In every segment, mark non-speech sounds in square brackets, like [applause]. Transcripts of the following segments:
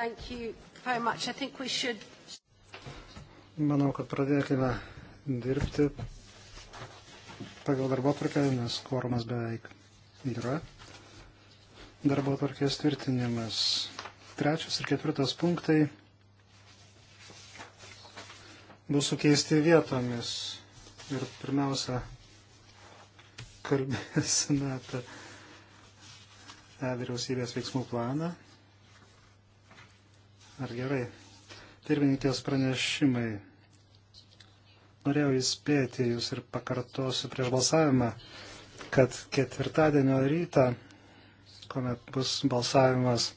Thank you very much. I think we should... Manau, kad pradėkime dirbti pagal darbo tvarkę, nes kvorumas beveik yra. Darbo tvarkės tvirtinimas. Trečias ir ketvirtas punktai bus sukeisti vietomis. Ir pirmiausia, kalbėsime apie e vyriausybės veiksmų planą ar gerai. Pirmininkės pranešimai. Norėjau įspėti jūs ir pakartosiu prieš balsavimą, kad ketvirtadienio rytą, kuomet bus balsavimas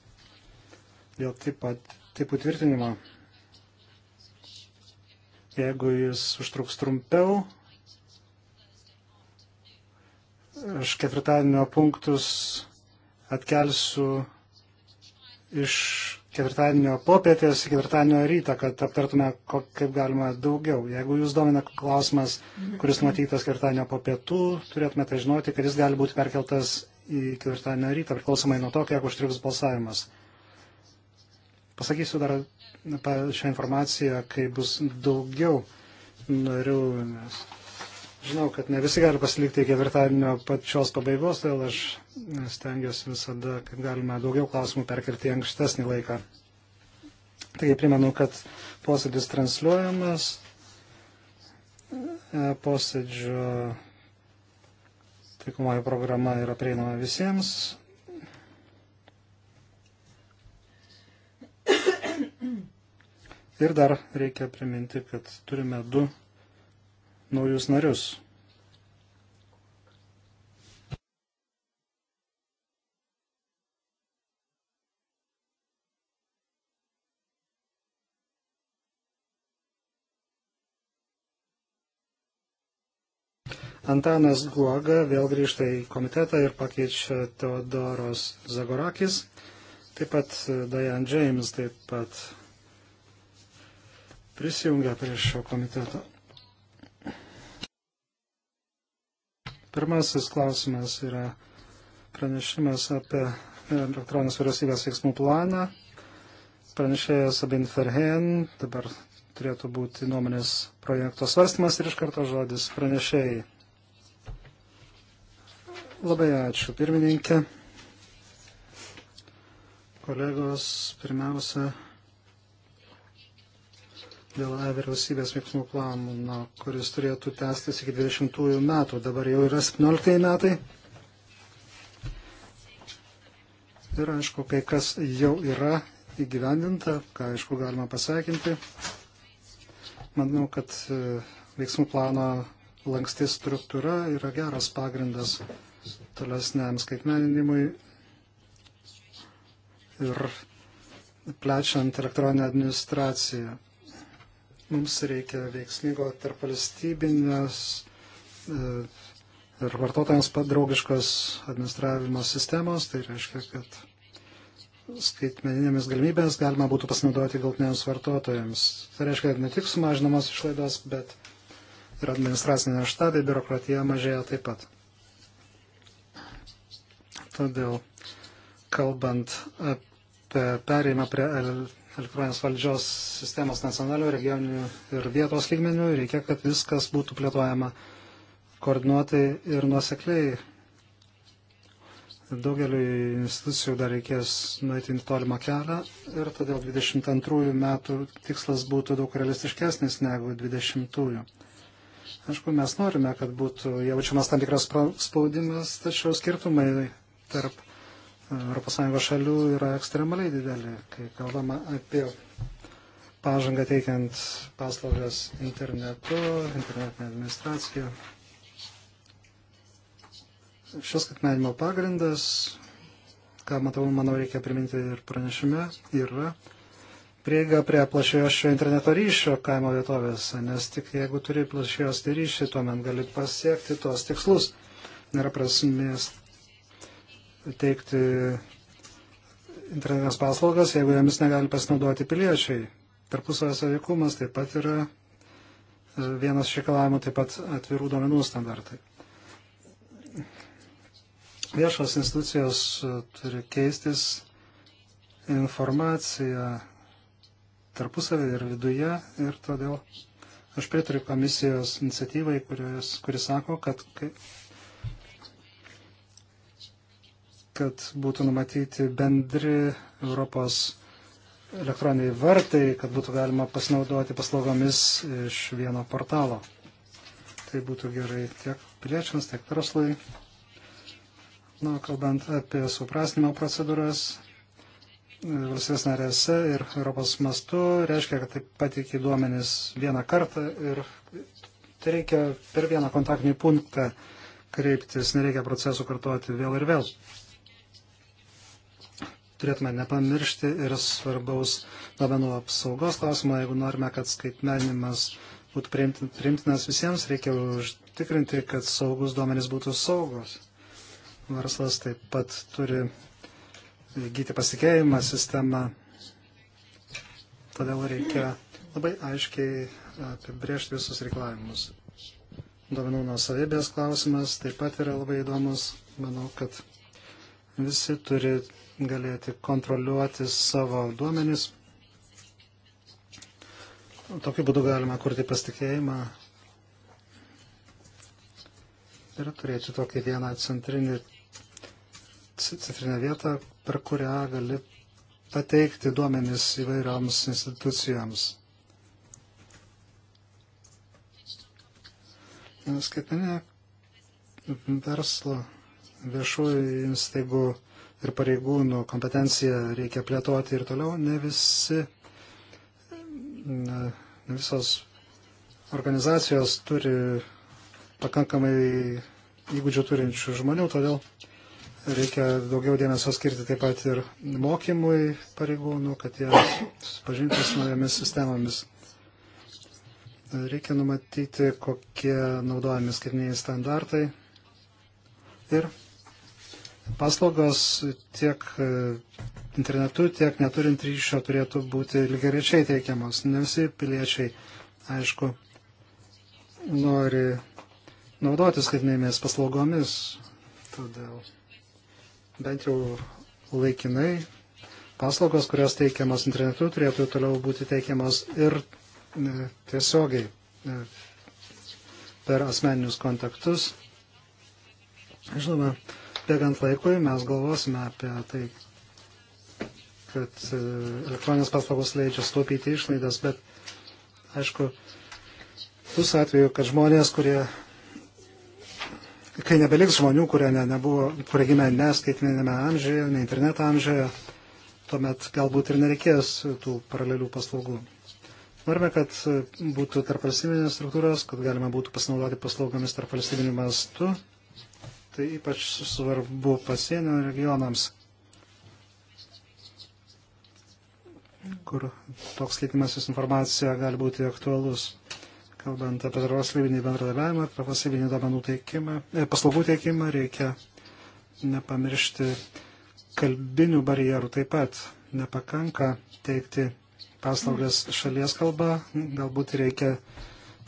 dėl taip pat tipų tvirtinimo, jeigu jis užtruks trumpiau, aš ketvirtadienio punktus atkelsiu iš ketvirtadienio popietės iki ketvirtadienio ryto, kad aptartume, kaip galima daugiau. Jeigu jūs domina klausimas, kuris matytas ketvirtadienio popietų, turėtumėte žinoti, kad jis gali būti perkeltas į ketvirtadienio rytą, priklausomai nuo to, kiek užtruks balsavimas. Pasakysiu dar šią informaciją, kai bus daugiau narių, nes Žinau, kad ne visi gali pasilikti iki ketvirtadienio pačios pabaigos, todėl aš stengiuosi visada, kad galima daugiau klausimų perkelti į ankstesnį laiką. Taigi primenu, kad posėdis transliuojamas, e, posėdžio taikomoji programa yra prieinama visiems. Ir dar reikia priminti, kad turime du naujus narius. Antanas Guoga vėl grįžta į komitetą ir pakeičia Teodoros Zagorakis, taip pat Diane James taip pat prisijungia prie šio komiteto. Pirmasis klausimas yra pranešimas apie elektroninės vyriausybės veiksmų planą. Pranešėjas Abin Ferhen, dabar turėtų būti nuomonės projekto svarstymas ir iš karto žodis pranešėjai. Labai ačiū, pirmininkė. Kolegos, pirmiausia, dėl vyriausybės veiksmų plano, kuris turėtų tęstis iki 20 metų. Dabar jau yra 17 metai. Ir aišku, kai kas jau yra įgyvendinta, ką aišku galima pasveikinti. Manau, kad e, veiksmų plano lanksti struktūra yra geras pagrindas tolesniam skaitmeninimui ir plečiant elektroninę administraciją. Mums reikia veiksmingo tarp valstybinės e, ir vartotojams padraugiškos administravimo sistemos. Tai reiškia, kad skaitmeninėmis galimybės galima būtų pasinaudoti galtiniams vartotojams. Tai reiškia, kad ne tik sumažinamos išlaidos, bet ir administracinė našta bei biurokratija mažėja taip pat. Todėl, kalbant apie perėjimą prie elektroninės valdžios sistemos nacionalių, regioninių ir vietos lygmenių. Reikia, kad viskas būtų plėtojama koordinuotai ir nuosekliai. Daugeliu institucijų dar reikės nueiti į tolimą kelią ir todėl 22 metų tikslas būtų daug realistiškesnis negu 20. -ųjų. Aišku, mes norime, kad būtų jaučiamas tam tikras spaudimas, tačiau skirtumai tarp ES šalių yra ekstremaliai didelė, kai kalbama apie pažangą teikiant paslaugas internetu, internetinę administraciją. Šios skaitmenimo pagrindas, ką matau, manau, reikia priminti ir pranešime, yra prieiga prie plašiojo interneto ryšio kaimo vietovėse, nes tik jeigu turi plašiojos ryšį, tuomet gali pasiekti tuos tikslus. Nėra prasmės teikti internetinės paslaugas, jeigu jomis negali pasinaudoti piliečiai. Tarpusavio sąveikumas taip pat yra e, vienas iš reikalavimų, taip pat atvirų duomenų standartai. Viešos institucijos e, turi keistis informaciją tarpusavį ir viduje ir todėl aš pritariu komisijos iniciatyvai, kuris, kuris sako, kad kad būtų numatyti bendri Europos elektroniniai vartai, kad būtų galima pasinaudoti paslaugomis iš vieno portalo. Tai būtų gerai tiek piliečiams, tiek verslui. Na, nu, kalbant apie suprasnimo procedūras, valstybės narėse ir Europos mastu, reiškia, kad taip patikė duomenis vieną kartą ir tai reikia per vieną kontaktinį punktą kreiptis, nereikia procesų kartuoti vėl ir vėl turėtume nepamiršti ir svarbaus duomenų apsaugos klausimo. Jeigu norime, kad skaitmenimas būtų priimtinas visiems, reikia užtikrinti, kad saugus duomenys būtų saugus. Verslas taip pat turi įgyti pasitikėjimą sistemą. Todėl reikia labai aiškiai apibriežti visus reikalavimus. Duomenų nuosavybės klausimas taip pat yra labai įdomus. Manau, kad Visi turi galėti kontroliuoti savo duomenis. Tokiu būdu galima kurti pasitikėjimą ir turėti tokį vieną centrinį, centrinę vietą, per kurią gali pateikti duomenis įvairioms institucijoms. Skaitmeninė verslo viešųjų įstaigų ir pareigūnų kompetenciją reikia plėtoti ir toliau. Ne visi, ne visos organizacijos turi pakankamai įgūdžių turinčių žmonių, todėl reikia daugiau dėmesio skirti taip pat ir mokymui pareigūnų, kad jie susipažintų su naujomis sistemomis. Reikia numatyti, kokie naudojami skaitiniai standartai ir paslaugos tiek e, internetu, tiek neturint ryšio turėtų būti lygiai teikiamos. Ne visi piliečiai, aišku, nori naudotis skaitinėmis paslaugomis, todėl bent jau laikinai paslaugos, kurios teikiamos internetu, turėtų toliau būti teikiamos ir e, tiesiogiai e, per asmeninius kontaktus. Žinoma, bėgant laikui mes galvosime apie tai, kad e, elektroninės paslaugos leidžia sutaupyti išlaidas, bet aišku, bus atveju, kad žmonės, kurie, kai nebeliks žmonių, kurie ne, nebuvo, kurie gimė neskaitminėme amžiuje, ne interneto amžiuje, tuomet galbūt ir nereikės tų paralelių paslaugų. Norime, kad būtų tarp valstybinės struktūros, kad galima būtų pasinaudoti paslaugomis tarp valstybinių mastų. Tai ypač svarbu pasienio regionams, kur toks keitimasis informacija gali būti aktualus. Kalbant apie tarpvalstybinį bendradarbiavimą, tarpvalstybinį domenų teikimą, e, paslaugų teikimą, reikia nepamiršti kalbinių barjerų. Taip pat nepakanka teikti paslaugas šalies kalba, galbūt reikia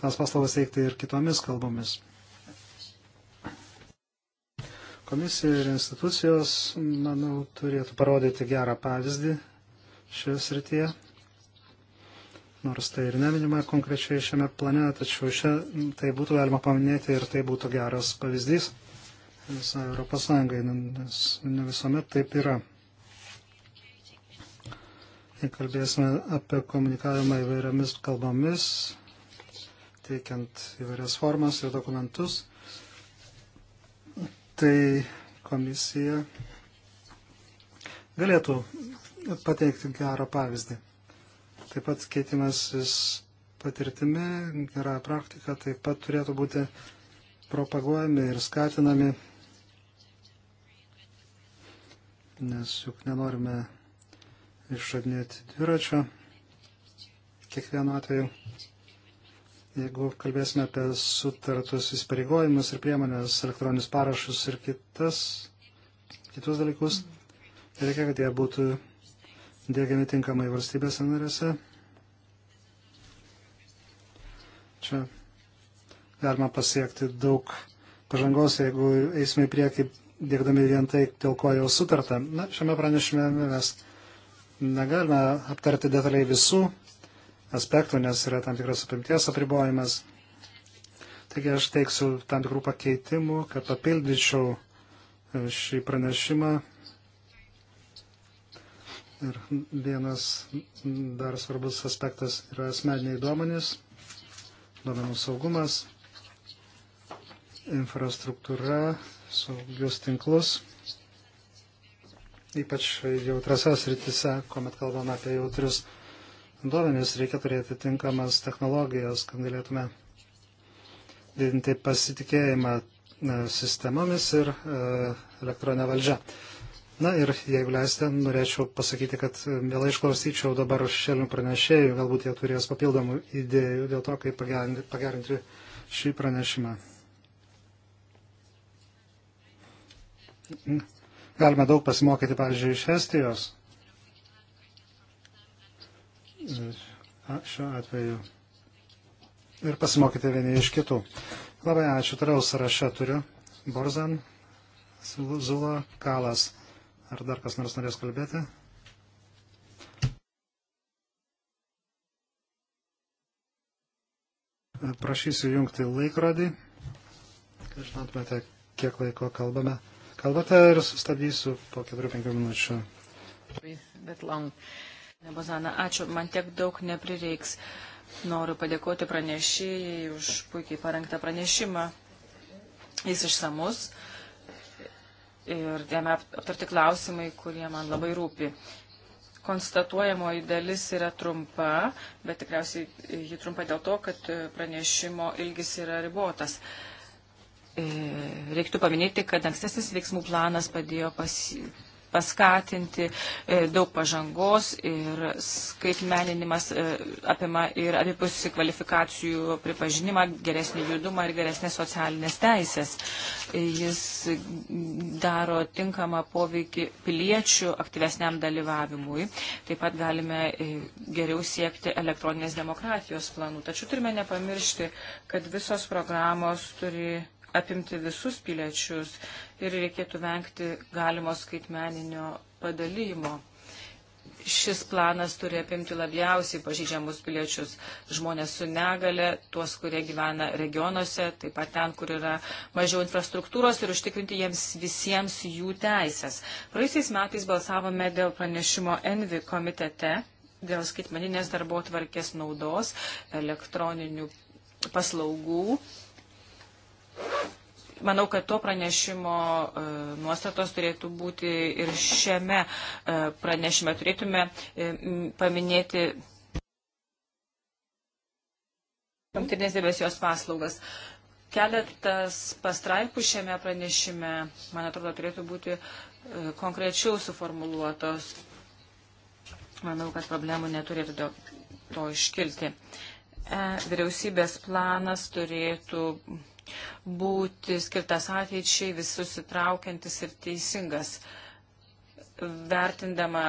tas paslaugas teikti ir kitomis kalbomis. Komisija ir institucijos, manau, turėtų parodyti gerą pavyzdį šioje srityje. Nors tai ir neminima konkrečiai šiame plane, tačiau šia, tai būtų galima paminėti ir tai būtų geras pavyzdys visai Europos Sąjungai, nu, nes ne visuomet taip yra. Jei kalbėsime apie komunikavimą įvairiomis kalbomis, teikiant įvairias formas ir dokumentus, tai komisija galėtų pateikti gerą pavyzdį. Taip pat keitimasis patirtimi, gera praktika taip pat turėtų būti propaguojami ir skatinami, nes juk nenorime išradinėti dviračio kiekvienu atveju. Jeigu kalbėsime apie sutartus įsipareigojimus ir priemonės, elektroninius parašus ir kitas, kitus dalykus, reikia, kad jie būtų dėgiami tinkamai valstybėse narėse. Čia galima pasiekti daug pažangos, jeigu eisime į priekį dėkdami vien tai, dėl ko jau sutarta. Na, šiame pranešime mes negalime aptarti detaliai visų aspektų, nes yra tam tikras apimties apribojimas. Taigi aš teiksiu tam tikrų pakeitimų, kad papildyčiau e, šį pranešimą. Ir vienas dar svarbus aspektas yra asmeniniai duomenys, duomenų saugumas, infrastruktūra, saugius tinklus ypač jautrasios rytise, kuomet kalbame apie jautrius duomenis, reikia turėti tinkamas technologijas, kad galėtume didinti pasitikėjimą e, sistemomis ir e, elektroninę valdžią. Na ir jeigu leisite, norėčiau pasakyti, kad vėlai e, išklausyčiau dabar šelnių pranešėjų, galbūt jie turės papildomų idėjų dėl to, kaip pagerinti šį pranešimą. Galime daug pasimokyti, pavyzdžiui, iš Estijos šiuo atveju ir pasimokite vieni iš kitų. Labai ačiū, toliau sąrašą turiu. Borzan, Zula, Kalas. Ar dar kas nors norės kalbėti? Prašysiu jungti laikrodį, kad žinotumėte, kiek laiko kalbame. Kalbate ir sustabdysiu po 4-5 minučių. Bet long. Uh, Nebozana, ačiū, man tiek daug neprireiks. Noriu padėkoti pranešėjai už puikiai parengtą pranešimą. Jis išsamus ir jame aptarti klausimai, kurie man labai rūpi. Konstatuojamoji dalis yra trumpa, bet tikriausiai ji trumpa dėl to, kad pranešimo ilgis yra ribotas. E, reiktų paminėti, kad ankstesnis veiksmų planas padėjo pasi paskatinti e, daug pažangos ir skaitmeninimas e, apima ir abipusį kvalifikacijų pripažinimą, geresnį judumą ir geresnės socialinės teisės. E, jis daro tinkamą poveikį piliečių aktyvesniam dalyvavimui. Taip pat galime geriau siekti elektroninės demokratijos planų. Tačiau turime nepamiršti, kad visos programos turi apimti visus piliečius ir reikėtų vengti galimo skaitmeninio padalymo. Šis planas turi apimti labiausiai pažydžiamus piliečius - žmonės su negale, tuos, kurie gyvena regionuose, taip pat ten, kur yra mažiau infrastruktūros ir užtikrinti jiems visiems jų teisės. Praėjusiais metais balsavome dėl pranešimo Envi komitete dėl skaitmeninės darbo tvarkės naudos elektroninių paslaugų Manau, kad to pranešimo e, nuostatos turėtų būti ir šiame e, pranešime. Turėtume e, paminėti jungtinės debesijos paslaugas. Keletas pastraipų šiame pranešime, man atrodo, turėtų būti konkrečiau suformuluotos. Manau, kad problemų neturėtų dėl to iškilti. Vyriausybės planas turėtų būti skirtas ateičiai, visus įtraukiantis ir teisingas. Vertindama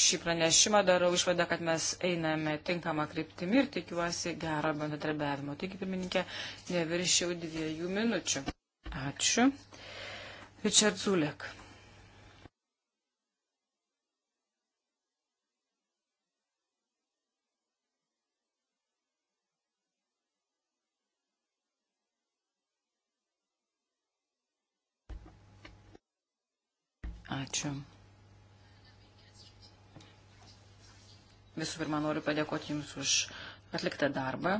šį pranešimą darau išvadą, kad mes einame tinkamą kryptimį ir tikiuosi gero bendradarbiavimo. Taigi, pirmininkė, neviršiau dviejų minučių. Ačiū. Richard Zulek. Ačiū. Visų pirma, noriu padėkoti Jums už atliktą darbą.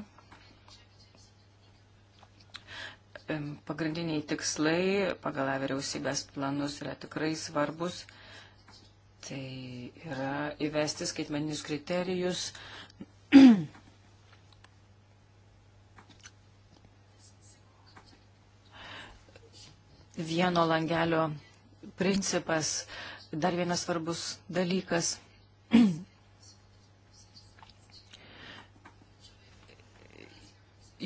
Pagrindiniai tikslai pagal vyriausybės planus yra tikrai svarbus. Tai yra įvesti skaitmeninius kriterijus, [clears throat] vieno langelio principas, dar vienas svarbus dalykas.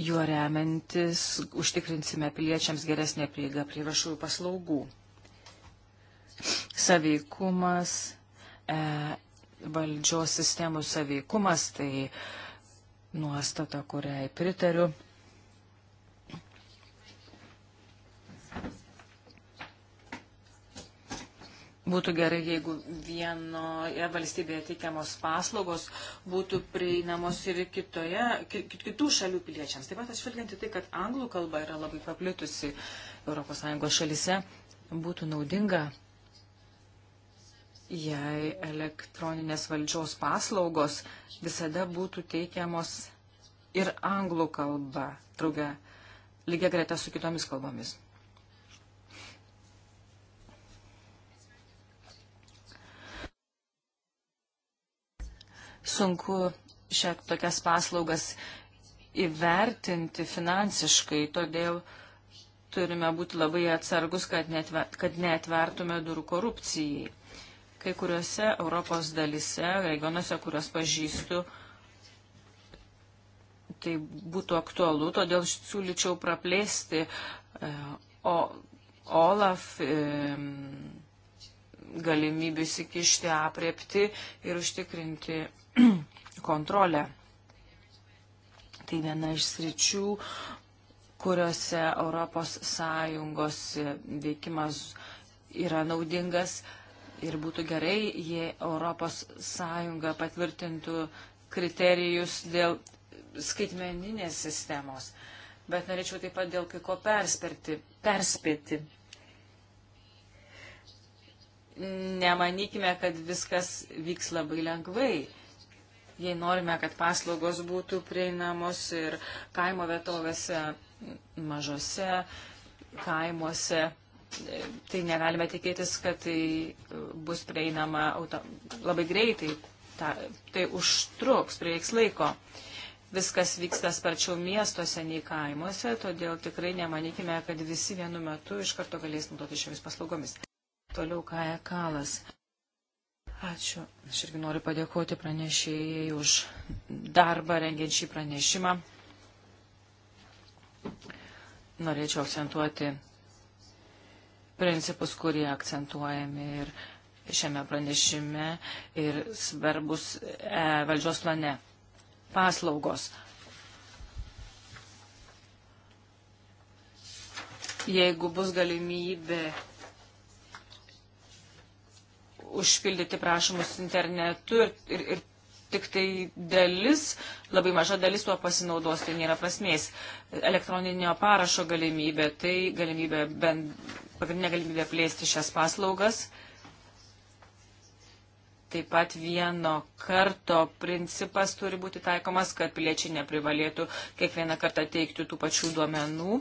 Juo remiantis užtikrinsime piliečiams geresnę prieigą prie viešųjų paslaugų. Saveikumas, e, valdžios sistemų saveikumas, tai nuostata, kuriai pritariu. Būtų gerai, jeigu vienoje valstybėje teikiamos paslaugos būtų prieinamos ir kitoje, kit, kitų šalių piliečiams. Taip pat atšvelgiant į tai, kad anglų kalba yra labai paplitusi ES šalise, būtų naudinga, jei elektroninės valdžios paslaugos visada būtų teikiamos ir anglų kalba, draugė, lygiai greta su kitomis kalbomis. sunku šią tokias paslaugas įvertinti finansiškai, todėl turime būti labai atsargus, kad, netver, kad netvertume durų korupcijai. Kai kuriuose Europos dalise, regionuose, kuriuos pažįstu, tai būtų aktualu, todėl siūlyčiau praplėsti e, o, OLAF e, galimybių įsikišti apriepti ir užtikrinti [clears throat] kontrolę. Tai viena iš sričių, kuriuose ES veikimas yra naudingas ir būtų gerai, jei ES patvirtintų kriterijus dėl skaitmeninės sistemos. Bet norėčiau taip pat dėl kai ko perspėti. perspėti. Nemanykime, kad viskas vyks labai lengvai Jei norime, kad paslaugos būtų prieinamos ir kaimo vietovėse, mažose kaimuose, tai negalime tikėtis, kad tai bus prieinama auto, labai greitai. Ta, tai užtruks, prieiks laiko viskas vyksta sparčiau miestuose nei kaimuose, todėl tikrai nemanykime, kad visi vienu metu iš karto galės naudotis šiomis paslaugomis. Toliau Kaja Kalas. Ačiū. Aš irgi noriu padėkoti pranešėjai už darbą rengiant šį pranešimą. Norėčiau akcentuoti principus, kurie akcentuojami ir šiame pranešime ir svarbus e, valdžios plane. Paslaugos. Jeigu bus galimybė užpildyti prašymus internetu ir, ir, ir tik tai dalis, labai maža dalis tuo pasinaudos, tai nėra prasmės. Elektroninio parašo galimybė, tai galimybė bent, pagrindinė galimybė plėsti šias paslaugas. Taip pat vieno karto principas turi būti taikomas, kad piliečiai neprivalėtų kiekvieną kartą teikti tų pačių duomenų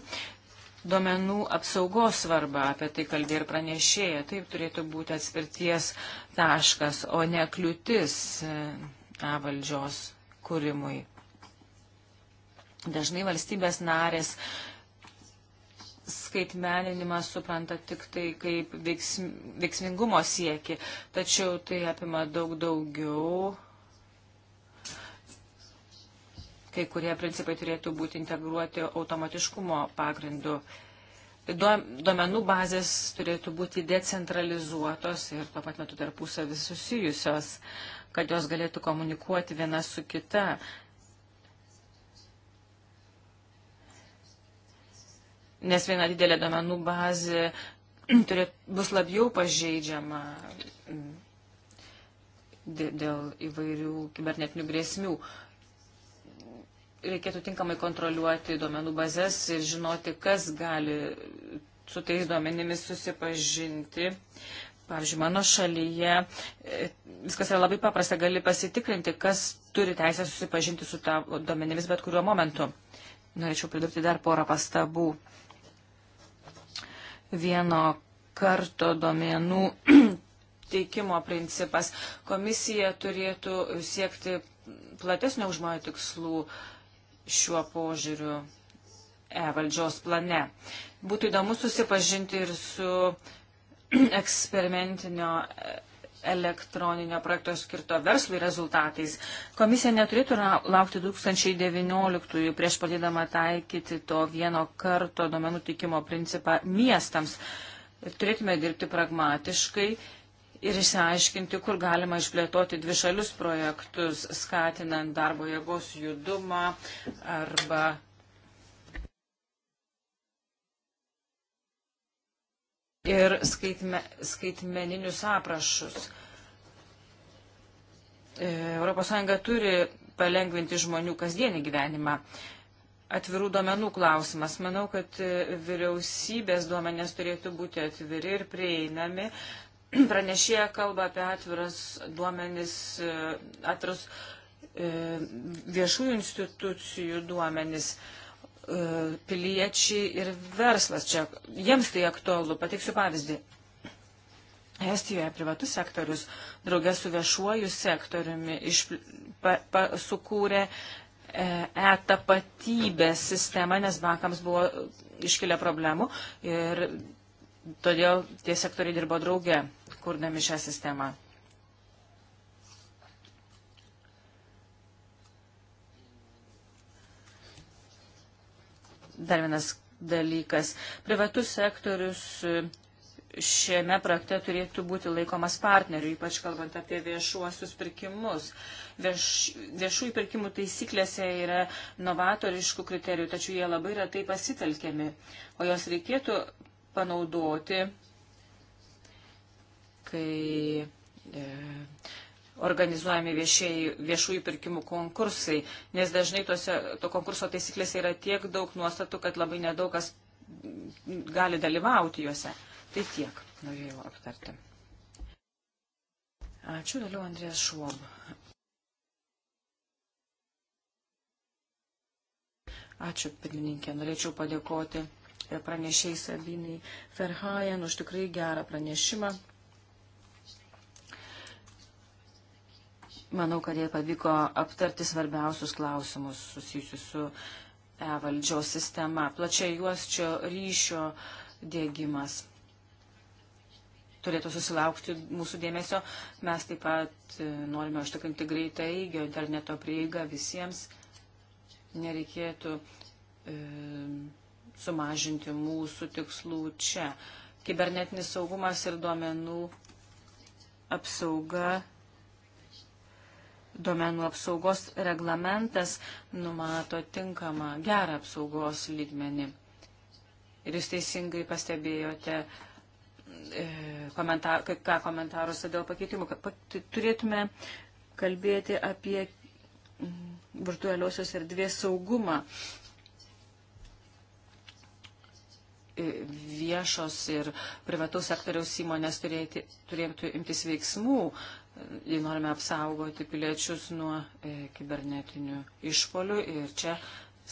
duomenų apsaugos svarba, apie tai kalbė ir pranešėja, taip turėtų būti atspirties taškas, o ne kliūtis e, valdžios kūrimui. Dažnai valstybės narės skaitmeninimą supranta tik tai kaip veiksmingumo sieki, tačiau tai apima daug daugiau kai kurie principai turėtų būti integruoti automatiškumo pagrindu. Duomenų bazės turėtų būti decentralizuotos ir tuo pat metu tarpusavis susijusios, kad jos galėtų komunikuoti viena su kita. Nes viena didelė duomenų bazė [clears throat] turėt, bus labiau pažeidžiama mm, dėl įvairių kibernetinių grėsmių reikėtų tinkamai kontroliuoti duomenų bazės ir žinoti, kas gali su tais duomenimis susipažinti. Pavyzdžiui, mano šalyje e, viskas yra labai paprasta, gali pasitikrinti, kas turi teisę susipažinti su tą duomenimis bet kuriuo momentu. Norėčiau pridurti dar porą pastabų. Vieno karto duomenų [clears throat] teikimo principas. Komisija turėtų siekti platesnio užmojo tikslų. Uh, šiuo požiūriu e valdžios plane. Būtų įdomu susipažinti ir su [clears throat] eksperimentinio e, elektroninio projekto skirto verslui rezultatais. Komisija neturėtų laukti 2019 prieš pradėdama taikyti to vieno karto domenų teikimo principą miestams. Turėtume dirbti pragmatiškai ir išsiaiškinti, kur galima išplėtoti dvišalius projektus, skatinant darbo jėgos judumą arba ir skaitme, skaitmeninius aprašus. ES turi palengvinti žmonių kasdienį gyvenimą. Atvirų duomenų klausimas. Manau, kad vyriausybės duomenės turėtų būti atviri ir prieinami, [clears throat] pranešėja kalba apie atviras duomenis, e, atvirus e, viešųjų institucijų duomenis e, piliečiai ir verslas čia. Jiems tai aktualu. Pateiksiu pavyzdį. Estijoje privatus sektorius draugė su viešuoju sektoriumi iš, pa, pa, sukūrė e-tapatybės sistemą, nes bankams buvo iškilę problemų ir todėl tie sektoriai dirbo drauge kurdami šią sistemą. Dar vienas dalykas. Privatus sektorius šiame projekte turėtų būti laikomas partneriu, ypač kalbant apie viešuosius pirkimus. Vieš, viešųjų pirkimų taisyklėse yra novatoriškų kriterijų, tačiau jie labai retai pasitelkiami, o jos reikėtų panaudoti kai e, organizuojami viešieji, viešųjų pirkimų konkursai, nes dažnai tose, to konkurso taisyklėse yra tiek daug nuostatų, kad labai nedaug kas gali dalyvauti juose. Tai tiek norėjau aptarti. Ačiū, vėliau Andrės Šuob. Ačiū, pirmininkė. Norėčiau padėkoti pranešėjai Sabinai Ferhajan už tikrai gerą pranešimą. Manau, kad jie pavyko aptarti svarbiausius klausimus susijusius su e valdžios sistema, plačiai juosčio ryšio dėgymas turėtų susilaukti mūsų dėmesio. Mes taip pat e, norime užtikrinti greitą įgio interneto prieigą visiems. Nereikėtų e, sumažinti mūsų tikslų čia. Kibernetinis saugumas ir duomenų apsauga duomenų apsaugos reglamentas numato tinkamą gerą apsaugos lygmenį. Ir jūs teisingai pastebėjote, e, komentar, ką komentaruose dėl pakeitimų. Turėtume kalbėti apie mm, virtualiosios erdvės saugumą. E, viešos ir privataus sektoriaus įmonės turėti, turėtų imtis veiksmų, jei norime apsaugoti piliečius nuo e, kibernetinių išpolių ir čia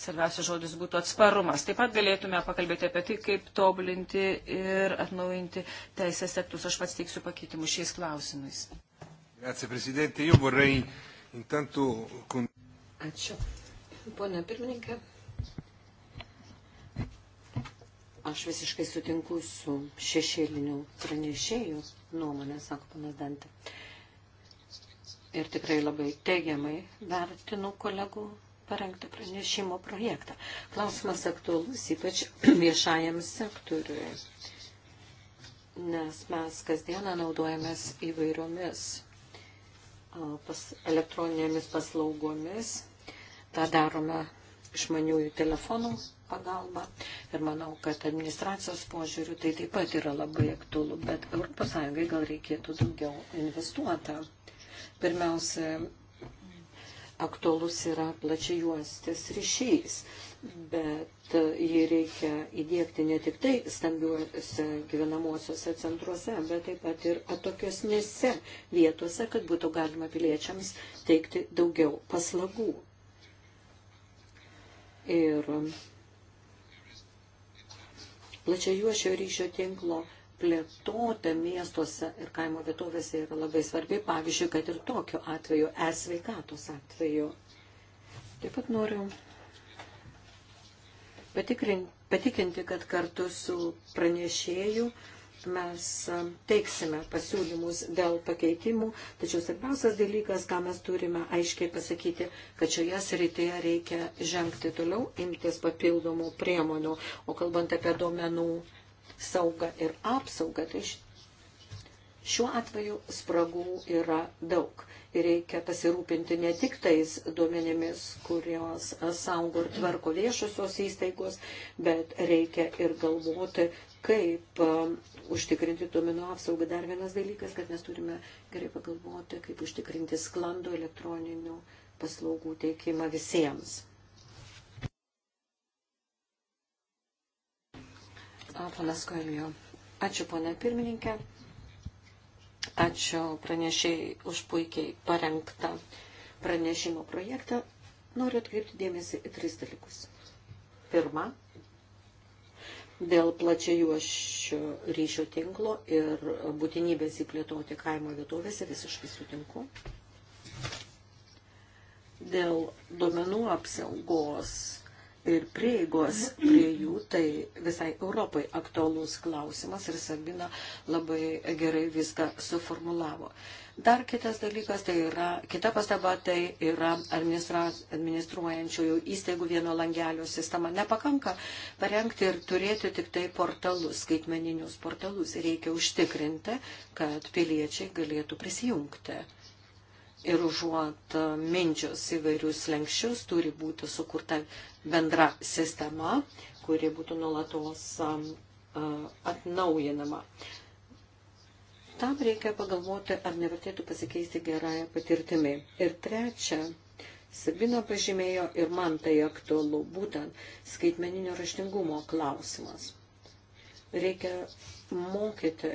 svarbiausias žodis būtų atsparumas. Taip pat galėtume pakalbėti apie tai, kaip tobulinti ir atnaujinti teisės aktus. Aš pats teiksiu pakeitimų šiais klausimais. Ačiū. Pone pirmininkė, aš visiškai sutinku su šešėliniu pranešėju nuomonė, sako panas Dantė ir tikrai labai teigiamai vertinu kolegų parengtą pranešimo projektą. Klausimas aktualus ypač [clears throat] viešajam sektoriui, nes mes kasdieną naudojamės įvairiomis pas, elektroninėmis paslaugomis. Ta darome išmaniųjų telefonų pagalba ir manau, kad administracijos požiūrių tai taip pat yra labai aktualu, bet ES gal reikėtų daugiau investuota Pirmiausia, aktualus yra plačiai juostis ryšys, bet jį reikia įdėkti ne tik tai stambiuose gyvenamosiuose centruose, bet taip pat ir atokiosnėse vietose, kad būtų galima piliečiams teikti daugiau paslaugų. Ir plačiai juošio ryšio tinklo plėtota miestuose ir kaimo vietovėse yra labai svarbi, pavyzdžiui, kad ir tokiu atveju, e-sveikatos atveju. Taip pat noriu patikinti, kad kartu su pranešėju mes teiksime pasiūlymus dėl pakeitimų, tačiau svarbiausias dalykas, ką mes turime aiškiai pasakyti, kad šioje srityje reikia žengti toliau, imtis papildomų priemonių, o kalbant apie duomenų saugą ir apsaugą, tai šiuo atveju spragų yra daug. Ir reikia pasirūpinti ne tik tais duomenimis, kurios saugo ir tvarko viešosios įstaigos, bet reikia ir galvoti, kaip um, užtikrinti duomenų apsaugą. Dar vienas dalykas, kad mes turime gerai pagalvoti, kaip užtikrinti sklandų elektroninių paslaugų teikimą visiems. Ponas Koelio. Ačiū, ponė pirmininkė. Ačiū pranešiai už puikiai parengtą pranešimo projektą. Noriu atkreipti dėmesį į tris dalykus. Pirma, dėl plačiajuošio ryšio tinklo ir būtinybės įplėtoti kaimo vietovėse visiškai sutinku. Dėl duomenų apsaugos ir prieigos prie jų, tai visai Europai aktualus klausimas ir Sabina labai gerai viską suformulavo. Dar kitas dalykas, tai yra, kita pastaba, tai yra administruojančiųjų įstaigų vieno langelio sistema. Nepakanka parengti ir turėti tik tai portalus, skaitmeninius portalus. Reikia užtikrinti, kad piliečiai galėtų prisijungti ir užuot e, minčius įvairius lenkščius turi būti sukurta bendra sistema, kuri būtų nulatos e, e, atnaujinama. Tam reikia pagalvoti, ar nevertėtų pasikeisti gerąją patirtimį. Ir trečia, Sabina pažymėjo ir man tai aktualu, būtent skaitmeninio raštingumo klausimas. Reikia mokyti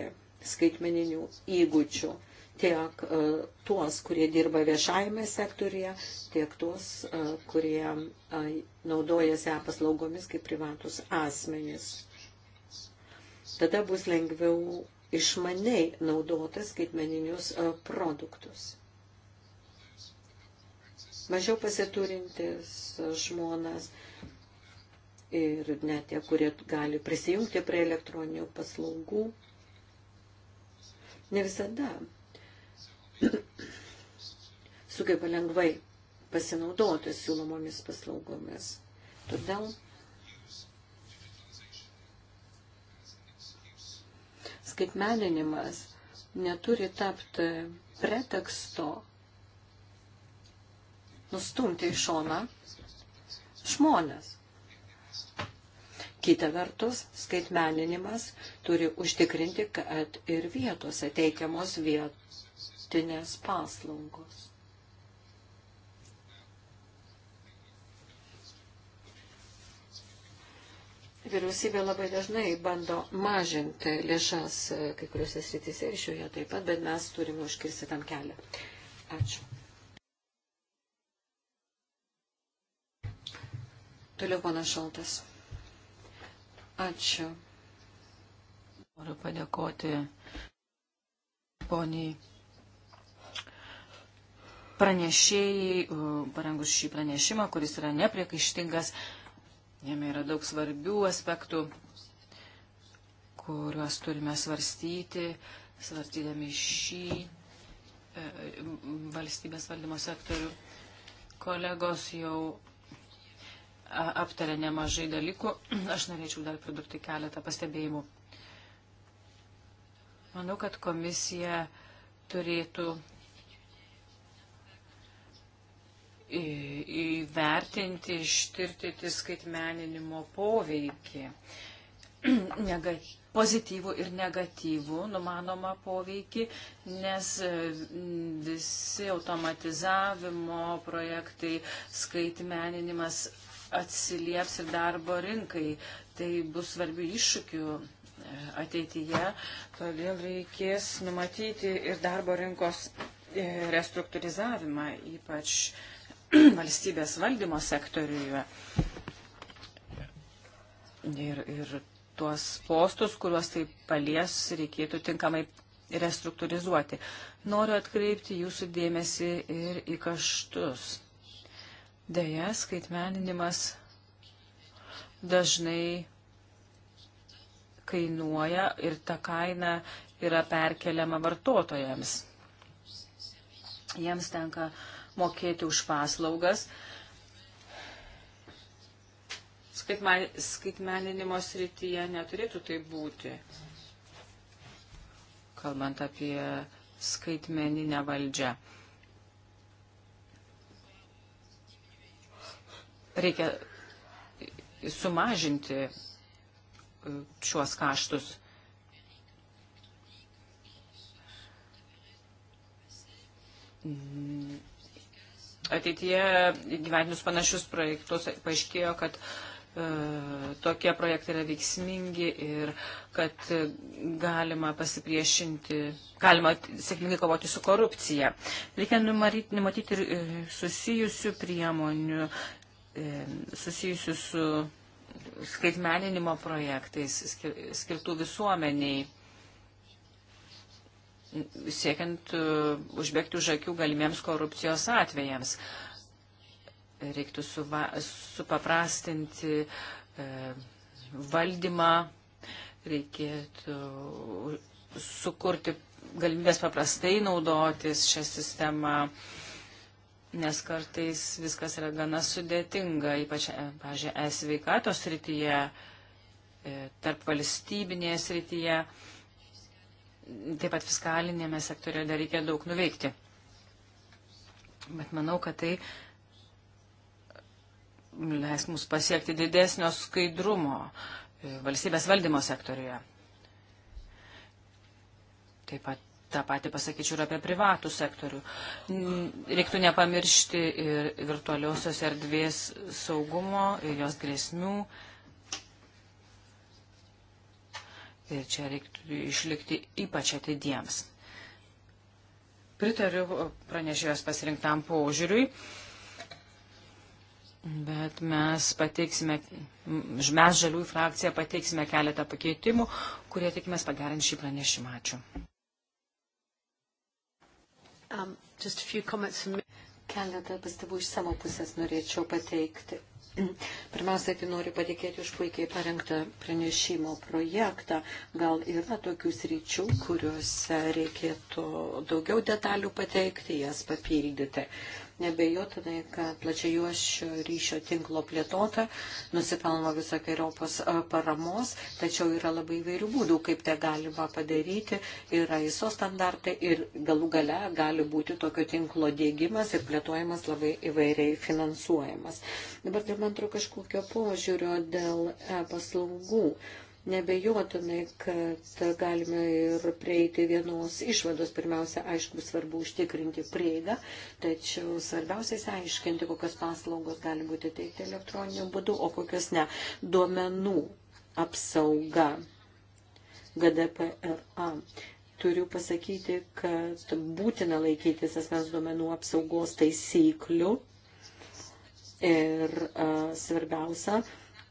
skaitmeninių įgūdžių tiek e, tuos, kurie dirba viešajame sektorija, tiek tuos, e, kurie e, naudojasi paslaugomis kaip privatus asmenys. Tada bus lengviau išmaniai naudotas skaitmeninius produktus. Mažiau pasiturintis žmonas ir net tie, kurie gali prisijungti prie elektroninių paslaugų, ne visada sugeba lengvai pasinaudoti siūlomomis paslaugomis. Todėl skaitmeninimas neturi tapti preteksto nustumti į šoną žmonės. Kita vertus, skaitmeninimas turi užtikrinti, kad ir vietose teikiamos vietos būstinės paslaugos. Vyriausybė labai dažnai bando mažinti lėšas e, kai kuriuose srityse ir šioje taip pat, bet mes turime užkirsti tam kelią. Ačiū. Toliau pana Šaltas. Ačiū. Noriu padėkoti poniai pranešėjai, parengus šį pranešimą, kuris yra nepriekaištingas, jame yra daug svarbių aspektų, kuriuos turime svarstyti, svarstydami šį e, valstybės valdymo sektorių. Kolegos jau aptarė nemažai dalykų. [clears throat] Aš norėčiau dar pridurti keletą pastebėjimų. Manau, kad komisija turėtų įvertinti, ištirtyti skaitmeninimo poveikį. [clears throat] Nega, pozityvų ir negatyvų numanomą poveikį, nes mm, visi automatizavimo projektai, skaitmeninimas atsilieps ir darbo rinkai. Tai bus svarbių iššūkių e, ateityje, todėl reikės numatyti ir darbo rinkos e, restruktūrizavimą, ypač uh, [clears throat] valstybės valdymo sektoriuje. Ir, ir tuos postus, kuriuos tai palies, reikėtų tinkamai restruktūrizuoti. Noriu atkreipti jūsų dėmesį ir į kaštus. Deja, skaitmeninimas dažnai kainuoja ir ta kaina yra perkeliama vartotojams. Jiems tenka uh, mokėti už paslaugas. Skaitmeninimo srityje neturėtų tai būti. Kalbant apie skaitmeninę valdžią. Reikia sumažinti e, šiuos kaštus. Mm ateityje gyvenimus panašius projektus paaiškėjo, kad e, tokie projektai yra veiksmingi ir kad e, galima pasipriešinti, galima sėkmingai kovoti su korupcija. Reikia numaryti, numatyti ir e, susijusių priemonių, susijusių su skaitmeninimo projektais skirtų visuomeniai siekiant e, užbėgti už akių galimiems korupcijos atvejams. Reiktų suva, supaprastinti e, valdymą, reikėtų sukurti galimybės paprastai naudotis šią sistemą, nes kartais viskas yra gana sudėtinga, ypač, e, pažiūrėjau, sveikatos rytyje, e, tarp valstybinėje srityje. E, taip pat fiskalinėme sektorėje dar reikia daug nuveikti. Bet manau, kad tai leis mums pasiekti didesnio skaidrumo e, valstybės valdymo sektoriuje. Taip pat tą patį pasakyčiau ir apie privatų sektorių. Reiktų nepamiršti ir virtualiosios erdvės saugumo ir jos grėsmių. Ir čia reiktų išlikti ypač atidiems. Pritariu pranešėjos pasirinktam požiūriui, bet mes pateiksime, mes žaliųjų frakcija pateiksime keletą pakeitimų, kurie tikimės pagerint šį pranešimą. Ačiū. Um, Keletą pastabų iš savo pusės norėčiau pateikti. Pirmiausia, tai noriu patikėti už puikiai parengtą pranešimo projektą. Gal yra tokių sryčių, kuriuose reikėtų daugiau detalių pateikti, jas papildyti. Nebejotinai, kad plačia juošio ryšio tinklo plėtota nusipelno visokiojopos e, paramos, tačiau yra labai įvairių būdų, kaip tai galima padaryti. Yra ISO standartai ir galų gale gali būti tokio tinklo dėgymas ir plėtojimas labai įvairiai finansuojamas. Dabar dėl tai man trūko kažkokio požiūrio dėl e, paslaugų. Nebejotinai, kad galime ir prieiti vienos išvados. Pirmiausia, aišku, svarbu užtikrinti prieigą, tačiau svarbiausia įsiaiškinti, kokios paslaugos gali būti teikti elektroniniu būdu, o kokios ne. Duomenų apsauga GDPRA turiu pasakyti, kad būtina laikytis asmens duomenų apsaugos taisyklių ir a, svarbiausia,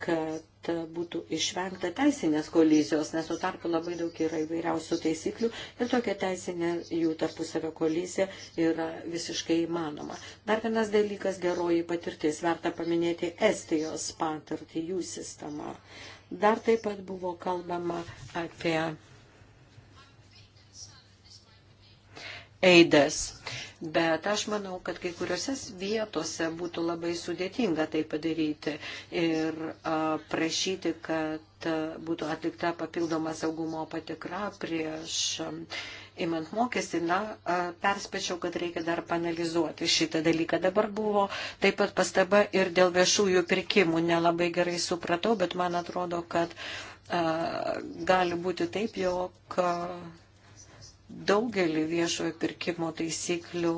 kad būtų išvengta teisinės kolizijos, nes tuo tarpu labai daug yra įvairiausių taisyklių ir tokia teisinė jų tarpusavio kolizija yra visiškai įmanoma. Dar vienas dalykas - geroji patirtis. Verta paminėti Estijos patirtį, jų sistemą. Dar taip pat buvo kalbama apie eidas bet aš manau, kad kai kuriuose vietose būtų labai sudėtinga tai padaryti ir prašyti, kad būtų atlikta papildoma saugumo patikra prieš imant mokestį, na, perspečiau, kad reikia dar panalizuoti šitą dalyką. Dabar buvo taip pat pastaba ir dėl viešųjų pirkimų. Nelabai gerai supratau, bet man atrodo, kad a, gali būti taip, jog daugelį viešojo pirkimo taisyklių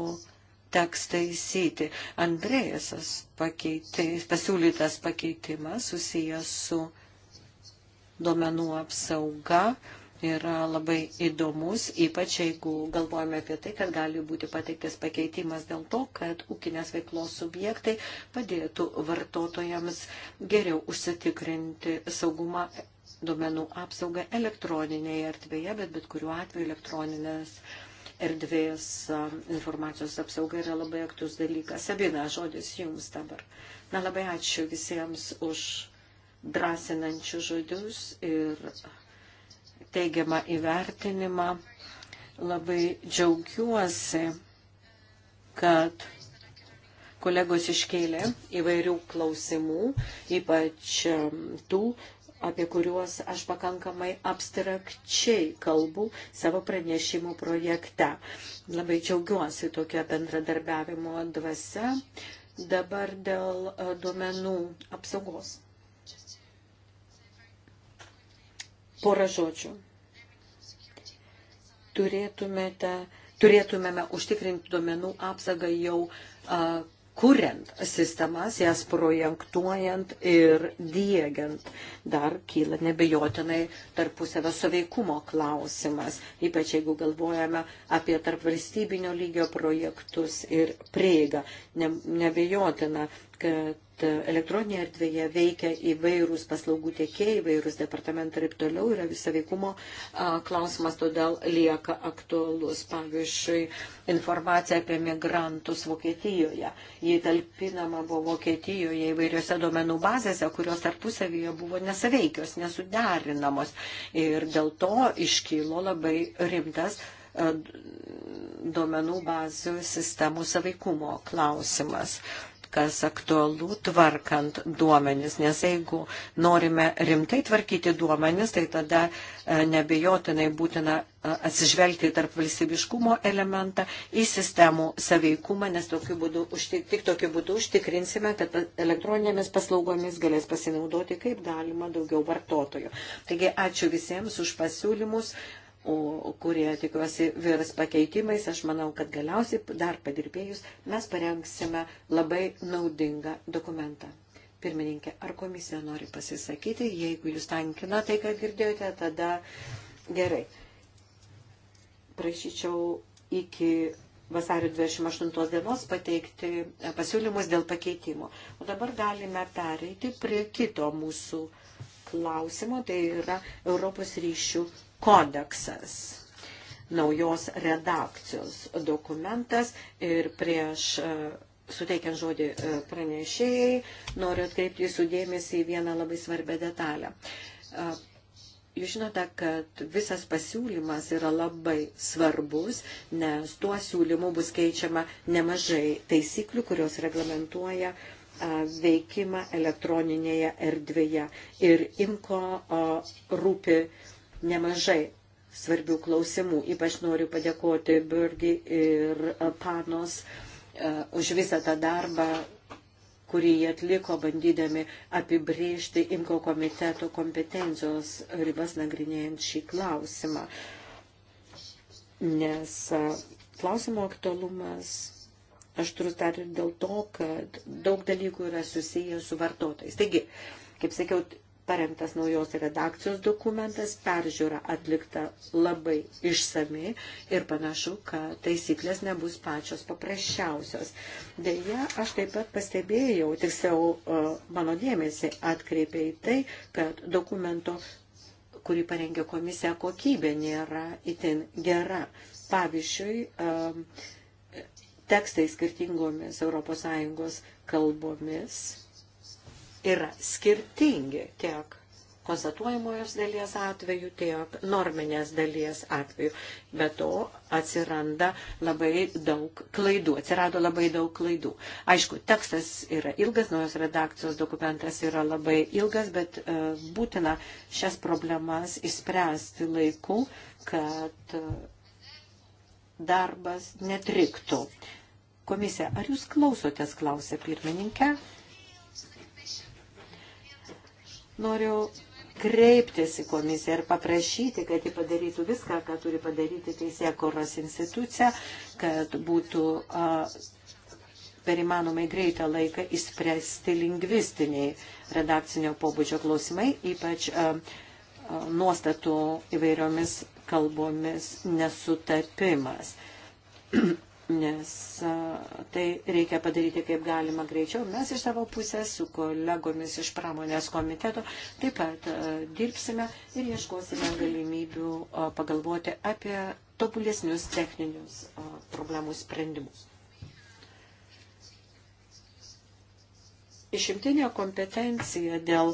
teks taisyti. Andrėjasas pakeitė, pasiūlytas pakeitimas susijęs su duomenų apsauga yra labai įdomus, ypač jeigu galvojame apie tai, kad gali būti pateiktas pakeitimas dėl to, kad ūkinės veiklos subjektai padėtų vartotojams geriau užsitikrinti saugumą duomenų apsaugą elektroninėje erdvėje, bet bet kuriuo atveju elektroninės erdvės um, informacijos apsauga yra labai aktus dalykas. Sabina, žodis jums dabar. Na, labai ačiū visiems už drąsinančius žodžius ir teigiamą įvertinimą. Labai džiaugiuosi, kad kolegos iškėlė įvairių klausimų, ypač um, tų, apie kuriuos aš pakankamai abstrakčiai kalbu savo pranešimų projekte. Labai džiaugiuosi tokia bendradarbiavimo dvasia dabar dėl e, duomenų apsaugos. Porą žodžių. Turėtumėte, turėtumėme užtikrinti duomenų apsaugą jau e, kuriant sistemas, jas projektuojant ir diegiant. Dar kyla nebejotinai tarpusavio suveikumo klausimas, ypač jeigu galvojame apie tarpvalstybinio lygio projektus ir prieigą. Ne, nebejotina, kad elektroninėje erdvėje veikia įvairūs paslaugų tiekėjai, įvairūs departamentai ir toliau yra visaveikumo klausimas, todėl lieka aktualus. Pavyzdžiui, informacija apie migrantus Vokietijoje. Jie talpinama buvo Vokietijoje įvairiose duomenų bazėse, kurios tarpusavyje buvo nesaveikios, nesuderinamos. Ir dėl to iškylo labai rimtas duomenų bazių sistemų saveikumo klausimas kas aktualu tvarkant duomenis, nes jeigu norime rimtai tvarkyti duomenis, tai tada e, nebejotinai būtina e, atsižvelgti tarp valstybiškumo elementą į sistemų saveikumą, nes tokiu būdu, tik tokiu būdu užtikrinsime, kad elektroninėmis paslaugomis galės pasinaudoti kaip galima daugiau vartotojų. Taigi ačiū visiems už pasiūlymus, o kurie tikiuosi virs pakeitimais. Aš manau, kad galiausiai dar padirbėjus mes parengsime labai naudingą dokumentą. Pirmininkė, ar komisija nori pasisakyti? Jeigu jūs tankina tai, ką girdėjote, tada gerai. Prašyčiau iki vasario 28 dienos pateikti e, pasiūlymus dėl pakeitimo. O dabar galime pereiti prie kito mūsų klausimo, tai yra Europos ryšių kodeksas, naujos redakcijos dokumentas ir prieš e, suteikiant žodį e, pranešėjai, noriu atkreipti jūsų dėmesį į vieną labai svarbę detalę. E, jūs žinote, kad visas pasiūlymas yra labai svarbus, nes tuo siūlymu bus keičiama nemažai taisyklių, kurios reglamentuoja veikimą elektroninėje erdvėje. Ir imko rūpi nemažai svarbių klausimų. Ypač noriu padėkoti Birgi ir Panos e, už visą tą darbą, kurį jie atliko, bandydami apibrėžti Imko komiteto kompetencijos ribas nagrinėjant šį klausimą. Nes e, klausimo aktualumas aštrus dar ir dėl to, kad daug dalykų yra susiję su vartotojais. Taigi, kaip sakiau, parengtas naujos redakcijos dokumentas, peržiūra atlikta labai išsamei ir panašu, kad taisyklės nebus pačios paprasčiausios. Deja, aš taip pat pastebėjau, tiksliau e, mano dėmesį atkreipė į tai, kad dokumento, kurį parengė komisija, kokybė nėra itin gera. Pavyzdžiui, e, tekstai skirtingomis ES kalbomis yra skirtingi tiek konstatuojamojos dalies atveju, tiek norminės dalies atveju. Be to atsiranda labai daug klaidų, atsirado labai daug klaidų. Aišku, tekstas yra ilgas, naujos redakcijos dokumentas yra labai ilgas, bet uh, būtina šias problemas išspręsti laiku, kad uh, darbas netriktų. Komisija, ar jūs klausotės, klausė pirmininkė? Noriu kreiptis į komisiją ir paprašyti, kad ji padarytų viską, ką turi padaryti teisė koros institucija, kad būtų a, per įmanomai greitą laiką įspręsti lingvistiniai redakcinio pobūdžio klausimai, ypač a, a, nuostatų įvairiomis kalbomis nesutapimas. [clears throat] nes tai reikia padaryti kaip galima greičiau. Mes iš savo pusės su kolegomis iš pramonės komiteto taip pat dirbsime ir ieškosime galimybių pagalvoti apie tobulesnius techninius problemų sprendimus. Išimtinė kompetencija dėl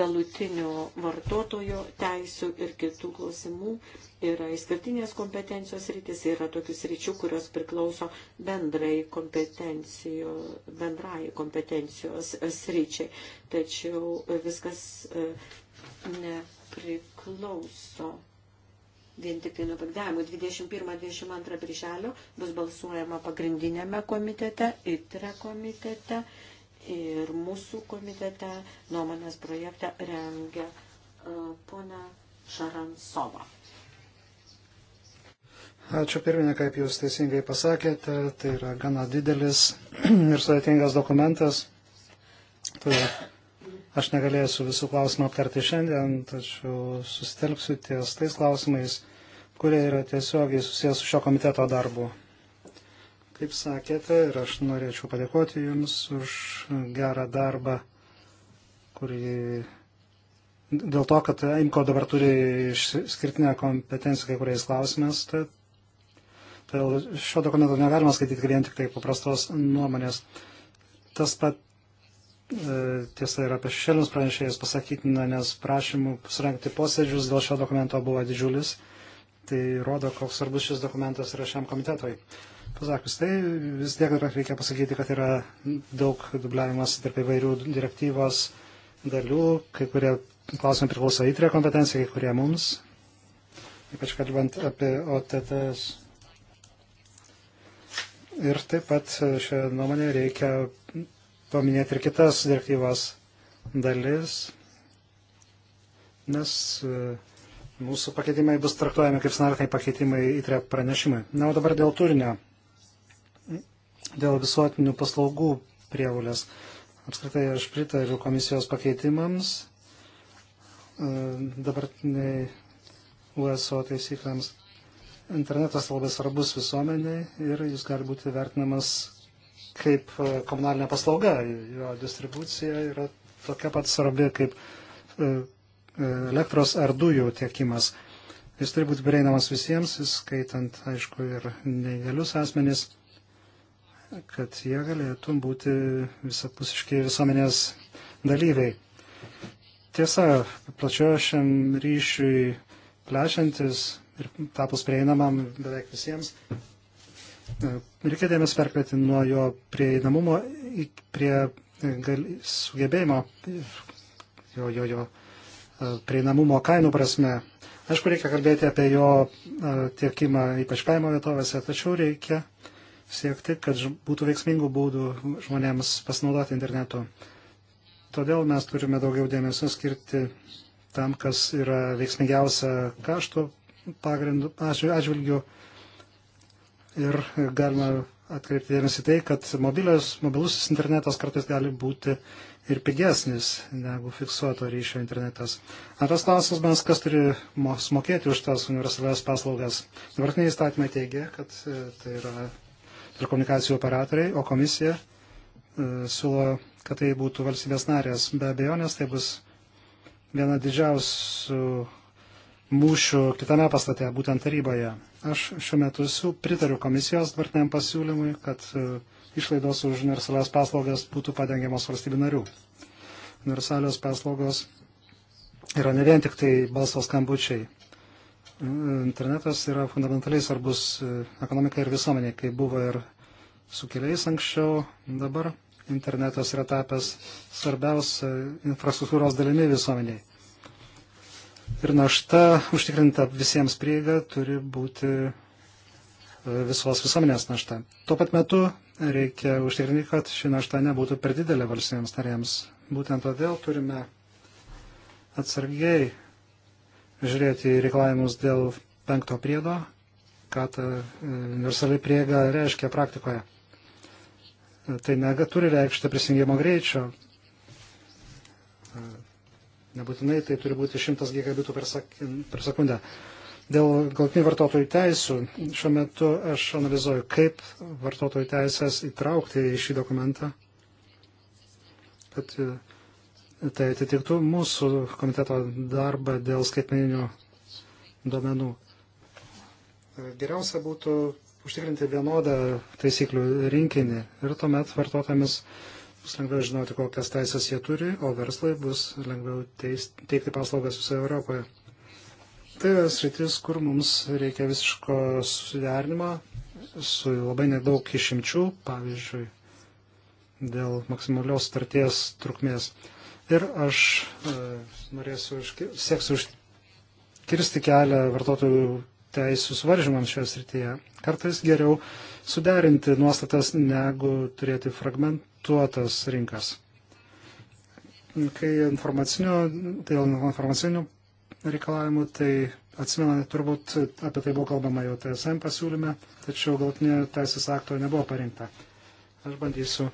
galutinių vartotojo teisų ir kitų klausimų yra išskirtinės kompetencijos rytis, yra tokius ryčių, kurios priklauso bendrai kompetencijų, bendrai kompetencijos sričiai. Tačiau viskas e, nepriklauso vien tik tai nuo pagdavimų. 21-22 birželio bus balsuojama pagrindinėme komitete, ITRE komitete ir mūsų komitete nuomonės projektą rengia uh, e, pona Šaransova. Ačiū pirmininkai, kaip jūs teisingai pasakėte, tai yra gana didelis [clears throat] ir sudėtingas dokumentas. Todėl tai aš negalėsiu visų klausimų aptarti šiandien, tačiau susitelksiu ties tais klausimais, kurie yra tiesiogiai susijęs su šio komiteto darbu kaip sakėte, ir aš norėčiau padėkoti Jums už gerą darbą, kurį dėl to, kad IMCO dabar turi išskirtinę kompetenciją kai kuriais klausimais, tad Todėl šio dokumento negalima skaityti vien tik tai paprastos nuomonės. Tas pat e, tiesa yra apie šešėlius pranešėjus pasakytina, nes prašymų surenkti posėdžius dėl šio dokumento buvo didžiulis. Tai rodo, koks svarbus šis dokumentas yra šiam komitetui. Pasakius, tai vis tiek reikia pasakyti, kad yra daug dubliavimas tarp įvairių direktyvos dalių, kai kurie klausimai priklauso įtrė kompetencijai, kai kurie mums, ypač kalbant apie OTTS Ir taip pat šioje nuomonėje reikia paminėti ir kitas direktyvos dalis, nes e, mūsų pakeitimai bus traktuojami kaip snartiniai pakeitimai į pranešimai. Na, o dabar dėl turinio, dėl visuotinių paslaugų prievulės. Apskritai aš pritariu komisijos pakeitimams, e, dabartiniai USO taisyklėms Internetas labai svarbus visuomeniai ir jis gali būti vertinamas kaip e, komunalinė paslauga. Jo distribucija yra tokia pat svarbi kaip e, e, elektros ar dujų tiekimas. Jis turi būti prieinamas visiems, skaitant, aišku, ir neįgalius asmenys, kad jie galėtų būti visapusiški visuomenės dalyviai. Tiesa, plačiošiam ryšiui plečiantis ir tapus prieinamam beveik visiems. E, reikia dėmesio perkelti nuo jo prieinamumo prie e, gal, sugebėjimo, jo, jo, jo e, prieinamumo kainų prasme. Aišku, reikia kalbėti apie jo tiekimą, ypač kaimo vietovėse, tačiau reikia siekti, kad būtų veiksmingų būdų žmonėms pasinaudoti internetu. Todėl mes turime daugiau dėmesio skirti tam, kas yra veiksmingiausia kaštų pagrindu, atžvilgių ir galima atkreipti dėmesį tai, kad mobilios, mobilusis internetas kartais gali būti ir pigesnis negu fiksuoto ryšio internetas. Antras klausimas, kas turi mokėti už tas universalias paslaugas. Dabartiniai įstatymai teigia, kad e, tai yra telekomunikacijų operatoriai, o komisija e, siūlo, kad tai būtų valstybės narės. Be abejonės tai bus viena didžiausių mūšių kitame pastate, būtent taryboje. Aš šiuo metu pritariu komisijos tvirtiniam pasiūlymui, kad e, išlaidos už universalias paslaugas būtų padengiamos valstybių narių. Universalios paslaugos yra ne vien tik tai balso skambučiai. E, internetas yra fundamentaliai svarbus e, ekonomikai ir visuomeniai, kaip buvo ir su keliais anksčiau, dabar internetas yra tapęs svarbiausia infrastruktūros dalimi visuomeniai ir našta užtikrinta visiems prieiga turi būti e, visos visuomenės našta. Tuo pat metu reikia užtikrinti, kad ši našta nebūtų per didelė valstybėms narėms. Būtent todėl turime atsargiai žiūrėti į reikalavimus dėl penkto priedo, ką ta e, universaliai prieiga reiškia praktikoje. Tai negaturi reikšti prisijungimo greičio, Nebūtinai tai turi būti 100 gigabitų per, sek per sekundę. Dėl galtinių vartotojų teisų šiuo metu aš analizuoju, kaip vartotojų teisės įtraukti į šį dokumentą, kad e, tai atitiktų mūsų komiteto darbą dėl skaitmeninių duomenų. E, geriausia būtų užtikrinti vienodą taisyklių rinkinį ir tuomet vartotojams bus lengviau žinoti, kokias teisės jie turi, o verslai bus lengviau teis, teikti paslaugas visoje Europoje. Tai yra sritis, kur mums reikia visiško suderinimo su labai nedaug išimčių, pavyzdžiui, dėl maksimalios starties trukmės. Ir aš e, norėsiu, sėksiu užkirsti kelią vartotojų teisų suvaržymams šioje srityje. Kartais geriau suderinti nuostatas, negu turėti fragmentuotas rinkas. Kai informacinių, tai dėl informacinių reikalavimų, tai atsimenate, turbūt apie tai buvo kalbama jau TSM pasiūlyme, tačiau galtinė teisės akto nebuvo parinkta. Aš bandysiu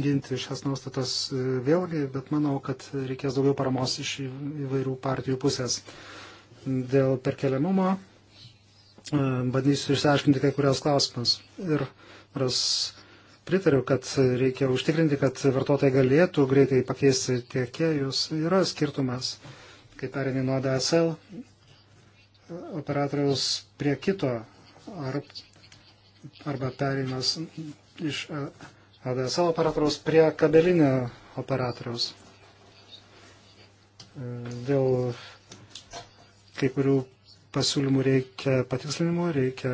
ginti šias nuostatas e, vėlgi, bet manau, kad reikės daugiau paramos iš įvairių partijų pusės. Dėl perkeliamumo E, bandysiu išsiaiškinti kai kurios klausimus. Ir ras, pritariu, kad reikia užtikrinti, kad vartotojai galėtų greitai pakeisti tiekėjus. Yra skirtumas, kai perini nuo DSL operatoriaus prie kito ar, arba perinimas iš e, ADSL operatoriaus prie kabelinio operatoriaus. E, dėl kai kurių pasiūlymų reikia patikslinimų, reikia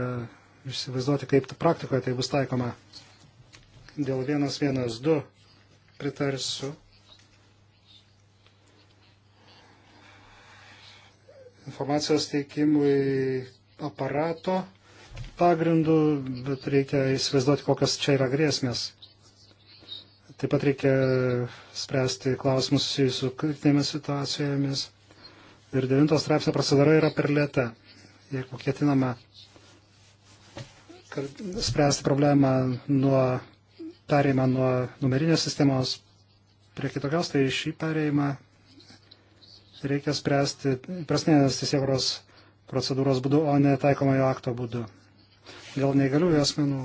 įsivaizduoti, kaip praktikoje tai bus taikoma. Dėl 112 pritarsiu. Informacijos teikimui aparato pagrindų, bet reikia įsivaizduoti, kokias čia yra grėsmės. Taip pat reikia spręsti klausimus susijusius su kritinėmis situacijomis ir 9 straipsnio procedūra yra per lėta. Jeigu ketinama spręsti problemą nuo perėjimą nuo numerinės sistemos prie kitokios, tai šį perėjimą reikia spręsti prasnės teisėkuros procedūros būdu, o ne taikomojo akto būdu. Dėl neįgaliųjų asmenų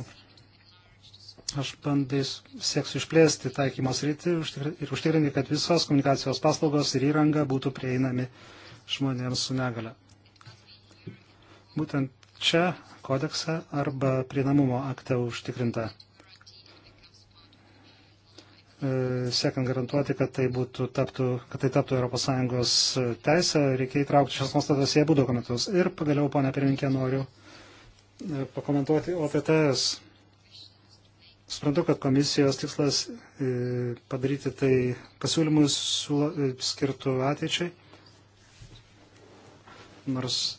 aš bandais sieksiu išplėsti taikymos rytį ir užtikrinti, kad visos komunikacijos paslaugos ir įranga būtų prieinami uh, žmonėms su negale. Būtent čia kodekse arba prieinamumo akte užtikrinta. E, siekiant garantuoti, kad tai, būtų, taptų, kad tai taptų ES teisę, reikia įtraukti šios nuostatos į abu dokumentus. Ir pagaliau, ponia pirminkė, noriu e, pakomentuoti OTTS. Suprantu, kad komisijos tikslas e, padaryti tai pasiūlymus skirtų ateičiai nors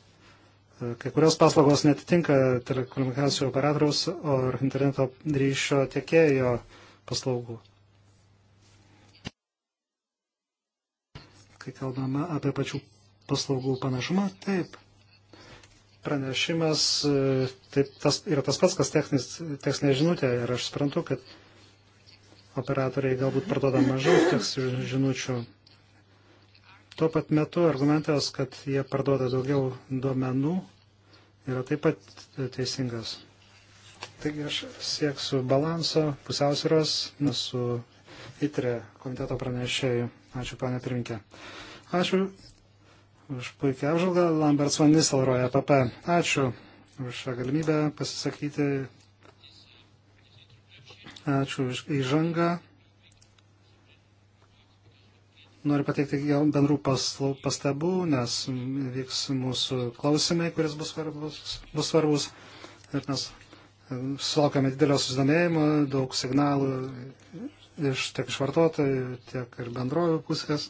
e, kai kurios paslaugos netitinka telekomunikacijų operatoriaus ar interneto ryšio tiekėjo paslaugų. Kai kalbama apie pačių paslaugų panašumą, taip. Pranešimas e, taip, tas, yra tas pats, kas technis, techninė žinutė ir aš suprantu, kad operatoriai galbūt parduoda mažiau tiek žinučių Tuo pat metu argumentas, kad jie parduoda daugiau duomenų, yra taip pat teisingas. Taigi aš sieksiu balanso, pusiausvėros su ITRE komiteto pranešėjų. Ačiū, panė pirminkė. Ačiū už puikia apžvalgą. Lamberts Van Nistelroje, APP. Ačiū už šią galimybę pasisakyti. Ačiū už įžangą. Noriu pateikti bendrų pastabų, nes vyks mūsų klausimai, kuris bus svarbus, bus svarbus. ir mes e, sulaukame didelio susidomėjimo, daug signalų iš tiek iš vartotojų, tiek ir bendrovių pusės.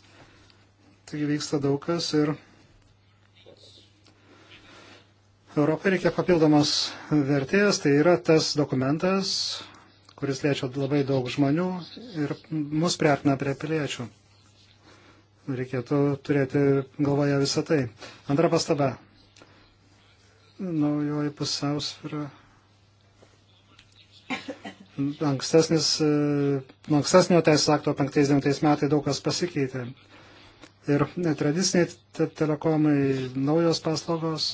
Taigi vyksta daug kas ir Europai reikia papildomos vertės, tai yra tas dokumentas, kuris liečia labai daug žmonių ir mus priartina prie piliečių reikėtų turėti galvoje visą tai. Antra pastaba. Naujoji pusiausvyrą. Ankstesnis, e, ankstesnio teisės akto 59 metai daug kas pasikeitė. Ir tradiciniai te telekomai naujos paslaugos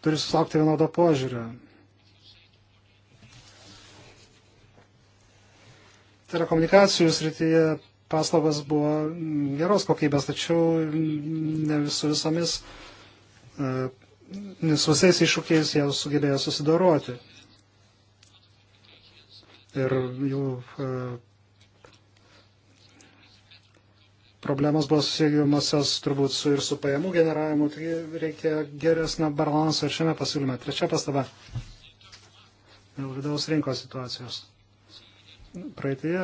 turi susilaukti vienodo požiūrio. telekomunikacijų tai srityje paslaugos buvo geros kokybės, tačiau ne su visomis, e, ne su visais iššūkiais jie sugebėjo susidoroti. Ir jų e, problemos buvo susijungimusios turbūt su ir su pajamų generavimu, taigi reikia geresnio balanso ir šiame pasiūlyme. Trečia pastaba. Dėl vidaus rinkos situacijos praeitėje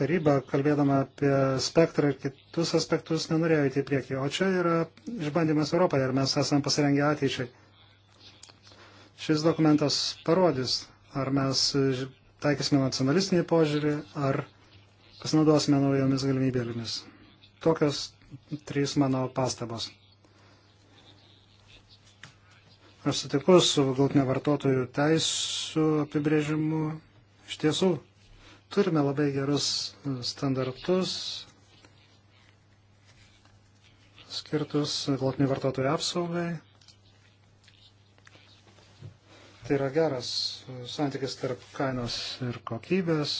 taryba, kalbėdama apie spektrą ir kitus aspektus, nenorėjo įti į priekį. O čia yra išbandymas Europoje ir mes esame pasirengę ateičiai. Šis dokumentas parodys, ar mes taikysime nacionalistinį požiūrį, ar pasinaudosime naujomis galimybėmis. Tokios trys mano pastabos. Aš sutiku su galtinio vartotojų teisų apibrėžimu. Iš tiesų, turime labai gerus standartus skirtus galtinių vartotojų apsaugai. Tai yra geras santykis tarp kainos ir kokybės.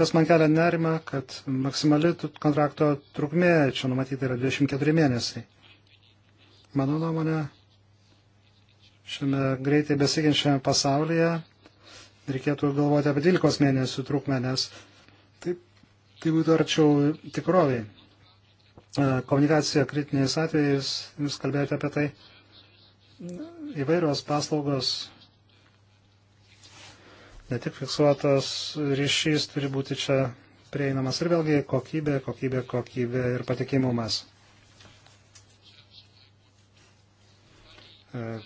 Kas man kelia nerima, kad maksimali kontrakto trukmė čia numatyta yra 24 mėnesiai. Mano nuomonė, šiame greitai besiginčiame pasaulyje reikėtų galvoti apie 12 mėnesių trukmę, nes tai, tai būtų arčiau tikroviai. Komunikacija kritiniais atvejais, jūs kalbėjote apie tai, įvairios paslaugos, ne tik fiksuotas ryšys turi būti čia prieinamas ir vėlgi kokybė, kokybė, kokybė ir patikimumas. E,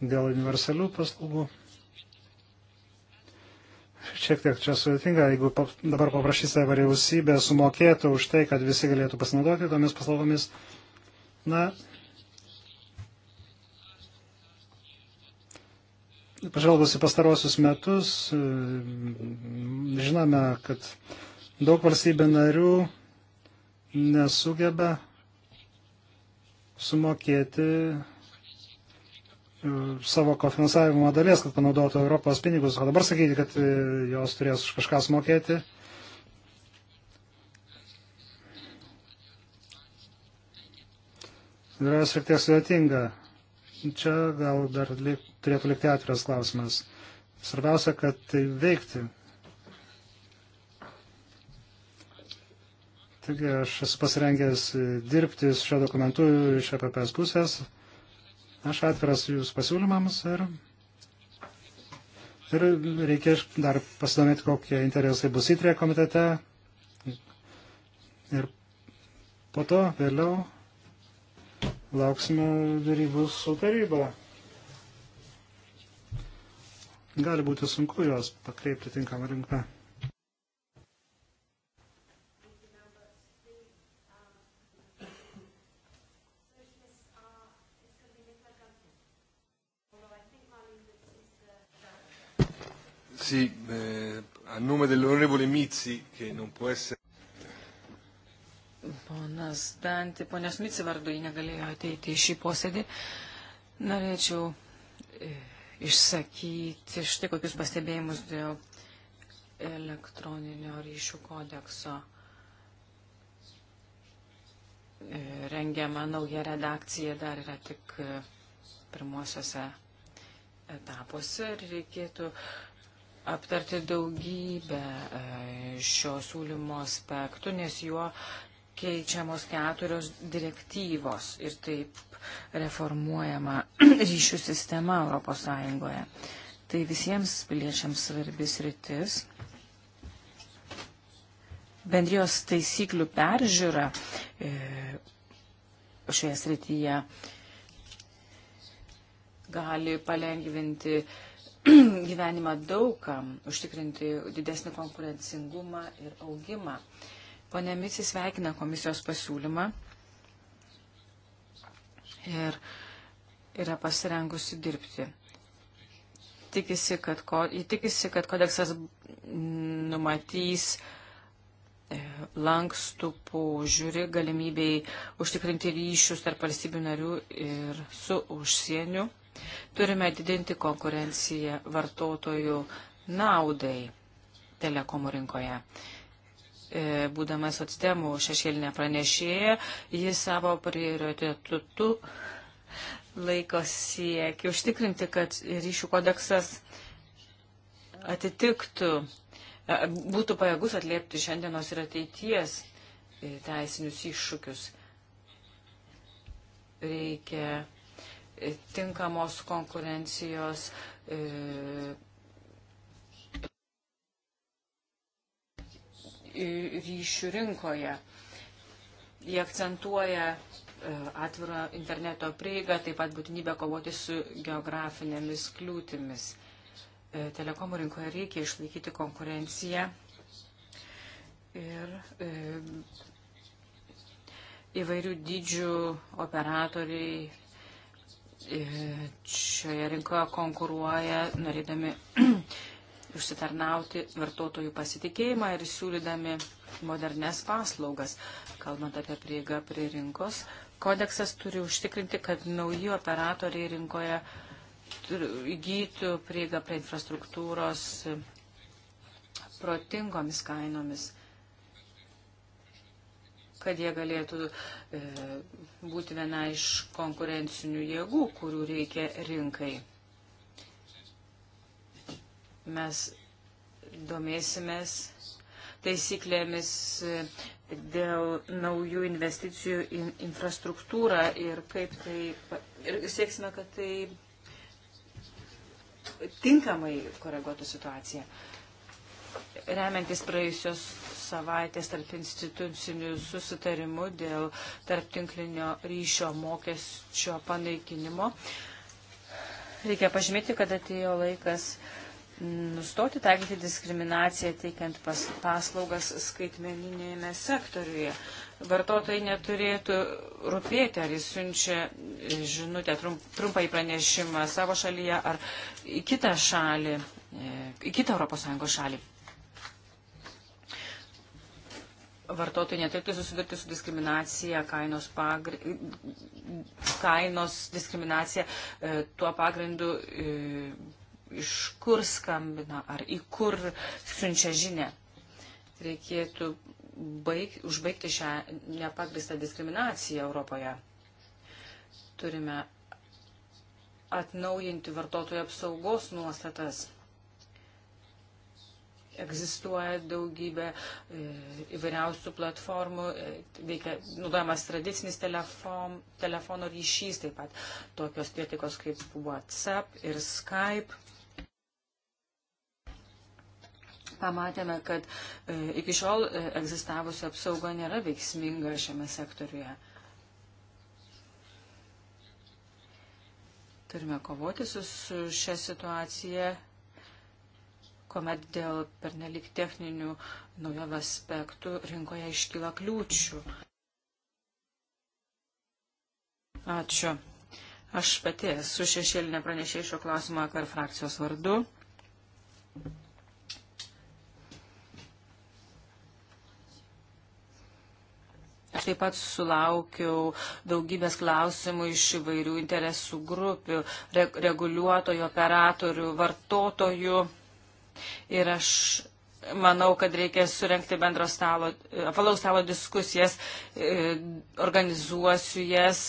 dėl universalių paslaugų. Šiek tiek čia sudėtinga, jeigu dabar paprašysite vyriausybę sumokėtų už tai, kad visi galėtų pasinaudoti tomis paslaugomis. Na, pažvelgus į pastarosius metus, e, žinome, kad daug valstybė narių nesugeba sumokėti savo kofinansavimo dalies, kad panaudotų Europos pinigus, o dabar sakyti, kad e, jos turės už kažką sumokėti. Yra šiek tiek sudėtinga. Čia gal dar li turėtų likti atviras klausimas. Svarbiausia, kad tai veikti. Taigi aš esu pasirengęs dirbti su šio dokumentu iš EPPS pusės. Aš atviras jūsų pasiūlymams ir, ir reikia dar pasidomėti, kokie interesai bus įtrė komitete. Ir po to vėliau lauksime darybų su taryba. Gali būti sunku juos pakreipti tinkamą linkmę. Sì, eh, a nome dell'onorevole Mizzi, che non può essere. Ponas Dantį, ponios Mitsi vardu, ji negalėjo ateiti į šį posėdį. Norėčiau e, išsakyti štai kokius pastebėjimus dėl elektroninio ryšių kodekso. E, rengiama nauja redakcija dar yra tik e, pirmuosiuose etapuose ir reikėtų aptarti daugybę e, šio siūlymo aspektų, nes juo keičiamos keturios direktyvos ir taip reformuojama [clears throat] ryšių sistema Europos Sąjungoje. Tai visiems piliečiams svarbis rytis. Bendrijos taisyklių peržiūra e, šioje srityje gali palengvinti [clears throat] gyvenimą daugam, užtikrinti didesnį konkurencingumą ir augimą. Pone Micis sveikina komisijos pasiūlymą ir yra pasirengusi dirbti. Tikisi, kad, ko, tikisi, kad kodeksas numatys e, lankstų požiūrį galimybei užtikrinti ryšius tarp valstybių narių ir su užsieniu Turime didinti konkurenciją vartotojų naudai telekomų rinkoje. E, Būdamas atstemų šešėlinė pranešėja, jis savo prioritetu laiko siekį užtikrinti, kad ryšių kodeksas atitiktų, e, būtų pajėgus atliepti šiandienos ir ateities e, teisinius iššūkius. Reikia tinkamos konkurencijos. E, ryšių rinkoje. Jie akcentuoja e, atvirą interneto prieigą, taip pat būtinybę kovoti su geografinėmis kliūtimis. E, telekomų rinkoje reikia išlaikyti konkurenciją ir įvairių dydžių operatoriai E, šioje rinkoje konkuruoja, norėdami [clears throat] užsitarnauti vartotojų pasitikėjimą ir siūlydami modernes paslaugas. Kalbant apie prieigą prie rinkos, kodeksas turi užtikrinti, kad nauji operatoriai rinkoje įgytų prieigą prie infrastruktūros protingomis kainomis kad jie galėtų e, būti viena iš konkurencinių jėgų, kurių reikia rinkai. Mes domėsimės taisyklėmis e, dėl naujų investicijų į in infrastruktūrą ir kaip tai, ir sieksime, kad tai tinkamai koreguotų situaciją. Remiantis praėjusios savaitės tarp institucinių susitarimų dėl tarptinklinio ryšio mokesčio panaikinimo. Reikia pažymėti, kad atėjo laikas nustoti taikyti diskriminaciją teikiant pas, paslaugas skaitmeninėme sektoriuje. Vartotojai neturėtų rūpėti, ar jis siunčia e, žinutę, trump, trumpai pranešimą savo šalyje ar į kitą šalį, e, į kitą ES šalį. vartotojai neturėtų susidurti su diskriminacija, kainos, pagri... kainos diskriminacija e, tuo pagrindu, e, iš kur skambina ar į kur siunčia žinę. Reikėtų baig... užbaigti šią nepagristą diskriminaciją Europoje. Turime atnaujinti vartotojų apsaugos nuostatas egzistuoja daugybė e, įvairiausių platformų, e, veikia, naudojamas tradicinis telefon, telefono ryšys, taip pat tokios prietikos kaip WhatsApp ir Skype. Pamatėme, kad e, iki šiol egzistavusi apsauga nėra veiksminga šiame sektoriuje. Turime kovoti su, su šią situaciją kuomet dėl pernelik techninių naujovių aspektų rinkoje iškyla kliūčių. Ačiū. Aš pati esu šešėlinė pranešė šio klausimo AKR frakcijos vardu. Aš taip pat sulaukiau daugybės klausimų iš įvairių interesų grupių, reguliuotojų, operatorių, vartotojų. Ir aš manau, kad reikia surenkti bendro stalo, apvalaus stalo diskusijas, e, organizuosiu jas.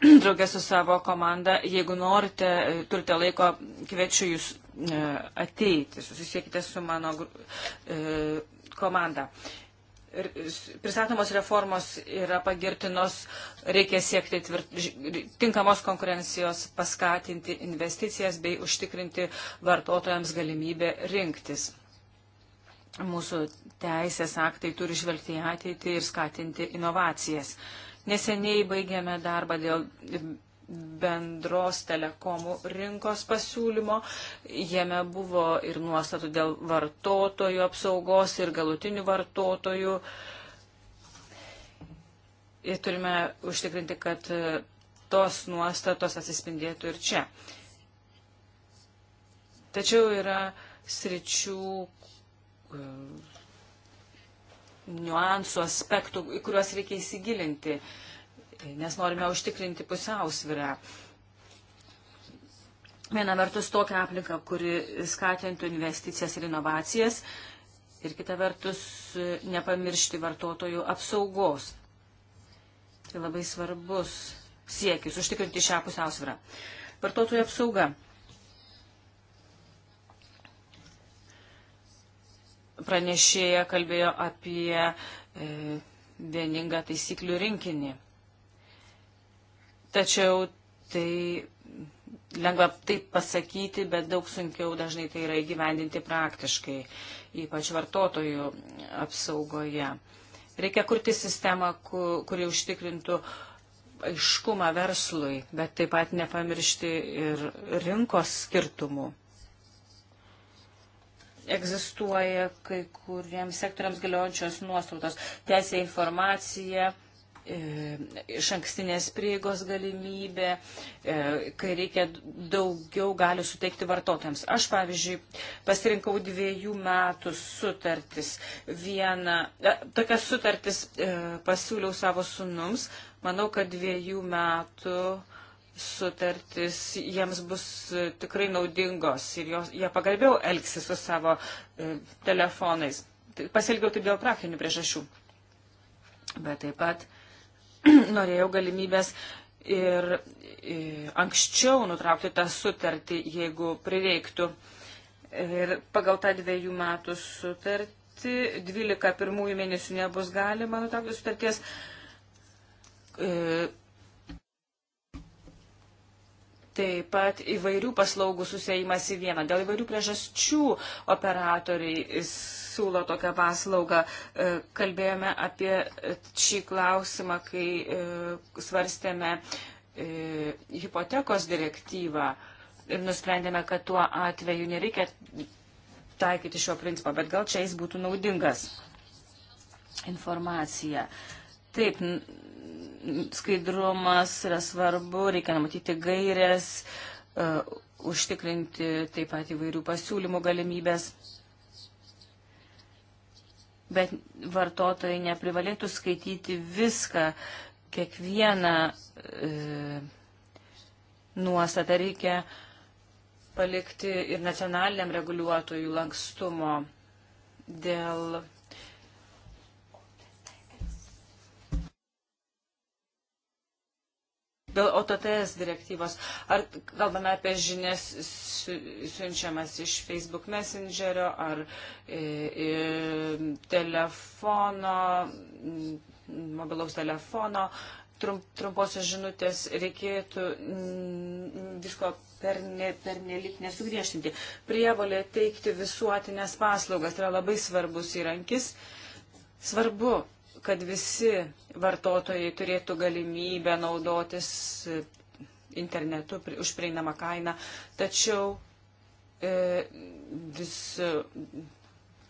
[clears throat] Draugė su savo komanda, jeigu norite, e, turite laiko, kviečiu jūs e, ateiti, susisiekite su mano komanda pristatomos reformos yra pagirtinos, reikia siekti tvirt, tinkamos konkurencijos, paskatinti investicijas bei užtikrinti vartotojams galimybę rinktis. Mūsų teisės aktai turi žvelgti į ateitį ir skatinti inovacijas. Neseniai baigėme darbą dėl bendros telekomų rinkos pasiūlymo. Jame buvo ir nuostatų dėl vartotojų apsaugos ir galutinių vartotojų. Ir turime užtikrinti, kad tos nuostatos atsispindėtų ir čia. Tačiau yra sričių e, niuansų, aspektų, į kuriuos reikia įsigilinti. Uh, nes norime užtikrinti pusiausvirą. Viena vertus tokią aplinką, kuri skatintų investicijas ir inovacijas, ir kita vertus e, nepamiršti vartotojų apsaugos. Tai labai svarbus siekis užtikrinti šią pusiausvyrą. Vartotojų apsauga. Pranešėja kalbėjo apie e, vieningą taisyklių rinkinį. Tačiau tai lengva taip pasakyti, bet daug sunkiau dažnai tai yra įgyvendinti praktiškai, ypač vartotojų apsaugoje. Reikia kurti sistemą, kuri užtikrintų aiškumą verslui, bet taip pat nepamiršti ir rinkos skirtumų. Egzistuoja kai kuriems sektoriams galiojančios nuostautos. Teisė informacija, informacija E, iš ankstinės prieigos galimybė, e, kai reikia daugiau galių suteikti vartotojams. Aš, pavyzdžiui, pasirinkau dviejų metų sutartis. Vieną, e, tokias sutartis pasiūliau savo sunums. Manau, kad dviejų metų sutartis jiems bus tikrai naudingos ir jos, jie pagarbiau elgsis su savo telefonais. Pasilgiau taip dėl praktinių priežasčių. Bet taip pat uh, [clears throat] norėjau galimybės ir, ir anksčiau nutraukti tą sutartį, jeigu prireiktų. Ir pagal tą dviejų metų sutartį, 12 pirmųjų mėnesių nebus galima nutraukti sutarties. E, Taip pat įvairių paslaugų susėjimas į vieną. Dėl įvairių priežasčių operatoriai siūlo tokią paslaugą. E, kalbėjome apie šį klausimą, kai e, svarstėme e, hipotekos direktyvą ir nusprendėme, kad tuo atveju nereikia taikyti šio principo, bet gal čia jis būtų naudingas informacija. Taip, skaidrumas yra svarbu, reikia numatyti gairės, uh, užtikrinti taip pat įvairių pasiūlymų galimybės. Bet vartotojai neprivalėtų skaityti viską, kiekvieną e, nuostatą reikia palikti ir nacionaliniam reguliuotojų lankstumo dėl dėl OTTS direktyvos. Ar kalbame apie žinias siunčiamas iš Facebook Messengerio ar e, e, telefono, mobilaus telefono, trump, trumposios žinutės reikėtų m, visko per, ne, per nelik nesugriežtinti. Prievolė teikti visuotinės paslaugas yra labai svarbus įrankis. Svarbu kad visi vartotojai turėtų galimybę naudotis internetu už prieinamą kainą, tačiau e, vis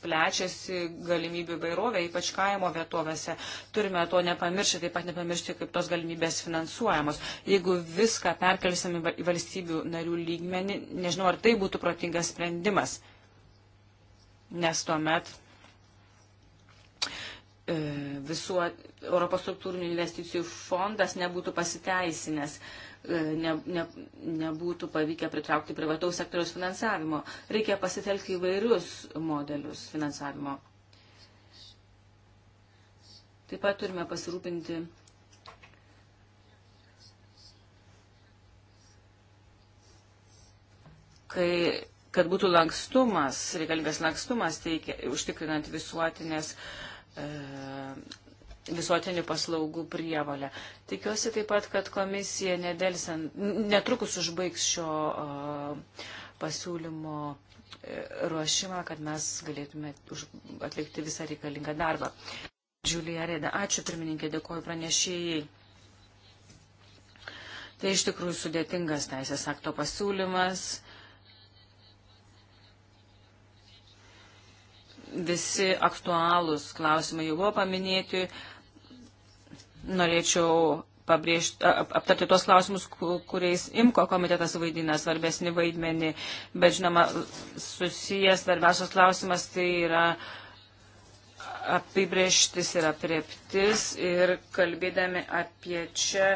plečiasi galimybių įvairovė, ypač kaimo vietovėse. Turime to nepamiršti, taip pat nepamiršti, kaip tos galimybės finansuojamos. Jeigu viską perkelsime į valstybių narių lygmenį, nežinau, ar tai būtų protingas sprendimas. Nes tuomet E, visų Europos struktūrinių investicijų fondas nebūtų pasiteisinęs, e, ne, ne, nebūtų pavykę pritraukti privataus sektoriaus finansavimo. Reikia pasitelkti įvairius modelius finansavimo. Taip pat turime pasirūpinti kai, kad būtų lankstumas, reikalingas lankstumas teikia, užtikrinant visuotinės uh, E, visuotinių paslaugų prievalę. Tikiuosi taip pat, kad komisija nedelsiant, netrukus užbaigs šio e, pasiūlymo e, ruošimą, kad mes galėtume atlikti visą reikalingą darbą. Džiulija Reda, ačiū pirmininkė, dėkoju pranešėjai. Tai iš tikrųjų sudėtingas teisės akto pasiūlymas visi aktualūs klausimai jau buvo paminėti. Norėčiau pabrėžti, aptarti tuos klausimus, kuriais IMKO komitetas vaidina svarbesnį vaidmenį, bet žinoma, susijęs svarbiausias klausimas tai yra apibrieštis ir apreptis ir kalbėdami apie čia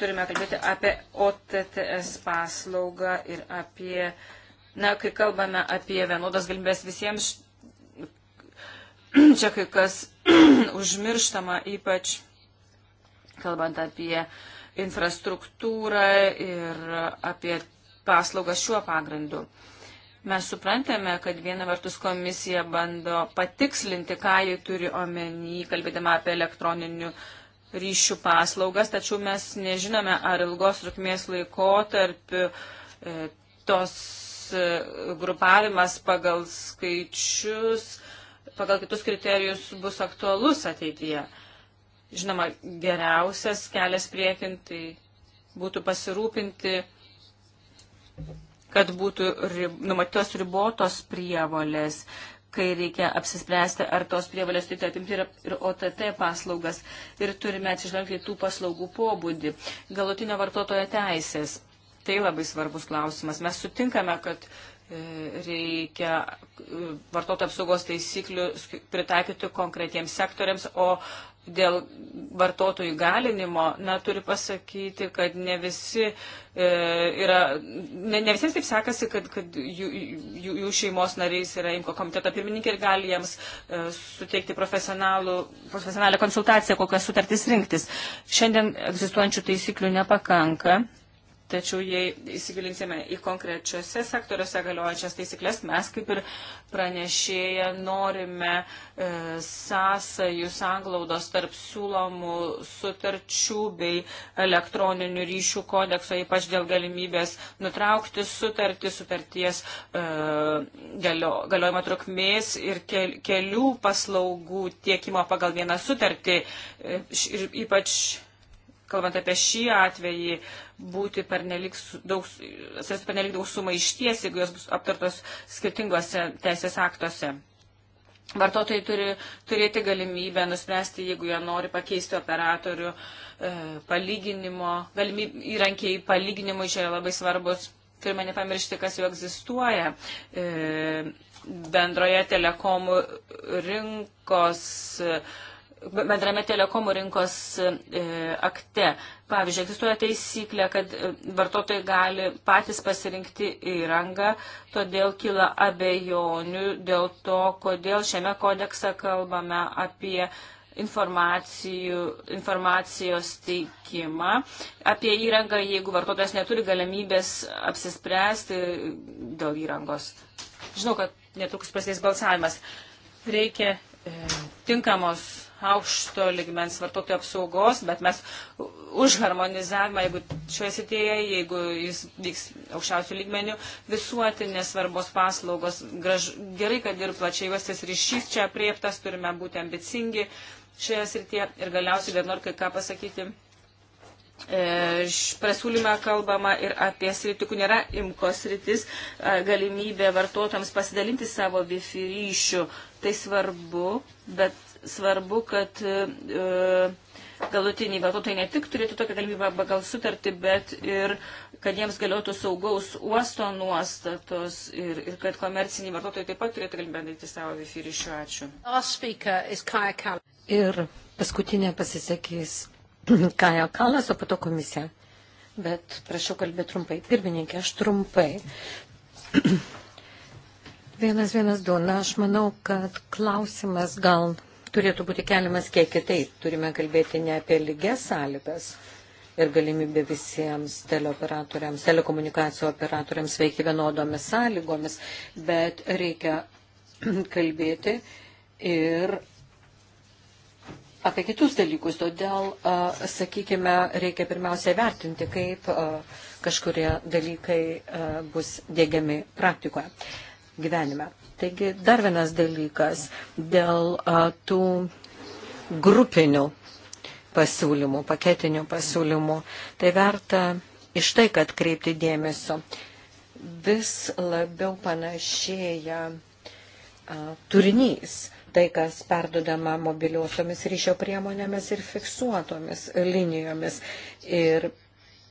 turime kalbėti apie OTTS paslaugą ir apie, na, kai kalbame apie vienodas galimybės visiems, čia kai kas [clears throat] užmirštama, ypač kalbant apie infrastruktūrą ir apie paslaugą šiuo pagrindu. Mes suprantame, kad viena vertus komisija bando patikslinti, ką ji turi omeny, kalbėdama apie elektroninių ryšių paslaugas, tačiau mes nežinome, ar ilgos trukmės laikotarpiu e, tos e, grupavimas pagal skaičius pagal kitus kriterijus bus aktualus ateityje. Žinoma, geriausias kelias priekintai būtų pasirūpinti, kad būtų rib, numatytos ribotos prievolės, kai reikia apsispręsti, ar tos prievalės turi apimti ir, ir OTT paslaugas ir turime atsižvelgti tų paslaugų pobūdį. Galutinio vartotojo teisės. Tai labai svarbus klausimas. Mes sutinkame, kad reikia e, vartotojų apsaugos taisyklių pritaikyti konkretiems sektoriams, o dėl vartotojų galinimo, na, turiu pasakyti, kad ne visi e, yra, ne, ne visiems taip sekasi, kad, kad jų, jų, jų šeimos nariais yra Inko komiteto pirmininkė ir gali jiems e, suteikti profesionalią konsultaciją, kokias sutartys rinktis. Šiandien egzistuojančių taisyklių nepakanka. Tačiau jei įsigilinsime į konkrečiose sektoriuose galiojančias taisyklės, mes kaip ir pranešėję norime e, sąsajų sanglaudos tarp siūlomų sutarčių bei elektroninių ryšių kodekso, ypač dėl galimybės nutraukti sutartį, sutarties e, galio, galiojimo trukmės ir kel, kelių paslaugų tiekimo pagal vieną sutartį. E, ir ypač kalbant apie šį atvejį, e, būti pernelik daug, pernelik daug sumaišties, jeigu jos bus aptartos skirtingose teisės aktuose. Vartotojai turi turėti galimybę nuspręsti, jeigu jie nori pakeisti operatorių, e, palyginimo, galimybė, įrankiai palyginimui čia yra labai svarbus. Turime nepamiršti, kas jau egzistuoja e, bendroje telekomų rinkos. E, bendrame telekomų rinkos e, akte. Pavyzdžiui, egzistuoja taisyklė, kad e, vartotojai gali patys pasirinkti įrangą, todėl kyla abejonių dėl to, kodėl šiame kodekse kalbame apie informacijos teikimą apie įrangą, jeigu vartotojas neturi galimybės apsispręsti dėl įrangos. Žinau, kad netrukus prasidės balsavimas. Reikia e, tinkamos aukšto ligmens vartotojų apsaugos, bet mes už harmonizavimą, jeigu šioje sitėje, jeigu jis vyks aukščiausių lygmenių, visuotinės svarbos paslaugos. Graž, gerai, kad ir plačiai juostas ryšys čia apriektas, turime būti ambicingi šioje srityje ir galiausiai dar noriu kai ką pasakyti. E, Prasiūlyme kalbama ir apie sritį, kur nėra imkos sritis, e, galimybė vartotojams pasidalinti savo wifi ryšių. Tai svarbu, bet svarbu, kad e, galutiniai vartotojai ne tik turėtų tokią galimybę pagal sutartį, bet ir kad jiems galiotų saugaus uosto nuostatos ir, ir kad komerciniai vartotojai taip pat turėtų galimybę daryti savo wifi ryšių. Ačiū. Ir paskutinė pasisakys [clears throat] Kaja Kalas, o po to komisija. Bet prašau kalbėti trumpai. Pirmininkė, aš trumpai. [clears throat] Vienas, vienas, du. Na, aš manau, kad klausimas gal turėtų būti keliamas kiek kitaip. Turime kalbėti ne apie lygias sąlygas ir galimybę visiems teleoperatoriams, telekomunikacijų operatoriams veikti vienodomis sąlygomis, bet reikia [clears throat] kalbėti ir apie kitus dalykus. Todėl, sakykime, reikia pirmiausia vertinti, kaip kažkurie dalykai bus dėgiami praktikoje gyvenime. Taigi dar vienas dalykas dėl a, tų grupinių pasiūlymų, paketinių pasiūlymų. Tai verta iš tai, kad kreipti dėmesio. Vis labiau panašėja turinys, tai, kas perdodama mobiliosiomis ryšio priemonėmis ir fiksuotomis linijomis. Ir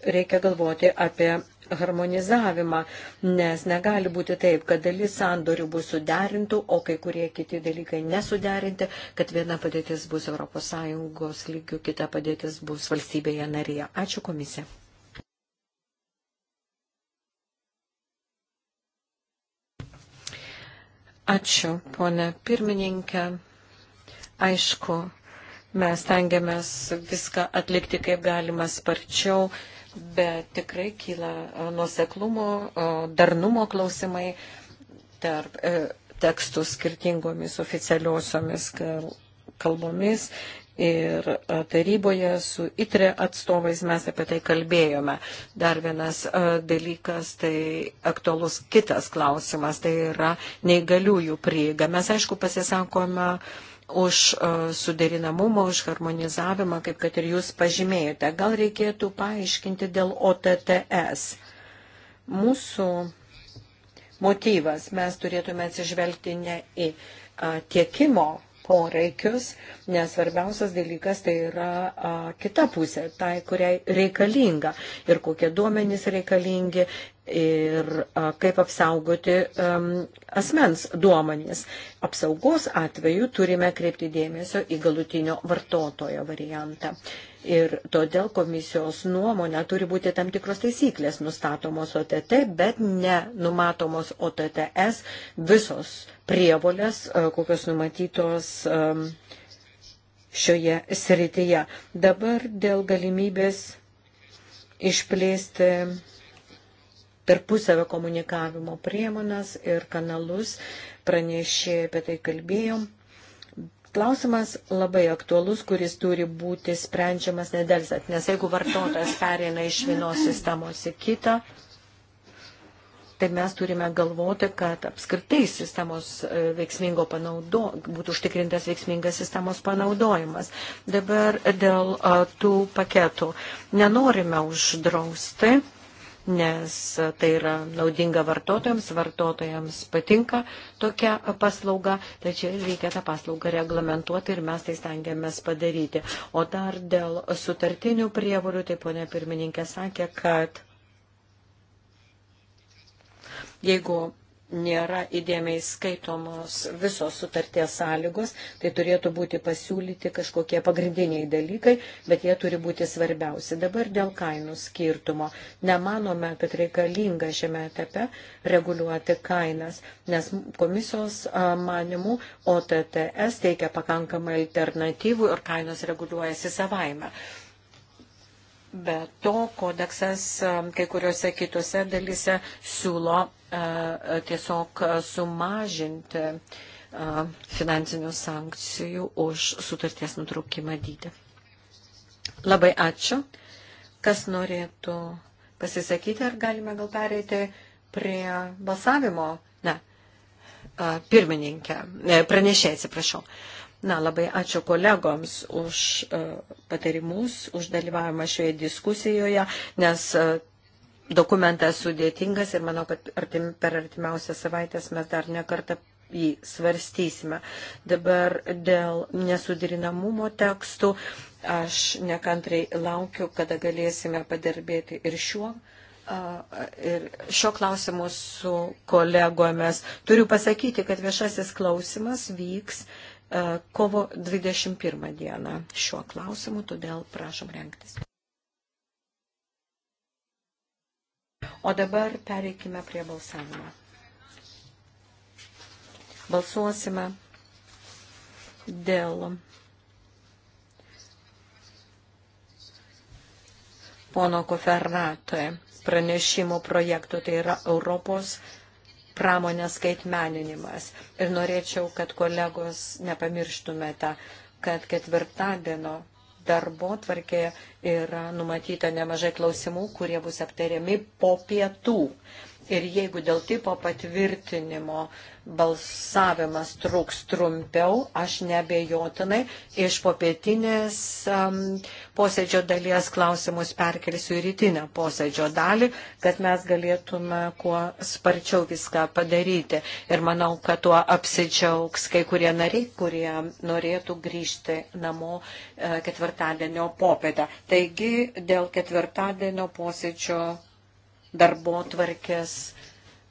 reikia galvoti apie harmonizavimą, nes negali būti taip, kad dalis sandorių bus suderintų, o kai kurie kiti dalykai nesuderinti, kad viena padėtis bus ES lygių, kita padėtis bus valstybėje narėje. Ačiū komisija. Ačiū, ponė pirmininkė. Aišku, mes tengiamės viską atlikti kaip galima sparčiau bet tikrai kyla e, nuoseklumo, e, darnumo klausimai tarp e, tekstų skirtingomis oficialiosiomis kalbomis. Ir taryboje su ITRE atstovais mes apie tai kalbėjome. Dar vienas dalykas, tai aktualus kitas klausimas, tai yra neįgaliųjų prieiga. Mes aišku pasisakome uh, už e, suderinamumą, už harmonizavimą, kaip kad ir jūs pažymėjote. Gal reikėtų paaiškinti dėl OTTS. Mūsų motyvas mes turėtume atsižvelgti ne į e, tiekimo poreikius, nes svarbiausias dalykas tai yra a, e, kita pusė, tai, kuriai reikalinga ir kokie duomenys reikalingi ir kaip apsaugoti um, asmens duomenys. Apsaugos atveju turime kreipti dėmesio į galutinio vartotojo variantą. Ir todėl komisijos nuomonė turi būti tam tikros taisyklės nustatomos OTT, bet nenumatomos OTTS visos prievolės, kokios numatytos. Um, šioje srityje. Dabar dėl galimybės išplėsti tarpusavio komunikavimo priemonas ir kanalus, pranešė apie tai kalbėjom. Klausimas labai aktualus, kuris turi būti sprendžiamas nedelsat, nes jeigu vartotojas pereina iš vienos sistemos į kitą, tai mes turime galvoti, kad apskritai sistemos e, veiksmingo panaudo, būtų užtikrintas veiksmingas sistemos panaudojimas. Dabar dėl e, tų paketų nenorime uždrausti nes tai yra naudinga vartotojams, vartotojams patinka tokia paslauga, tačiau reikia tą paslaugą reglamentuoti ir mes tai stengiamės padaryti. O dar dėl sutartinių prievolių, tai ponia pirmininkė sakė, kad jeigu nėra įdėmiai skaitomos visos sutarties sąlygos, tai turėtų būti pasiūlyti kažkokie pagrindiniai dalykai, bet jie turi būti svarbiausi. Dabar dėl kainų skirtumo. Nemanome, kad reikalinga šiame etape reguliuoti kainas, nes komisijos manimų OTTS teikia pakankamai alternatyvų ir kainos reguliuojasi savaime. Be to, kodeksas kai kuriuose kitose dalyse siūlo E, tiesiog sumažinti e, finansinių sankcijų už sutarties nutraukimą dydį. Labai ačiū. Kas norėtų pasisakyti, ar galime gal pereiti prie balsavimo? Ne. E, pirmininkė, pranešė, atsiprašau. Na, labai ačiū kolegoms už patarimus, už dalyvavimą šioje diskusijoje, nes dokumentas sudėtingas ir manau, kad artim, per artimiausias savaitės mes dar nekartą jį svarstysime. Dabar dėl nesudirinamumo tekstų aš nekantrai laukiu, kada galėsime padirbėti ir šiuo. Ir šio klausimu su kolegomis turiu pasakyti, kad viešasis klausimas vyks kovo 21 dieną šiuo klausimu, todėl prašom rengtis. O dabar pereikime prie balsavimo. Balsuosime dėl pono Koferatoje pranešimo projektų, tai yra Europos pramonės skaitmeninimas. Ir norėčiau, kad kolegos nepamirštumėte, kad ketvirtadienio darbo tvarkėje yra numatyta nemažai klausimų, kurie bus aptariami po pietų. Ir jeigu dėl tipo patvirtinimo balsavimas truks trumpiau, aš nebejotinai iš popietinės um, posėdžio dalies klausimus perkelsiu į rytinę posėdžio dalį, kad mes galėtume kuo sparčiau viską padaryti. Ir manau, kad tuo apsidžiaugs kai kurie nariai, kurie norėtų grįžti namo e, ketvirtadienio popietę. Taigi dėl ketvirtadienio posėdžio darbo tvarkės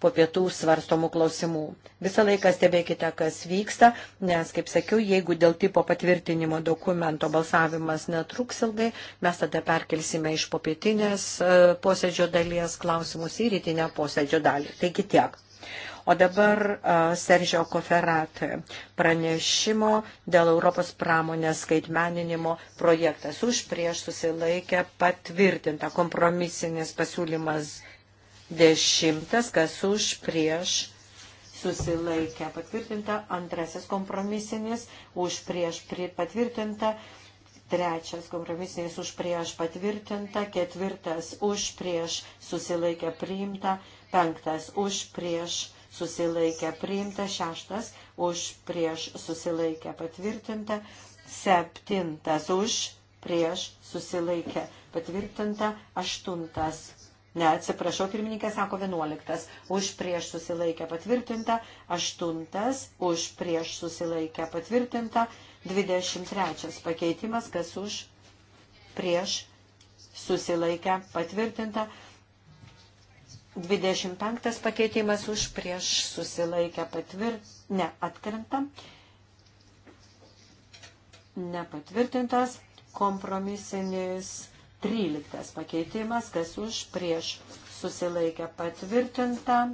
po pietų svarstomų klausimų. Visą laiką stebėkite, kas vyksta, nes, kaip sakiau, jeigu dėl tipo patvirtinimo dokumento balsavimas netruks ilgai, mes tada perkelsime iš popietinės e, posėdžio dalies klausimus į rytinę posėdžio dalį. Taigi tiek. O dabar e, Seržio Koferat pranešimo dėl Europos pramonės skaitmeninimo projektas už prieš susilaikę patvirtinta kompromisinis pasiūlymas Dešimtas, kas už prieš susilaikę patvirtinta. Antrasis kompromisinis už prieš patvirtinta. Trečias kompromisinis už prieš patvirtinta. Ketvirtas už prieš susilaikę priimta. Penktas už prieš susilaikę priimta. Šeštas už prieš susilaikę patvirtinta. Septintas už prieš susilaikę patvirtinta. Aštuntas Ne, atsiprašau, pirmininkė sako 11. Už prieš susilaikę patvirtinta. 8. Už prieš susilaikę patvirtinta. 23. Pakeitimas, kas už prieš susilaikę patvirtinta. 25 pakeitimas už prieš susilaikę patvirt, ne, atkrenta, nepatvirtintas, kompromisinis 13 pakeitimas, kas už prieš susilaikę patvirtinta.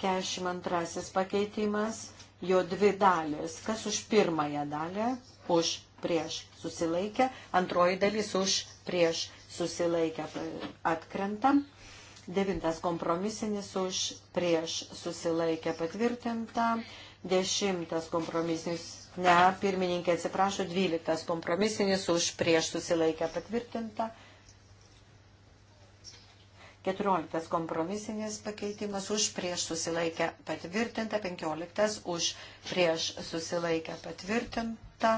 42 pakeitimas, jo dvi dalis, kas už pirmąją dalį, už prieš susilaikę, antroji dalis už prieš susilaikę atkrenta. Devintas kompromisinis už prieš susilaikę patvirtinta. Dešimtas kompromisinis Ne, pirmininkė atsiprašo, 12 kompromisinis už prieš susilaikę patvirtinta. 14 kompromisinis pakeitimas už prieš susilaikę patvirtinta, 15 už prieš susilaikę patvirtinta,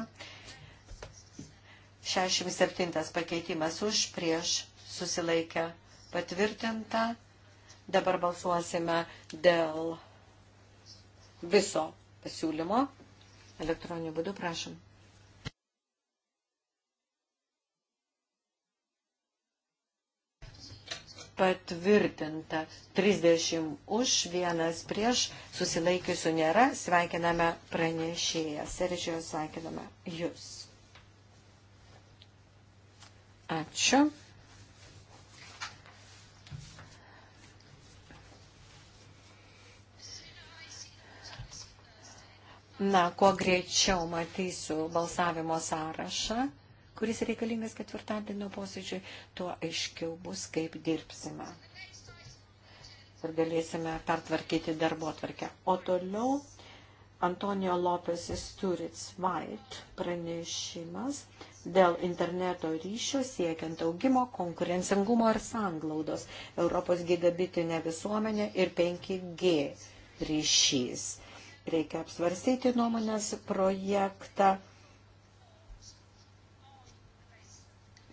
67 pakeitimas už prieš susilaikę patvirtinta. Dabar balsuosime dėl viso pasiūlymo elektroniniu būdu, prašom. Patvirtinta 30 už, vienas prieš, susilaikiusių nėra, sveikiname pranešėją. Seržijos sveikiname jūs. Ačiū. Na, kuo greičiau matysiu balsavimo sąrašą, kuris reikalingas ketvirtadienio posėdžiui, tuo aiškiau bus, kaip dirbsime. Ir galėsime pertvarkyti darbo tvarkę. O toliau Antonio Lopes Isturic White pranešimas dėl interneto ryšio siekiant augimo, konkurencingumo ir sanglaudos Europos gigabitinė visuomenė ir 5G ryšys reikia apsvarstyti nuomonės projektą.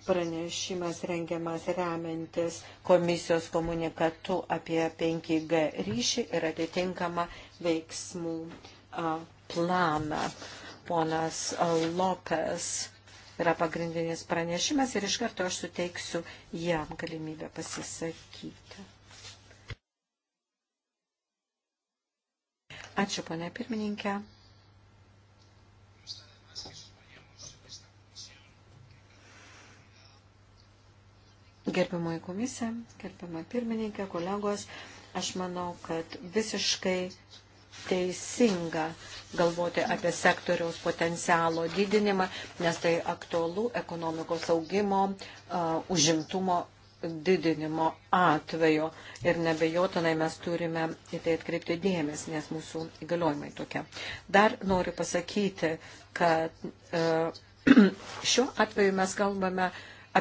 Pranešimas rengiamas remiantis komisijos komunikatu apie 5G ryšį ir atitinkamą veiksmų planą. Ponas Lopes yra pagrindinis pranešimas ir iš karto aš suteiksiu jam galimybę pasisakyti. Ačiū, ponė pirmininkė. Gerbiamoji komisija, gerbiama pirmininkė, kolegos, aš manau, kad visiškai teisinga galvoti apie sektoriaus potencialo didinimą, nes tai aktualu ekonomikos augimo, uh, užimtumo didinimo atveju ir nebejotinai mes turime į tai atkreipti dėmesį, nes mūsų įgaliojimai tokie. Dar noriu pasakyti, kad e, [clears throat] šiuo atveju mes kalbame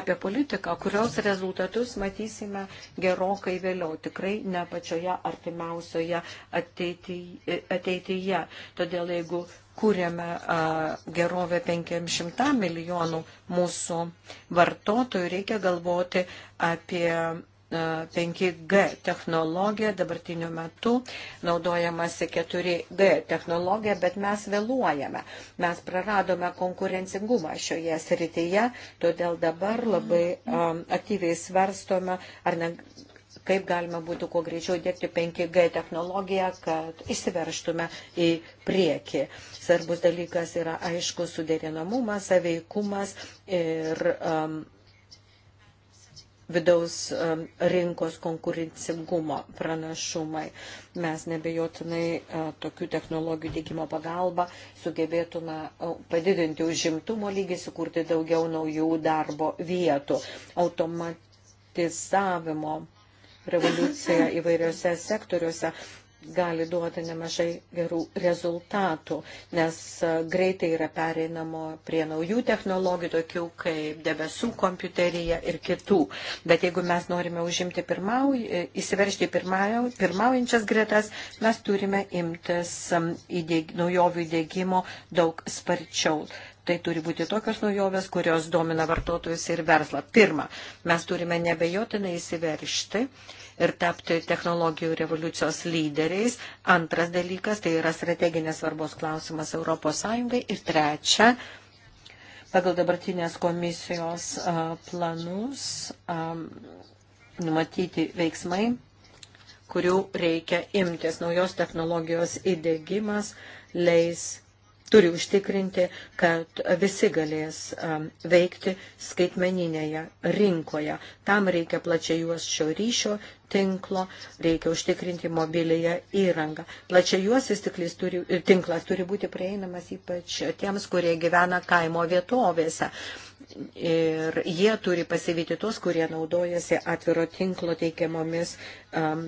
apie politiką, kurios rezultatus matysime gerokai vėliau, tikrai ne pačioje artimiausioje ateityje. Todėl jeigu kūrėme gerovę 500 milijonų mūsų vartotojų, reikia galvoti apie 5G technologiją, dabartiniu metu naudojamasi 4G technologija, bet mes vėluojame. Mes praradome konkurencingumą šioje srityje, todėl dabar labai um, aktyviai svarstome, ar ne, kaip galima būtų kuo greičiau dėkti 5G technologiją, kad įsiverštume į priekį. Svarbus dalykas yra aišku suderinamumas, saveikumas ir um, vidaus um, rinkos konkurencingumo pranašumai. Mes nebejotinai uh, tokių technologijų dėgymo pagalba sugebėtume uh, padidinti užimtumo lygį, sukurti daugiau naujų darbo vietų, automatizavimo revoliucija įvairiose sektoriuose gali duoti nemažai gerų rezultatų, nes e, greitai yra pereinamo prie naujų technologijų, tokių kaip debesų kompiuterija ir kitų. Bet jeigu mes norime užimti pirmauj, e, įsiveršti pirmauj, pirmaujančias gretas, mes turime imtis įdėg, naujovių įdėgymo daug sparčiau. Tai turi būti tokios naujovės, kurios domina vartotojus ir verslą. Pirma, mes turime nebejotinai įsiveršti ir tapti technologijų revoliucijos lyderiais. Antras dalykas, tai yra strateginės svarbos klausimas ES. Ir trečia, pagal dabartinės komisijos planus numatyti veiksmai, kurių reikia imtis. Naujos technologijos įdėgymas leis turi užtikrinti, kad visi galės um, veikti skaitmeninėje rinkoje. Tam reikia plačiai juos šio ryšio tinklo, reikia užtikrinti mobilėje įrangą. Plačiai juos įstiklis turi, tinklas turi būti prieinamas ypač tiems, kurie gyvena kaimo vietovėse. Ir jie turi pasivyti tos, kurie naudojasi atviro tinklo teikiamomis um,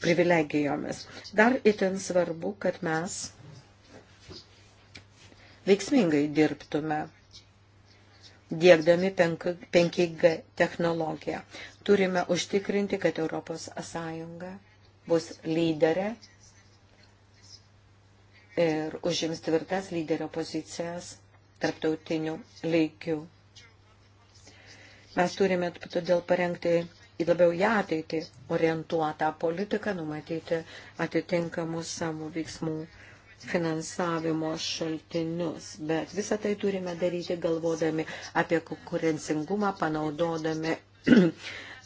privilegijomis. Dar itin svarbu, kad mes veiksmingai dirbtume, dėkdami 5G technologiją. Turime užtikrinti, kad Europos Sąjunga bus lyderė ir užims tvirtas lyderio pozicijas tarptautinių lygių. Mes turime todėl parengti į labiau ją ateitį orientuotą politiką, numatyti atitinkamus savo veiksmų finansavimo šaltinius, bet visą tai turime daryti galvodami apie konkurencingumą, panaudodami [clears throat]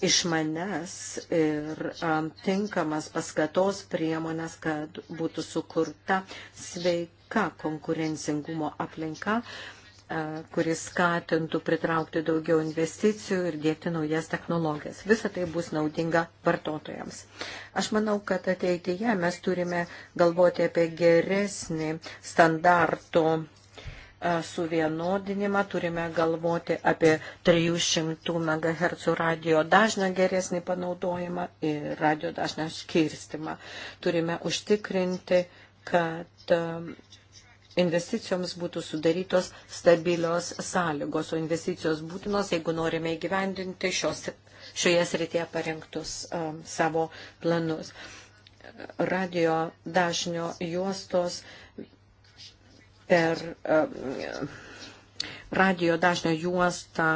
išmanes ir um, tinkamas paskatos priemonės, kad būtų sukurta sveika konkurencingumo aplinka E, kuris skatintų pritraukti daugiau investicijų ir dėkti naujas technologijas. Visa tai bus naudinga vartotojams. Aš manau, kad ateityje mes turime galvoti apie geresnį standarto e, suvienodinimą, turime galvoti apie 300 MHz radio dažną geresnį panaudojimą ir radio dažną skirstimą. Turime užtikrinti, kad e, investicijoms būtų sudarytos stabilios sąlygos, o investicijos būtinos, jeigu norime įgyvendinti šios, šioje srityje parengtus um, savo planus. Radio dažnio juostos per um, radio dažnio juostą,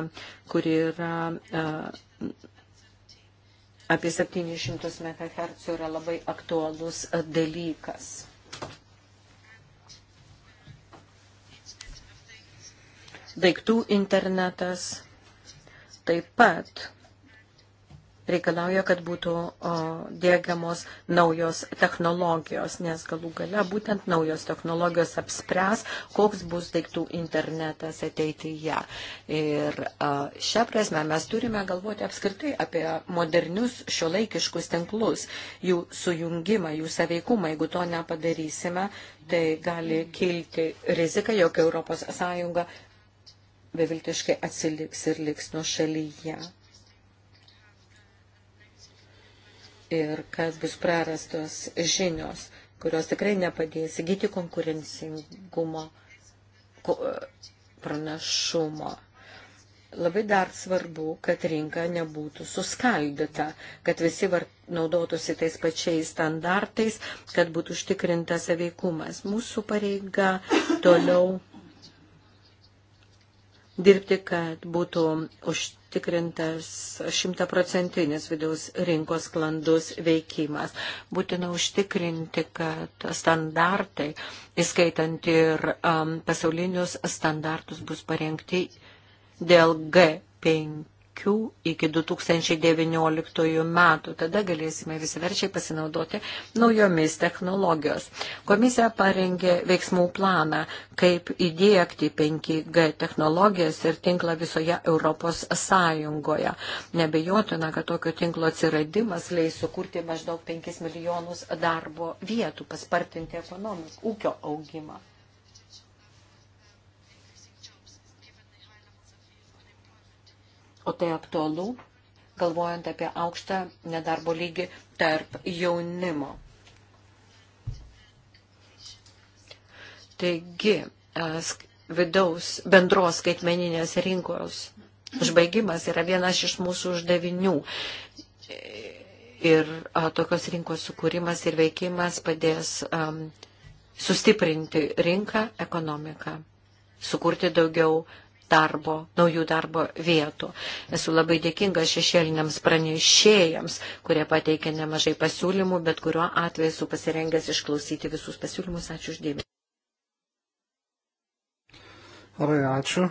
kuri yra um, apie 700 MHz yra labai aktualus dalykas. daiktų internetas taip pat reikalauja, kad būtų o, dėgiamos naujos technologijos, nes galų gale būtent naujos technologijos apspręs, koks bus daiktų internetas ateityje. Ir o, šią prasme mes turime galvoti apskritai apie modernius šiuolaikiškus tinklus, jų sujungimą, jų saveikumą. Jeigu to nepadarysime, tai gali kilti rizika, jog ES beviltiškai atsiliks ir liks nuo šalyje. Ir kad bus prarastos žinios, kurios tikrai nepadės įgyti konkurencingumo pranašumo. Labai dar svarbu, kad rinka nebūtų suskaldyta, kad visi var, naudotųsi tais pačiais standartais, kad būtų užtikrintas veikumas. Mūsų pareiga toliau dirbti, kad būtų užtikrintas šimtaprocentinis vidaus rinkos sklandus veikimas. Būtina užtikrinti, kad standartai, įskaitant ir um, pasaulinius standartus, bus parengti dėl G5 akių iki 2019 metų. Tada galėsime visiverčiai pasinaudoti naujomis technologijos. Komisija parengė veiksmų planą, kaip įdėkti 5G technologijas ir tinklą visoje Europos Sąjungoje. Nebejotina, kad tokio tinklo atsiradimas leis sukurti maždaug 5 milijonus darbo vietų, paspartinti ekonomikos, ūkio augimą. o tai aktualu, galvojant apie aukštą nedarbo lygį tarp jaunimo. Taigi, e, vidaus bendros skaitmeninės rinkos užbaigimas yra vienas iš mūsų uždavinių. Ir a, e, tokios rinkos sukūrimas ir veikimas padės a, sustiprinti rinką, ekonomiką, sukurti daugiau darbo, naujų darbo vietų. Esu labai dėkinga šešėliniams pranešėjams, kurie pateikė nemažai pasiūlymų, bet kuriuo atveju esu pasirengęs išklausyti visus pasiūlymus. Ačiū uždėmesi. Labai ačiū.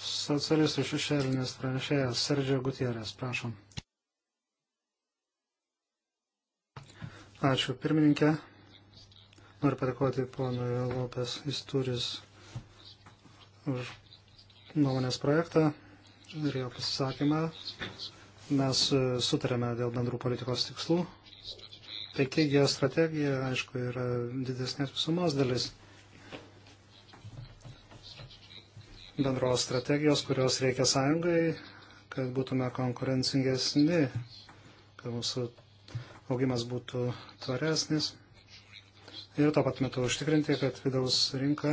Socialistų šešėlinis pranešėjas Sergio Gutierės, prašom. Ačiū, pirmininkė. Noriu padėkoti ponui Lopes Isturis už nuomonės projektą ir jo pasisakymą. Mes e, sutarėme dėl bendrų politikos tikslų. 5G tai strategija, aišku, yra didesnės visumos dalis. Bendros strategijos, kurios reikia sąjungai, kad būtume konkurencingesni, kad mūsų augimas būtų tvaresnis ir to pat metu užtikrinti, kad vidaus rinka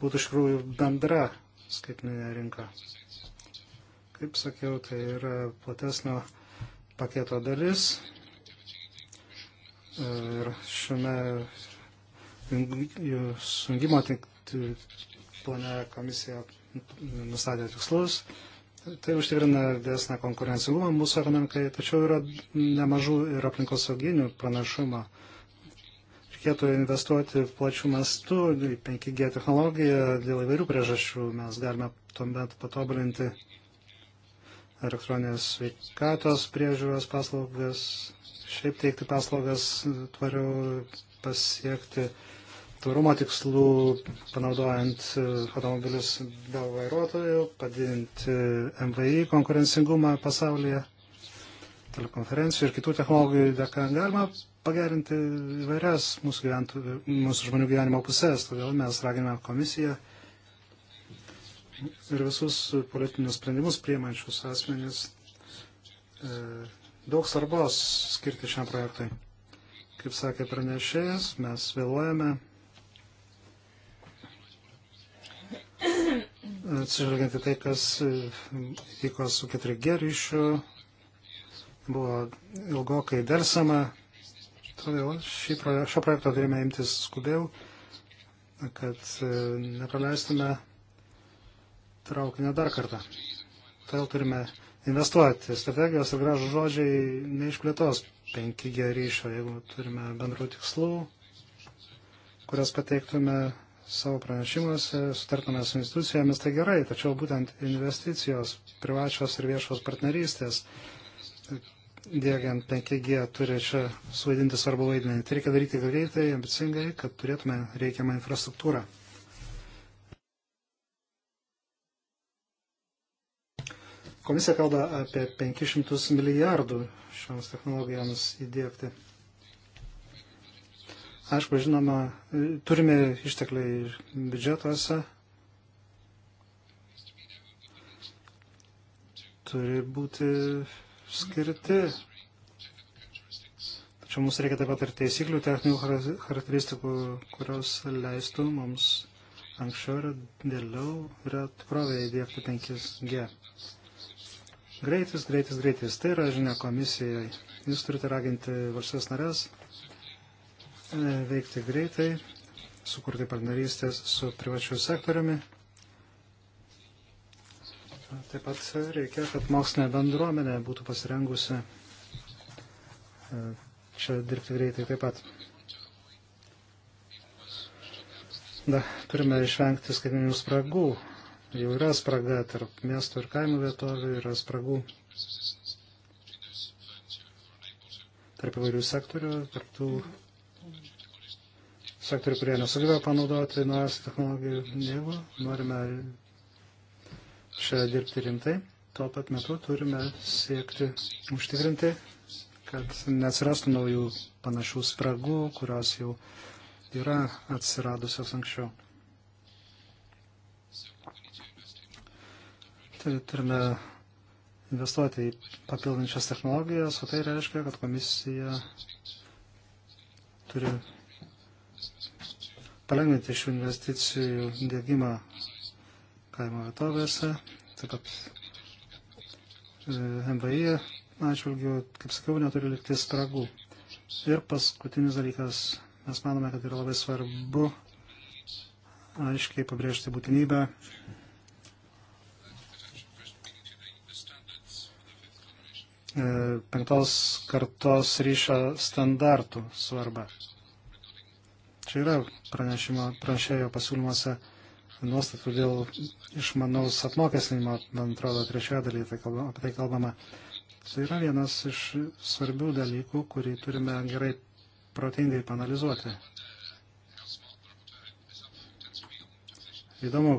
būtų iš tikrųjų bendra skaitminė rinka. Kaip sakiau, tai yra platesnio paketo dalis. Ir šiame sungimo plane komisija nustatė tikslus. Tai užtikrina didesnę konkurencingumą mūsų ekonomikai, tačiau yra nemažų ir aplinkosauginių pranašumą reikėtų investuoti plačių mastų į 5G technologiją dėl įvairių priežasčių. Mes galime tuomet patobulinti elektroninės sveikatos priežiūros paslaugas, šiaip teikti paslaugas tvariau pasiekti tvarumo tikslų, panaudojant automobilius be vairuotojų, padidinti MVI konkurencingumą pasaulyje, telekonferencijų ir kitų technologijų dėka galima pagerinti įvairias mūsų, gyventų, mūsų žmonių gyvenimo pusės, todėl mes raginame komisiją ir visus politinius sprendimus priemančius asmenys e, daug svarbos skirti šiam projektui. Kaip sakė pranešėjas, mes vėluojame. Atsižvelgiant į tai, kas e, vyko su 4G ryšiu, buvo ilgokai dersama Todėl pro, šio projekto turime imtis skubiau, kad e, nepraleistume traukinio dar kartą. Todėl turime investuoti. Strategijos ir gražų žodžiai neišplėtos 5G ryšio, jeigu turime bendrų tikslų, kurias pateiktume savo pranešimuose, sutartume su institucijomis, tai gerai, tačiau būtent investicijos, privačios ir viešos partnerystės dėgiant 5G turi čia suvaidinti svarbu vaidmenį. Tai reikia daryti greitai, ambicingai, kad turėtume reikiamą infrastruktūrą. Komisija kalba apie 500 milijardų šioms technologijoms įdėkti. Aišku, žinoma, turime ištekliai biudžetuose, turi būti skirti. Tačiau mums reikia taip pat ir taisyklių, techninių charakteristikų, kurios leistų mums anksčiau ir dėliau yra tikrovėje įdėkti 5G. Greitis, greitis, greitis. Tai yra žinia komisijai. Jūs turite raginti valstybės narės e, veikti greitai, sukurti partnerystės su privačiu sektoriumi Taip pat reikia, kad mokslinė bendruomenė būtų pasirengusi e, čia dirbti greitai taip pat. Da, turime išvengti skaitmeninių spragų. Jau yra spraga tarp miestų ir kaimų vietovių, yra spragų tarp įvairių sektorių, tarp tų sektorių, kurie nesugeba panaudoti naujausių technologijų. Jeigu norime čia dirbti rimtai. Tuo pat metu turime siekti užtikrinti, kad neatsirastų naujų panašių spragų, kurios jau yra atsiradusios anksčiau. Tai turime investuoti į papildančias technologijas, o tai reiškia, kad komisija turi palengvinti šių investicijų dėgymą kaimo vietovėse, taip pat e, MVI atžvilgių, kaip sakiau, neturi likti spragų. Ir paskutinis dalykas, mes manome, kad yra labai svarbu aiškiai pabrėžti būtinybę e, penktos kartos ryšio standartų svarbą. Čia yra pranešimo, pranešėjo pasiūlymuose nuostatų dėl išmanaus apmokestinimo, man atrodo, trečioje dalyje tai kalba, apie tai kalbama. Tai yra vienas iš svarbių dalykų, kurį turime gerai protingai panalizuoti. Įdomu,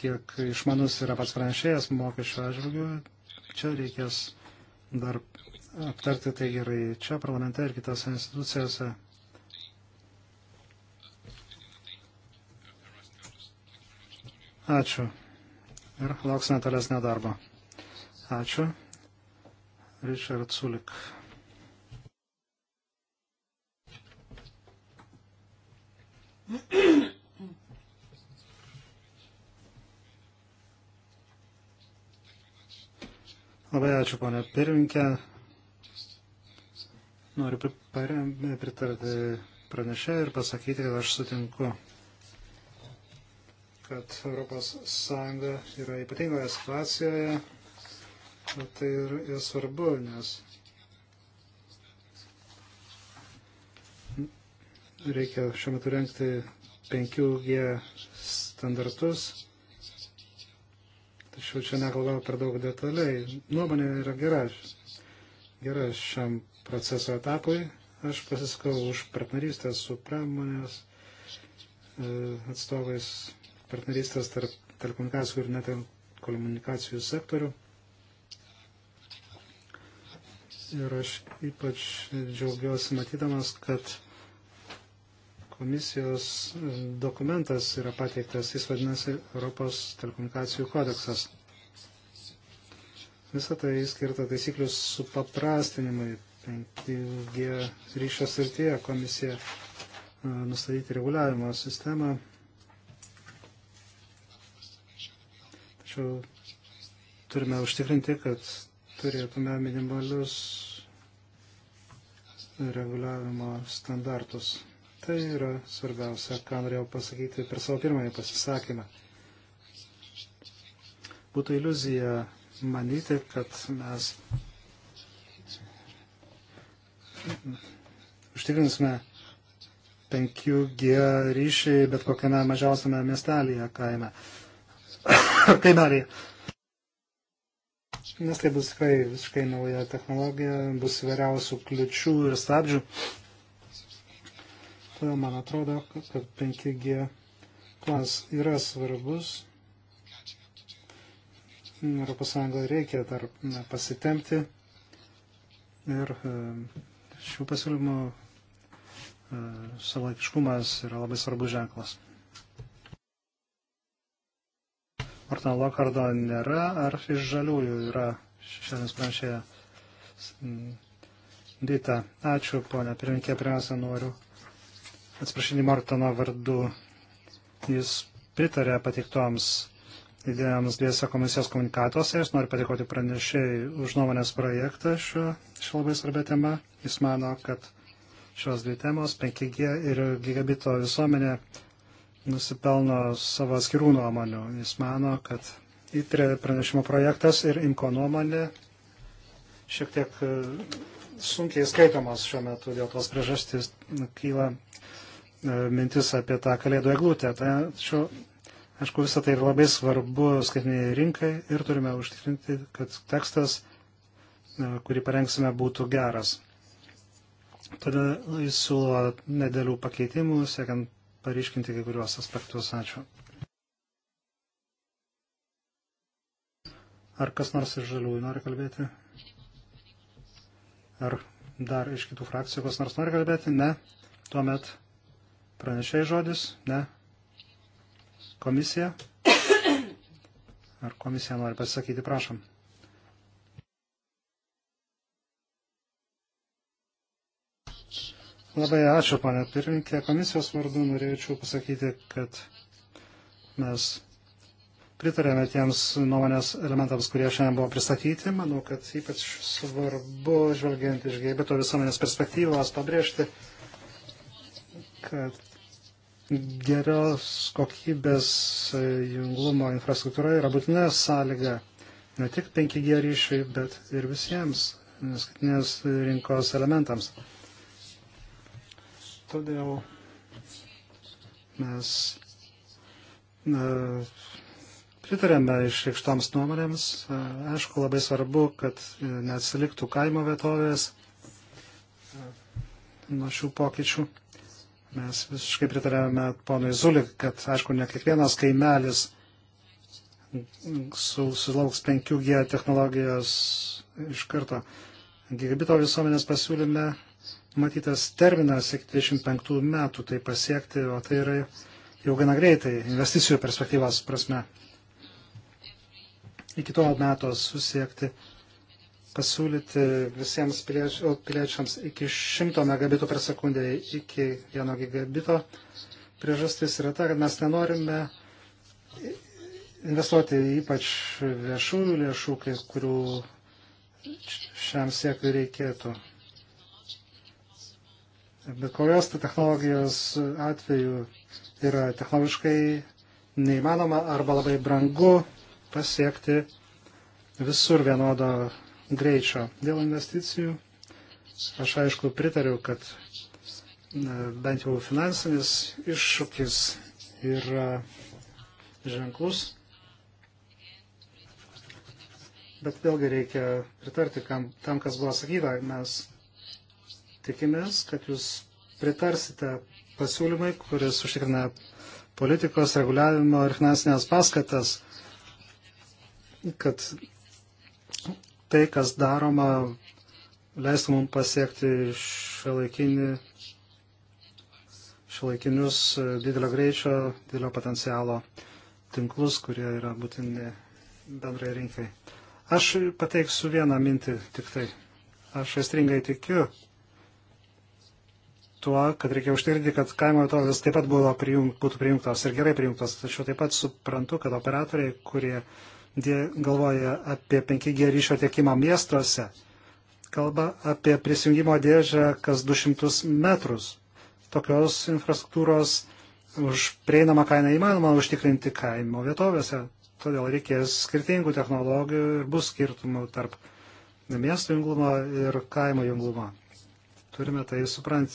kiek išmanus yra pats pranešėjas mokesčio atžvilgių. Čia reikės dar aptarti tai gerai čia parlamente ir kitose institucijose. Ačiū. Ir lauksime tolesnio darbo. Ačiū. Richard Sulik. Labai ačiū, ponė pirminkė. Noriu pritarti pranešę ir pasakyti, kad aš sutinku kad ES yra ypatingoje situacijoje. Tai ir, ir svarbu, nes reikia šiuo metu renkti 5G standartus. Tačiau čia nekalbame per daug detaliai. Nuomonė yra gera. Gera šiam proceso etapui. Aš pasiskau už partnerystę su pramonės e, atstovais partnerystės tarp telekomunikacijų ir netelkomunikacijų sektorių. Ir aš ypač džiaugiuosi matydamas, kad komisijos e, dokumentas yra pateiktas, jis vadinasi Europos telekomunikacijų kodeksas. Visą tai skirta taisyklių supaprastinimai 5G ryšio srityje komisija e, nustatyti reguliavimo sistemą Tačiau turime užtikrinti, kad turėtume minimalius reguliavimo standartus. Tai yra svarbiausia, ką norėjau pasakyti per savo pirmąjį pasisakymą. Būtų iliuzija manyti, kad mes užtikrinsime 5G ryšį bet kokiame mažiausiame miestelėje kaime. [coughs] kaimeliai. Nes tai bus tikrai visiškai nauja technologija, bus įvairiausių kliučių ir stabdžių. Todėl man atrodo, kad 5G planas yra svarbus. Europos Sąjungoje reikia dar pasitemti ir e, šių pasiūlymų e, savaikiškumas yra labai svarbus ženklas. Martino Lokardo nėra, ar iš žaliųjų yra šiandien pranešėja mm, Dita. Ačiū, ponia pirmininkė, pirmiausia noriu atsiprašyti Martino vardu. Jis pritarė patiktoms idėjams dviese komisijos komunikatuose. Aš noriu padėkoti pranešėjai už nuomonės projektą šią labai svarbią temą. Jis mano, kad šios dvi temos, 5G ir gigabito visuomenė, nusipelno savo atskirų nuomonių. Jis mano, kad įtrė pranešimo projektas ir inko nuomonė šiek tiek e, sunkiai skaitomas šiuo metu, dėl tos priežastys kyla e, mintis apie tą kalėdų eglutę. Tačiau, aišku, visą tai yra labai svarbu skaitminiai rinkai ir turime užtikrinti, kad tekstas, e, kurį parengsime, būtų geras. Tada jis siūlo nedėlių pakeitimų, siekiant paryškinti kai kuriuos aspektus. Ačiū. Ar kas nors iš žaliųjų nori kalbėti? Ar dar iš kitų frakcijų kas nors nori kalbėti? Ne. Tuomet pranešėjai žodis? Ne. Komisija? Ar komisija nori pasakyti, prašom. Labai ačiū, pane pirmininkė. Komisijos vardu norėčiau pasakyti, kad mes pritarėme tiems nuomonės elementams, kurie šiandien buvo pristatyti. Manau, kad ypač svarbu, žvelgiant iš gėbėto visuomenės perspektyvos, pabrėžti, kad geros kokybės junglumo infrastruktūra yra būtina sąlyga ne tik 5G ryšiui, bet ir visiems skaitinės rinkos elementams. Todėl mes pritarėme išreikštoms nuomonėms. Aišku, labai svarbu, kad neatsiliktų kaimo vietovės nuo šių pokyčių. Mes visiškai pritarėme ponui Zulik, kad, aišku, ne kiekvienas kaimelis sulauks 5G technologijos iš karto. Gigabito visuomenės pasiūlyme numatytas terminas iki 25 metų tai pasiekti, o tai yra jau gana greitai investicijų perspektyvos prasme. Iki to meto susiekti, pasiūlyti visiems pilieč, piliečiams iki 100 megabitų per sekundę iki 1 gigabito. Priežastis yra ta, kad mes nenorime investuoti ypač viešųjų lėšų, kurių šiam siekiui reikėtų bet kokios technologijos atveju yra technologiškai neįmanoma arba labai brangu pasiekti visur vienodo greičio. Dėl investicijų aš aišku pritariu, kad bent jau finansinis iššūkis yra ženklus. Bet vėlgi reikia pritarti kam, tam, kas buvo sakyta. Mes Tikimės, kad jūs pritarsite pasiūlymai, kuris užtikrina politikos reguliavimo ir finansinės paskatas, kad tai, kas daroma, leistų mums pasiekti šiuolaikinį šiuolaikinius didelio greičio, didelio potencialo tinklus, kurie yra būtini bendrai rinkai. Aš pateiksiu vieną mintį tik tai. Aš aistringai tikiu, tuo, kad reikia užtikrinti, kad kaimo vietovės taip pat prijung, būtų prijungtos ir gerai prijungtos. Tačiau taip pat suprantu, kad operatoriai, kurie galvoja apie 5G ryšio tiekimą miestuose, kalba apie prisijungimo dėžę kas 200 metrus. Tokios infrastruktūros už prieinamą kainą įmanoma užtikrinti kaimo vietovėse. Todėl reikės skirtingų technologijų ir bus skirtumų tarp miestų junglumo ir kaimo junglumo. Turime tai supranti,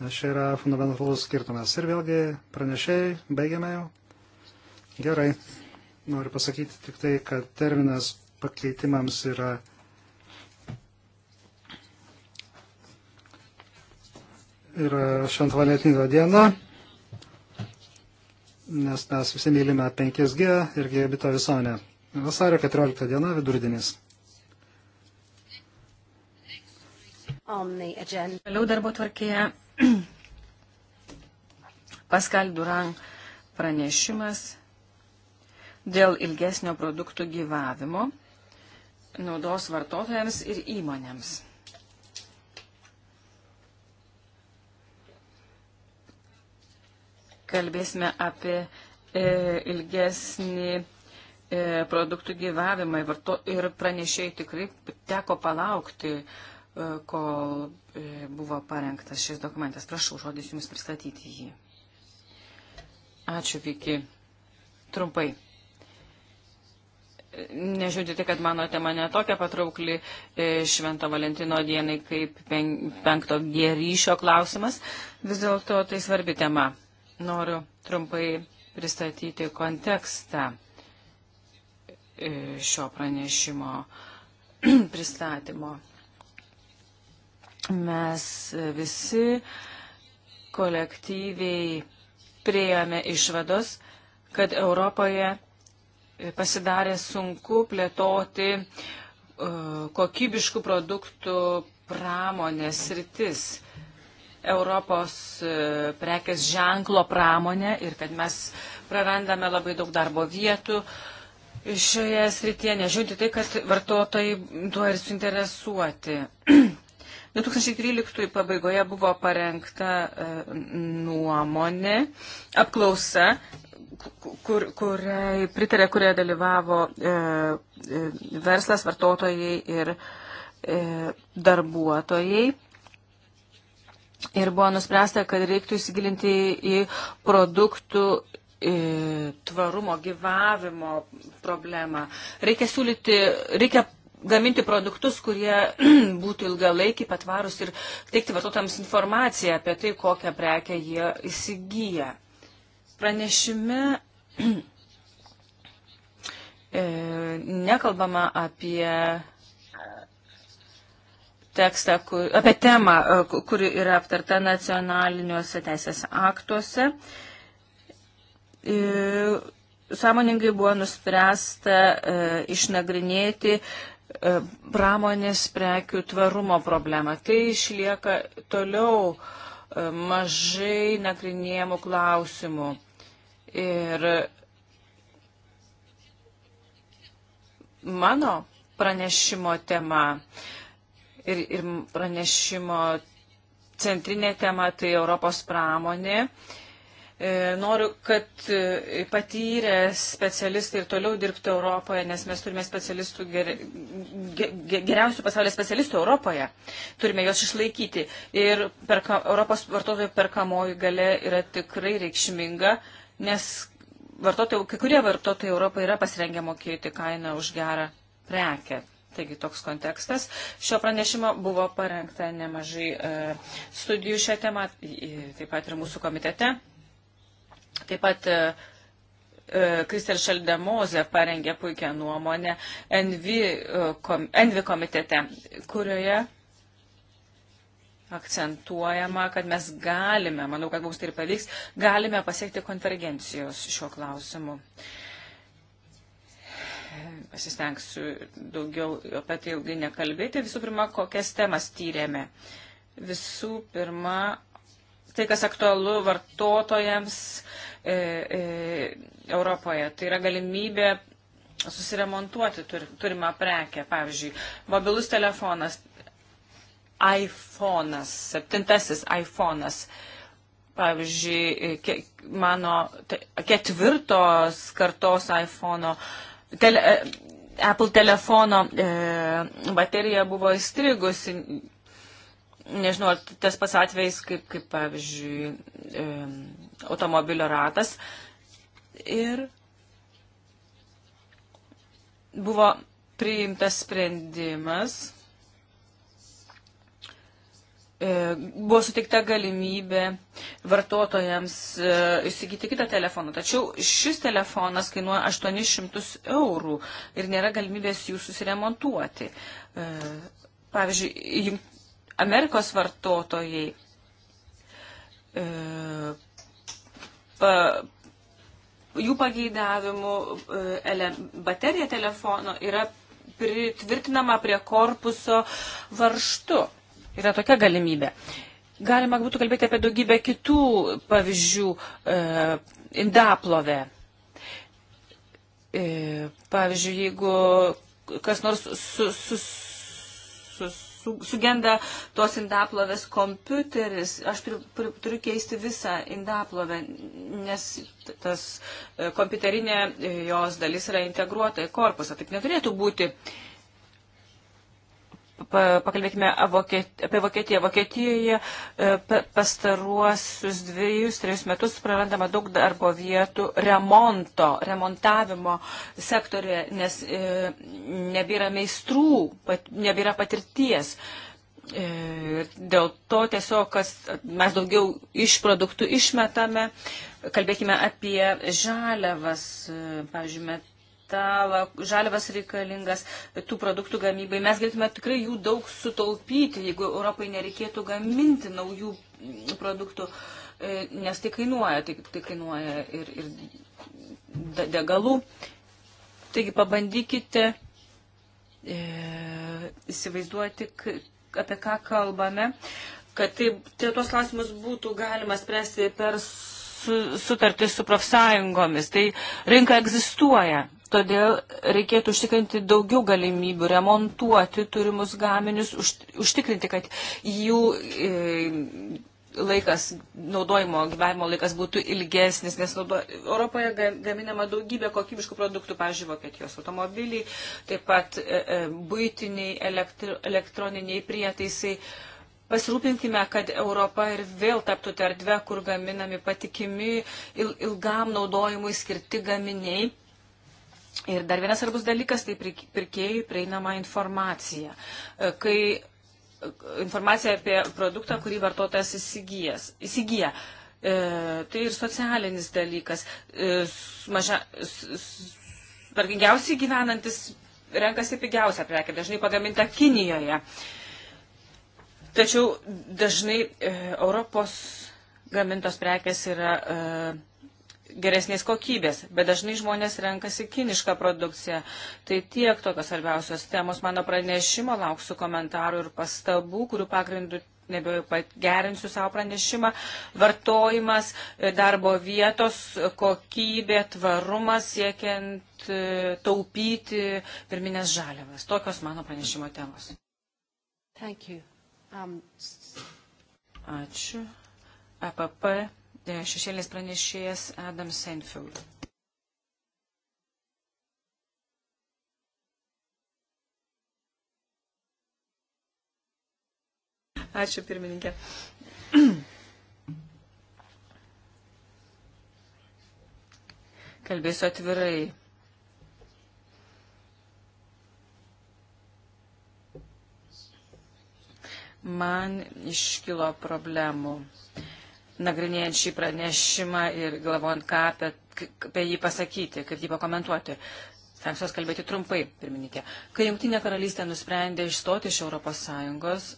nes čia yra fundamentalus skirtumas. Ir vėlgi pranešėjai, baigiame jau. Gerai. Noriu pasakyti tik tai, kad terminas pakeitimams yra ir šventą valentino dieną, nes mes visi mylime 5G irgi abito visuomenę. Vasario 14 diena vidurdienis. Vėliau darbo tvarkėje [clears throat] Paskal Duran pranešimas dėl ilgesnio produktų gyvavimo, naudos vartotojams ir įmonėms. Kalbėsime apie e, ilgesnį e, produktų gyvavimą varto, ir pranešėjai tikrai teko palaukti e, kol e, buvo parengtas šis dokumentas. Prašau, žodis Jums pristatyti jį. Ačiū, Viki. Trumpai. Nežiūrėti, kad mano tema netokia patraukli e, Švento Valentino dienai kaip penkto gėryšio klausimas, vis dėlto tai svarbi tema. Noriu trumpai pristatyti kontekstą e, šio pranešimo [clears throat] pristatymo Mes visi kolektyviai prieėmė išvados, kad Europoje pasidarė sunku plėtoti e, kokybiškų produktų pramonės rytis. Europos e, prekės ženklo pramonė ir kad mes prarandame labai daug darbo vietų šioje srityje, nežiūrinti tai, kad vartotojai tuo ir suinteresuoti. [clears throat] 2013 pabaigoje buvo parengta e, nuomonė, apklausa, kur, kuriai pritarė, kurioje dalyvavo e, e, verslas, vartotojai ir darbuotojai. Ir buvo nuspręsta, kad reiktų įsigilinti į produktų tvarumo gyvavimo problemą. Reikia siūlyti, reikia gaminti produktus, kurie [clears throat] būtų ilgalaikiai patvarus ir teikti vartotojams informaciją apie tai, kokią prekę jie įsigyja. Pranešime [clears throat] e, nekalbama apie tekstą, kur, apie temą, e, kuri yra aptarta nacionaliniuose teisės aktuose. E, sąmoningai buvo nuspręsta išnagrinėti E, pramonės prekių tvarumo problemą. Tai išlieka toliau e, mažai nagrinėjimų klausimų. Ir mano pranešimo tema ir, ir pranešimo centrinė tema tai Europos pramonė. E, E, noriu, kad e, patyrę specialistai ir toliau dirbtų Europoje, nes mes turime specialistų, ger, ger, geriausių pasaulio specialistų Europoje. Turime juos išlaikyti. Ir perka, Europos vartotojų perkamoji gale yra tikrai reikšminga, nes vartotojų, kai kurie vartotojai Europoje yra pasirengę mokėti kainą už gerą prekę. Taigi toks kontekstas. Šio pranešimo buvo parengta nemažai e, studijų šią temą, taip pat ir mūsų komitete. Taip pat e, e, Kristel Šaldemoze parengė puikią nuomonę Envi, e, kom, Envi komitete, kurioje akcentuojama, kad mes galime, manau, kad mums tai ir pavyks, galime pasiekti konvergencijos šiuo klausimu. Pasistengsiu daugiau apie tai ilgai nekalbėti. Visų pirma, kokias temas tyrėme. Visų pirma, tai, kas aktualu vartotojams e, e, Europoje. Tai yra galimybė susiremontuoti tur, turimą prekę. Pavyzdžiui, mobilus telefonas, iPhone'as, septintasis iPhone'as. Pavyzdžiui, e, ke, mano te, ketvirtos kartos iPhone'o. Tele, e, Apple telefono e, baterija buvo įstrigusi nežinau, tas pats atvejs, kaip, kaip pavyzdžiui, e, automobilio ratas. Ir buvo priimtas sprendimas, e, buvo suteikta galimybė vartotojams e, įsigyti kitą telefoną. Tačiau šis telefonas kainuoja 800 eurų ir nėra galimybės jų susiremontuoti. E, pavyzdžiui, Amerikos vartotojai e, pa, jų pageidavimų e, ele, baterija telefono yra pritvirtinama prie korpuso varštu. Yra tokia galimybė. Galima būtų kalbėti apie daugybę kitų pavyzdžių e, indaplovę. E, pavyzdžiui, jeigu kas nors su, su, su, sugenda tos indaplovės kompiuteris, aš pri, pri, turiu keisti visą indaplovę, nes tas e, kompiuterinė e, jos dalis yra integruota į korpusą, taip neturėtų būti. Uh, pakalbėkime apie Vokietiją. Vokietijoje e, pastaruosius dviejus, trejus metus prarandama daug darbo vietų remonto, remontavimo sektorė, nes e, nebėra meistrų, nebėra patirties. E, dėl to tiesiog, kas mes daugiau iš produktų išmetame, kalbėkime apie žaliavas, pavyzdžiui, met metalą, žalvas reikalingas tų produktų gamybai. Mes galėtume tikrai jų daug sutaupyti, jeigu Europai nereikėtų gaminti naujų produktų, e, nes tai kainuoja, tai, tai kainuoja ir, ir degalų. Taigi pabandykite e, įsivaizduoti, apie ką kalbame, kad taip, tai tuos klausimus būtų galima spręsti per su, sutartį su profsąjungomis. Tai rinka egzistuoja. Todėl reikėtų užtikrinti daugiau galimybių remontuoti turimus gaminius, užtikrinti, kad jų e, laikas, naudojimo gyvenimo laikas būtų ilgesnis, nes naudo, Europoje gaminama daugybė kokybiškų produktų, pavyzdžiui, Vokietijos automobiliai, taip pat e, e, būtiniai elektri, elektroniniai prietaisai. Pasirūpinkime, kad Europa ir vėl taptų tą erdvę, kur gaminami patikimi il, ilgam naudojimui skirti gaminiai Ir dar vienas svarbus dalykas - tai pirkėjų prieinama informacija. E, kai e, informacija apie produktą, kurį vartotojas įsigijas, įsigyja. E, tai ir socialinis dalykas. E, maža, vargingiausiai gyvenantis renkasi pigiausią prekę, dažnai pagaminta Kinijoje. Tačiau dažnai e, Europos gamintos prekes yra e, geresnės kokybės, bet dažnai žmonės renkasi kinišką produkciją. Tai tiek tokios svarbiausios temos mano pranešimo, lauksiu komentarų ir pastabų, kurių pagrindų nebejoju pagerinsiu savo pranešimą. Vartojimas, darbo vietos, kokybė, tvarumas siekiant e, taupyti pirminės žaliavas. Tokios mano pranešimo temos. Um... Ačiū. EPP E, šešėlės pranešėjas Adam Senfield. Ačiū pirmininkė. Kalbėsiu atvirai. Man iškilo problemų nagrinėjant šį pranešimą ir galvojant, ką apie, apie jį pasakyti, kaip jį pakomentuoti. Stengsiuos kalbėti trumpai, pirmininkė. Kai Junktinė karalystė nusprendė išstoti iš Europos Sąjungos,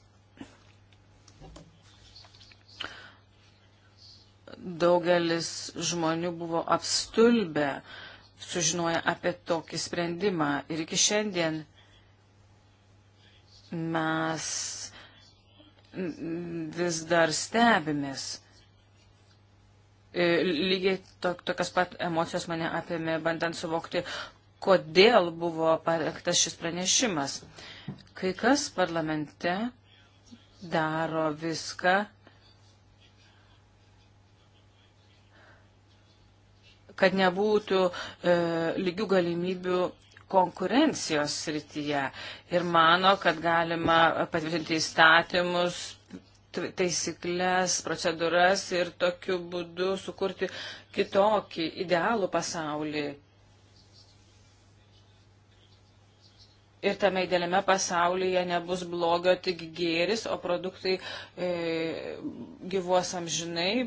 daugelis žmonių buvo apstulbę, sužinoja apie tokį sprendimą. Ir iki šiandien mes vis dar stebimės E, lygiai to, tokias pat emocijos mane apėmė, bandant suvokti, kodėl buvo parengtas šis pranešimas. Kai kas parlamente daro viską, kad nebūtų e, lygių galimybių konkurencijos srityje ir mano, kad galima patvirtinti įstatymus, taisyklės, procedūras ir tokiu būdu sukurti kitokį idealų pasaulį. Ir tame idealiame pasaulyje nebus blogio, tik gėris, o produktai e, gyvuos amžinai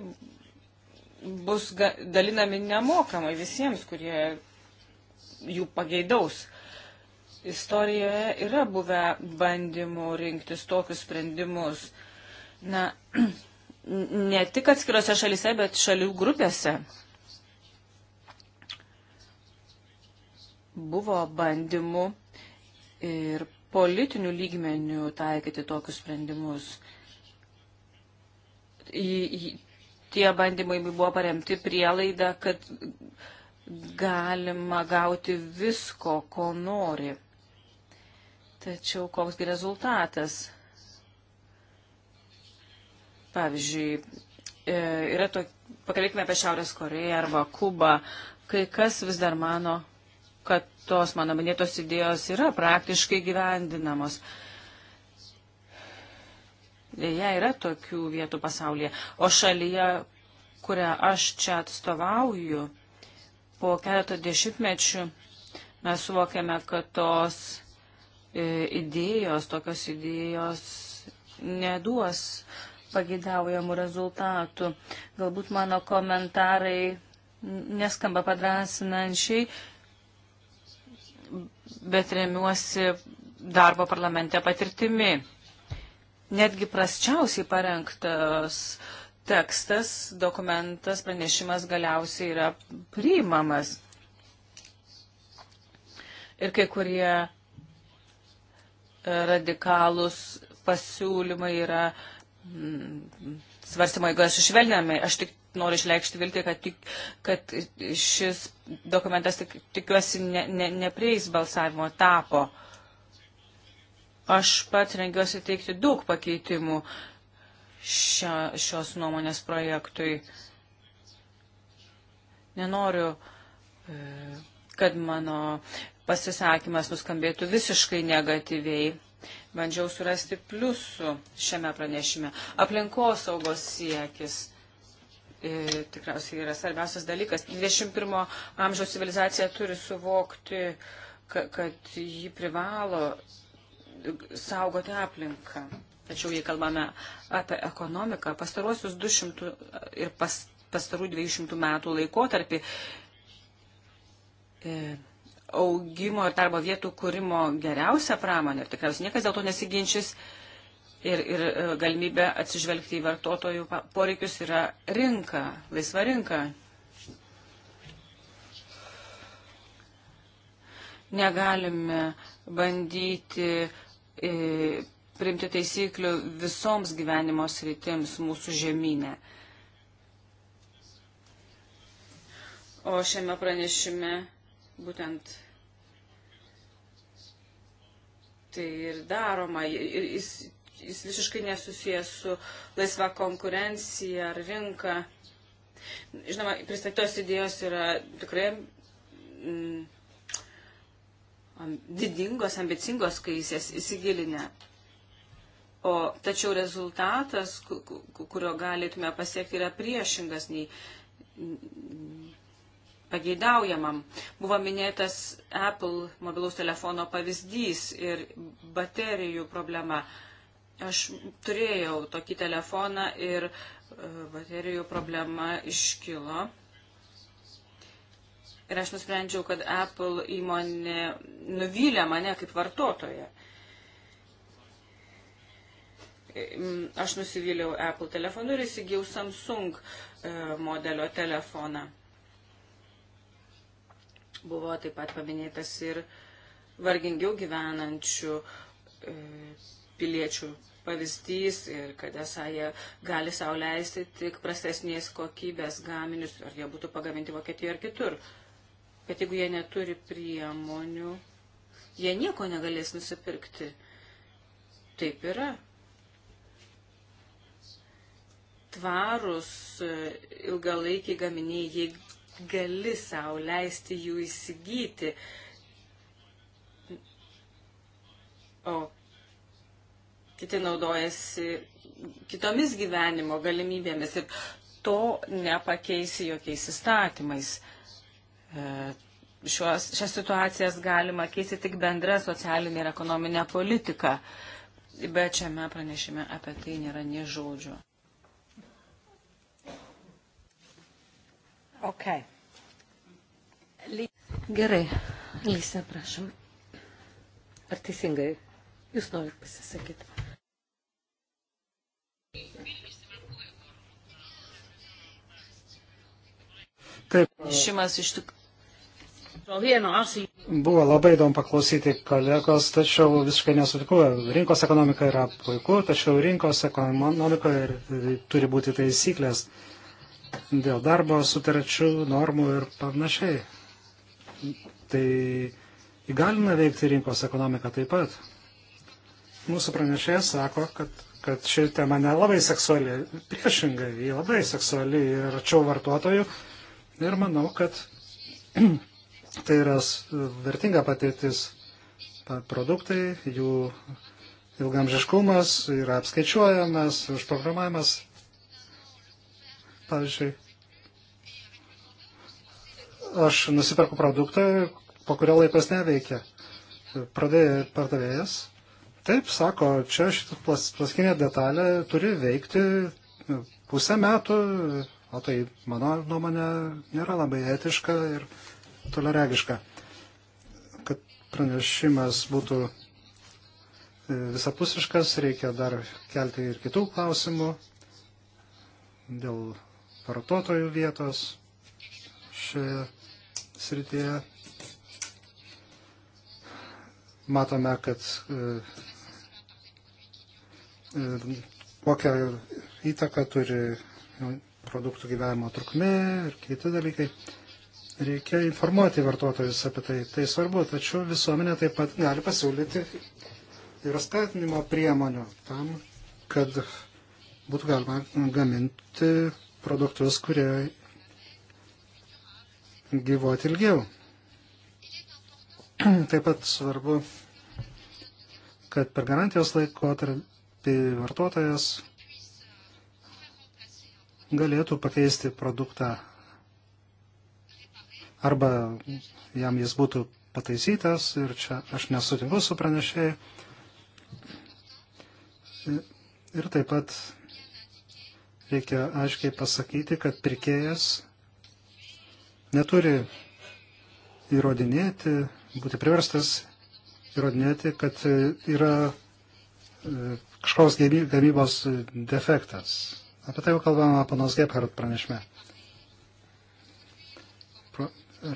bus ga, dalinami nemokamai visiems, kurie jų pageidaus. Istorijoje yra buvę bandymų rinktis tokius sprendimus. E, na, [clears throat] ne tik atskirose šalise, bet šalių grupėse. Buvo bandymų ir politinių lygmenių taikyti tokius sprendimus. Į, tie bandymai buvo paremti prielaida, kad galima gauti visko, ko nori. Tačiau koksgi rezultatas? Pavyzdžiui, e, yra to, pakalbėkime apie Šiaurės Koreją arba Kubą, kai kas vis dar mano, kad tos mano minėtos idėjos yra praktiškai gyvendinamos. Deja, yra tokių vietų pasaulyje. O šalyje, kurią aš čia atstovauju, po keletą dešimtmečių mes suvokiame, kad tos e, idėjos, tokios idėjos neduos pagidaujamų rezultatų. Galbūt mano komentarai neskamba padrasinančiai, bet remiuosi darbo parlamente patirtimi. Netgi prasčiausiai parengtas tekstas, dokumentas, pranešimas galiausiai yra priimamas. Ir kai kurie radikalūs pasiūlymai yra uh, svarstymo eigoje sušvelniami. Aš tik noriu išleikšti viltį, kad, tik, kad šis dokumentas, tik, tikiuosi, ne, ne, neprieis balsavimo etapo. Aš pats rengiuosi teikti daug pakeitimų šio, šios nuomonės projektui. Nenoriu, e, kad mano pasisakymas nuskambėtų visiškai negatyviai Bandžiau surasti pliusų šiame pranešime. Aplinkosaugos siekis e, tikriausiai yra svarbiausias dalykas. 21 amžiaus civilizacija turi suvokti, kad, kad ji privalo saugoti aplinką. Tačiau jei kalbame apie ekonomiką, pastaruosius 200 ir pas, pastarų 200 metų laikotarpį. E, augimo ir darbo vietų kūrimo geriausia pramonė. Tikriausiai niekas dėl to nesiginčys. Ir, ir e, galimybė atsižvelgti į vartotojų poreikius yra rinka, laisva rinka. Negalime bandyti e, priimti taisyklių visoms gyvenimo sritims mūsų žemynė. O šiame pranešime būtent tai ir daroma. Ir jis, jis visiškai nesusijęs su laisva konkurencija ar rinka. Žinoma, pristatytos idėjos yra tikrai mm, didingos, ambicingos, kai jis jas įsigilinę. O tačiau rezultatas, kurio galėtume pasiekti, yra priešingas nei pageidaujamam. Buvo minėtas Apple mobilaus telefono pavyzdys ir baterijų problema. Aš turėjau tokį telefoną ir e, baterijų problema iškilo. Ir aš nusprendžiau, kad Apple įmonė nuvylė mane kaip vartotoją. Aš nusivyliau Apple telefonu ir įsigijau Samsung e, modelio telefoną. Buvo taip pat paminėtas ir vargingiau gyvenančių e, piliečių pavyzdys ir kad esą jie gali sau leisti tik prastesnės kokybės gaminius, ar jie būtų pagaminti Vokietijoje ar kitur. Bet jeigu jie neturi priemonių, jie nieko negalės nusipirkti. Taip yra. Tvarus e, ilgalaikiai gaminiai, gali savo leisti jų įsigyti. O kiti naudojasi kitomis gyvenimo galimybėmis ir to nepakeisi jokiais įstatymais. E, šios, šias situacijas galima keisti tik bendra socialinė ir ekonominė politika, bet šiame pranešime apie tai nėra nie žodžio. Okay. Gerai, Lyse, prašom. Ar teisingai jūs norit pasisakyti? Taip. Šimas iš tikrųjų. Buvo labai įdomu paklausyti kolegos, tačiau visiškai nesutinku. Rinkos ekonomika yra puiku, tačiau rinkos ekonomikoje turi būti taisyklės dėl darbo sutarčių, normų ir panašiai. Tai įgalina veikti rinkos ekonomiką taip pat. Mūsų pranešėjas sako, kad, kad ši tema nelabai seksuali, priešingai, ji labai seksuali ir arčiau vartotojų. Ir manau, kad [clears throat] tai yra vertinga patirtis produktai, jų ilgamžiškumas yra apskaičiuojamas, užprogramavimas Pavyzdžiui, aš nusiperku produktą, po kurio laikas neveikia. Pradėjo pardavėjas. Taip, sako, čia šitą plas, plastikinę detalę turi veikti pusę metų, o tai mano nuomonė nėra labai etiška ir toleregiška. Kad pranešimas būtų e, visapusiškas, reikia dar kelti ir kitų klausimų dėl vartotojų vietos šioje srityje. Matome, kad e, e, kokią įtaką turi produktų gyvenimo trukmė ir kiti dalykai. Reikia informuoti vartotojus apie tai. Tai svarbu, tačiau visuomenė taip pat gali pasiūlyti ir skatinimo priemonių tam, kad būtų galima gaminti produktus, kurie gyvuoti ilgiau. [clears throat] Taip pat svarbu, kad per garantijos laikotarpį vartotojas galėtų pakeisti produktą arba jam jis būtų pataisytas ir čia aš nesutinku su pranešėjai. Ir taip pat reikia aiškiai pasakyti, kad pirkėjas neturi įrodinėti, būti priverstas įrodinėti, kad yra e, kažkoks gamybos defektas. Apie tai jau kalbama panos Gebhardt pranešme.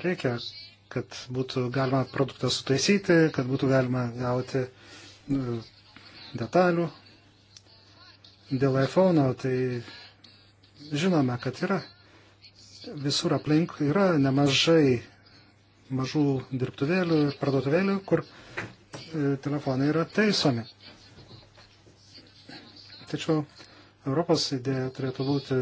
Reikia, kad būtų galima produktą sutaisyti, kad būtų galima gauti e, detalių. Dėl iPhone'o tai Žinome, kad yra visur aplink yra nemažai mažų dirbtuvėlių ir parduotuvėlių, kur e, telefonai yra taisomi. Tačiau Europos idėja turėtų būti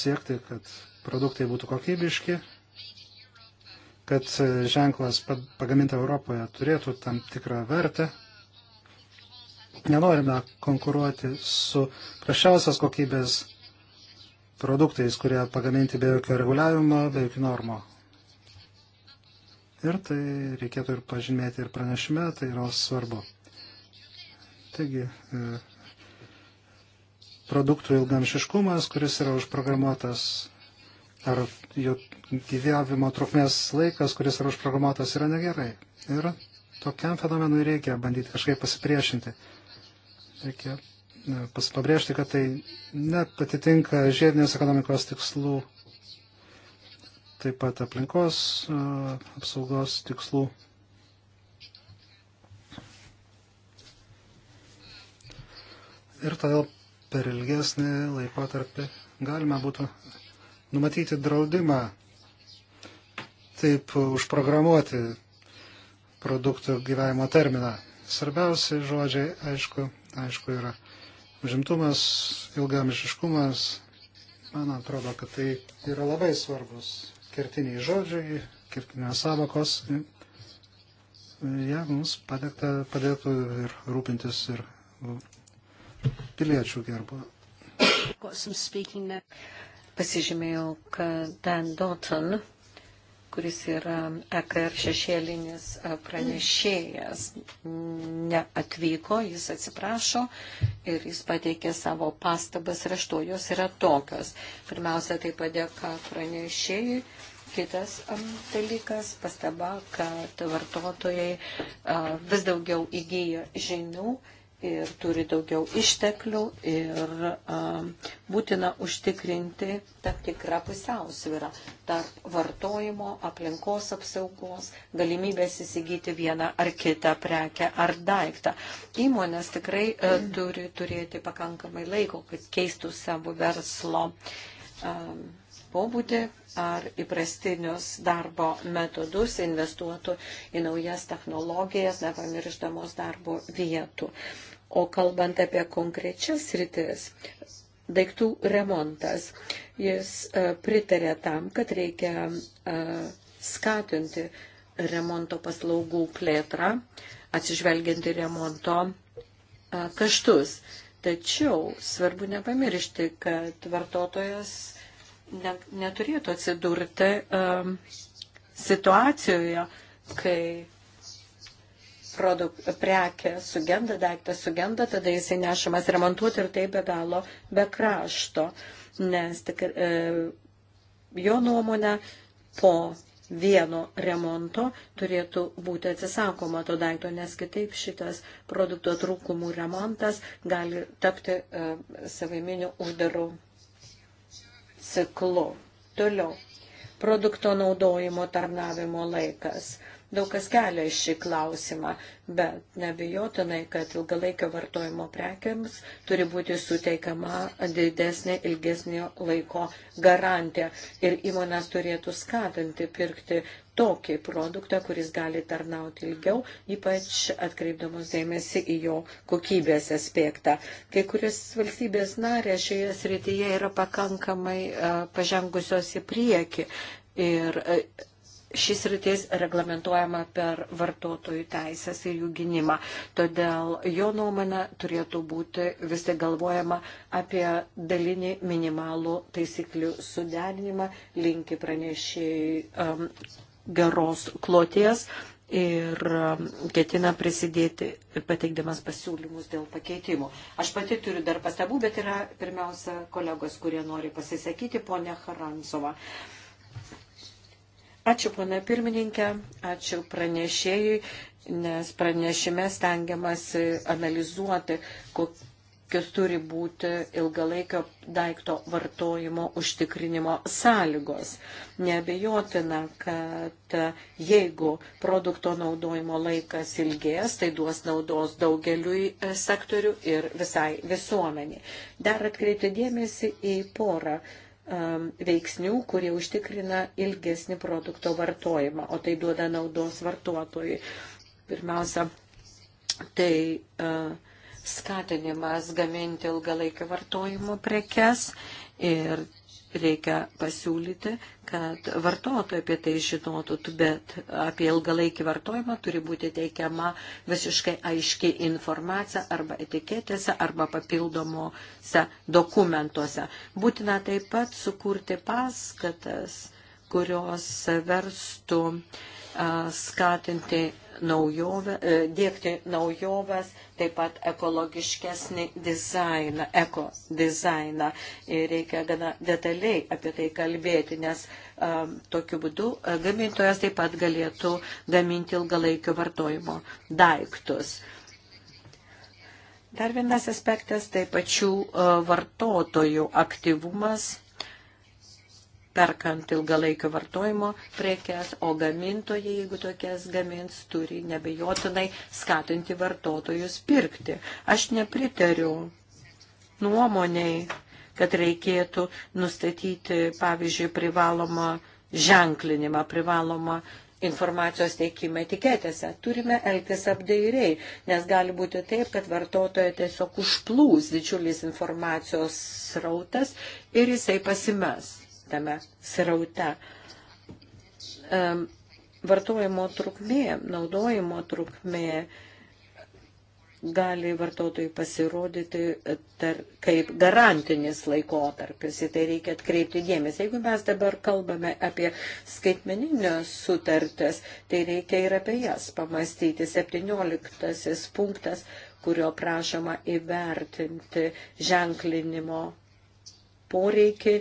siekti, kad produktai būtų kokybiški, kad e, ženklas pagaminta Europoje turėtų tam tikrą vertę Nenorime konkuruoti su prašiausios kokybės produktais, kurie pagaminti be jokio reguliavimo, be jokių normų. Ir tai reikėtų ir pažymėti ir pranešime, tai yra svarbu. Taigi, e, produktų ilgamšiškumas, kuris yra užprogramuotas, ar jų gyvavimo trukmės laikas, kuris yra užprogramuotas, yra negerai. Ir tokiam fenomenui reikia bandyti kažkaip pasipriešinti reikia pabrėžti, kad tai nepatitinka žiedinės ekonomikos tikslų, taip pat aplinkos apsaugos tikslų. Ir todėl per ilgesnį laikotarpį galima būtų numatyti draudimą, taip užprogramuoti produktų gyvenimo terminą. Svarbiausi žodžiai, aišku, aišku, yra užimtumas, ilgamišiškumas. Man atrodo, kad tai yra labai svarbus kertiniai žodžiai, kertinės savokos. Jie mums padėkta, padėtų ir rūpintis ir piliečių gerbo. Pasižymėjau, kad Dan Dalton kuris yra EKR šešėlinis e, pranešėjas, neatvyko, jis atsiprašo ir jis pateikė savo pastabas raštu, jos yra tokios. Pirmiausia, tai padėka pranešėjai. Kitas dalykas - pastaba, kad vartotojai vis daugiau įgyja žinių ir turi daugiau išteklių ir um, būtina užtikrinti tam tikrą pusiausvyrą tarp vartojimo, aplinkos apsaugos, galimybės įsigyti vieną ar kitą prekę ar daiktą. Įmonės tikrai uh, turi turėti pakankamai laiko, kad keistų savo verslo um, pobūdį, ar įprastinius darbo metodus, investuotų į naujas technologijas, nepamirštamos darbo vietų. O kalbant apie konkrečias rytis, daiktų remontas, jis e, pritarė tam, kad reikia e, skatinti remonto paslaugų plėtrą, atsižvelgianti remonto e, kaštus. Tačiau svarbu nepamiršti, kad vartotojas ne, neturėtų atsidurti um, situacijoje, kai produk, prekė sugenda, daiktas sugenda, tada jisai nešamas remontuoti ir tai be galo be krašto. Nes tik, e, jo nuomonė po vieno remonto turėtų būti atsisakoma to daikto, nes kitaip šitas produkto trūkumų remontas gali tapti e, saviminiu uždaru ciklu. Toliau. Produkto naudojimo tarnavimo laikas. Daug kas kelia šį klausimą, bet nebijotinai, kad ilgalaikio vartojimo prekiams turi būti suteikama didesnė ilgesnio laiko garantija ir įmonės turėtų skatinti pirkti tokį produktą, kuris gali tarnauti ilgiau, ypač atkreipdamos dėmesį į jo kokybės aspektą. Kai kurias valstybės narės šioje srityje yra pakankamai pažengusios į priekį. Ir šis rytis reglamentuojama per vartotojų teisės ir jų gynimą. Todėl jo nuomonė turėtų būti vis tik galvojama apie dalinį minimalų taisyklių suderinimą. Linki pranešėjai um, geros kloties ir um, ketina prisidėti pateikdamas pasiūlymus dėl pakeitimų. Aš pati turiu dar pastabų, bet yra pirmiausia kolegos, kurie nori pasisakyti, ponia Harantsova. Ačiū, pana pirmininkė, ačiū pranešėjui, nes pranešime stengiamasi analizuoti, kok kokios turi būti ilgalaikio daikto vartojimo užtikrinimo sąlygos. Nebejotina, kad jeigu produkto naudojimo laikas ilgės, tai duos naudos daugeliui e, sektorių ir visai visuomeniai. Dar atkreipti dėmesį į porą um, veiksnių, kurie užtikrina ilgesnį produkto vartojimą, o tai duoda naudos vartotojui. Pirmiausia, tai uh, skatinimas gaminti ilgalaikio vartojimo prekes ir reikia pasiūlyti, kad vartotojai apie tai žinotų, bet apie ilgalaikį vartojimą turi būti teikiama visiškai aiški informacija arba etiketėse, arba papildomuose dokumentuose. Būtina taip pat sukurti paskatas, kurios verstų uh, skatinti naujovę, e, dėkti naujoves, taip pat ekologiškesnį dizainą, eko dizainą. Ir reikia gana detaliai apie tai kalbėti, nes um, tokiu būdu gamintojas taip pat galėtų gaminti ilgalaikio vartojimo daiktus. Dar vienas aspektas tai pačių vartotojų aktyvumas perkant ilgalaikio vartojimo prekes, o gamintojai, jeigu tokias gamins, turi nebejotinai skatinti vartotojus pirkti. Aš nepritariu nuomoniai, kad reikėtų nustatyti, pavyzdžiui, privalomą ženklinimą, privalomą informacijos teikimą etiketėse. Turime elgtis apdairiai, nes gali būti taip, kad vartotoje tiesiog užplūs didžiulis informacijos srautas ir jisai pasimes tame sraute. Vartojimo trukmė, naudojimo trukmė gali vartotojai pasirodyti tar, kaip garantinis laikotarpis. Į tai reikia atkreipti dėmesį. Jeigu mes dabar kalbame apie skaitmeninės sutartis, tai reikia ir apie jas pamastyti. 17 punktas, kurio prašoma įvertinti ženklinimo poreikį,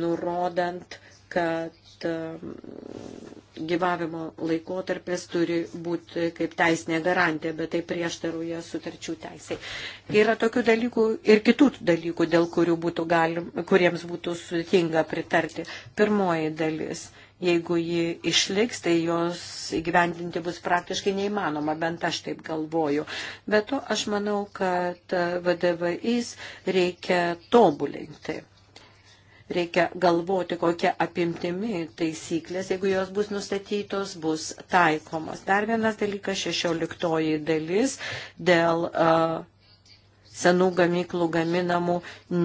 nurodant, kad um, gyvavimo laikotarpis turi būti kaip teisinė garantija, bet tai prieštaruoja sutarčių teisai. Yra tokių dalykų ir kitų dalykų, dėl kurių būtų galim, kuriems būtų sudėtinga pritarti. Pirmoji dalis. Jeigu ji išliks, tai jos įgyvendinti bus praktiškai neįmanoma, bent aš taip galvoju. Bet to aš manau, kad VDVIs reikia tobulinti reikia galvoti, kokia apimtimi taisyklės, jeigu jos bus nustatytos, bus taikomos. Dar vienas dalykas, šešioliktoji dalis dėl uh, senų gamyklų gaminamų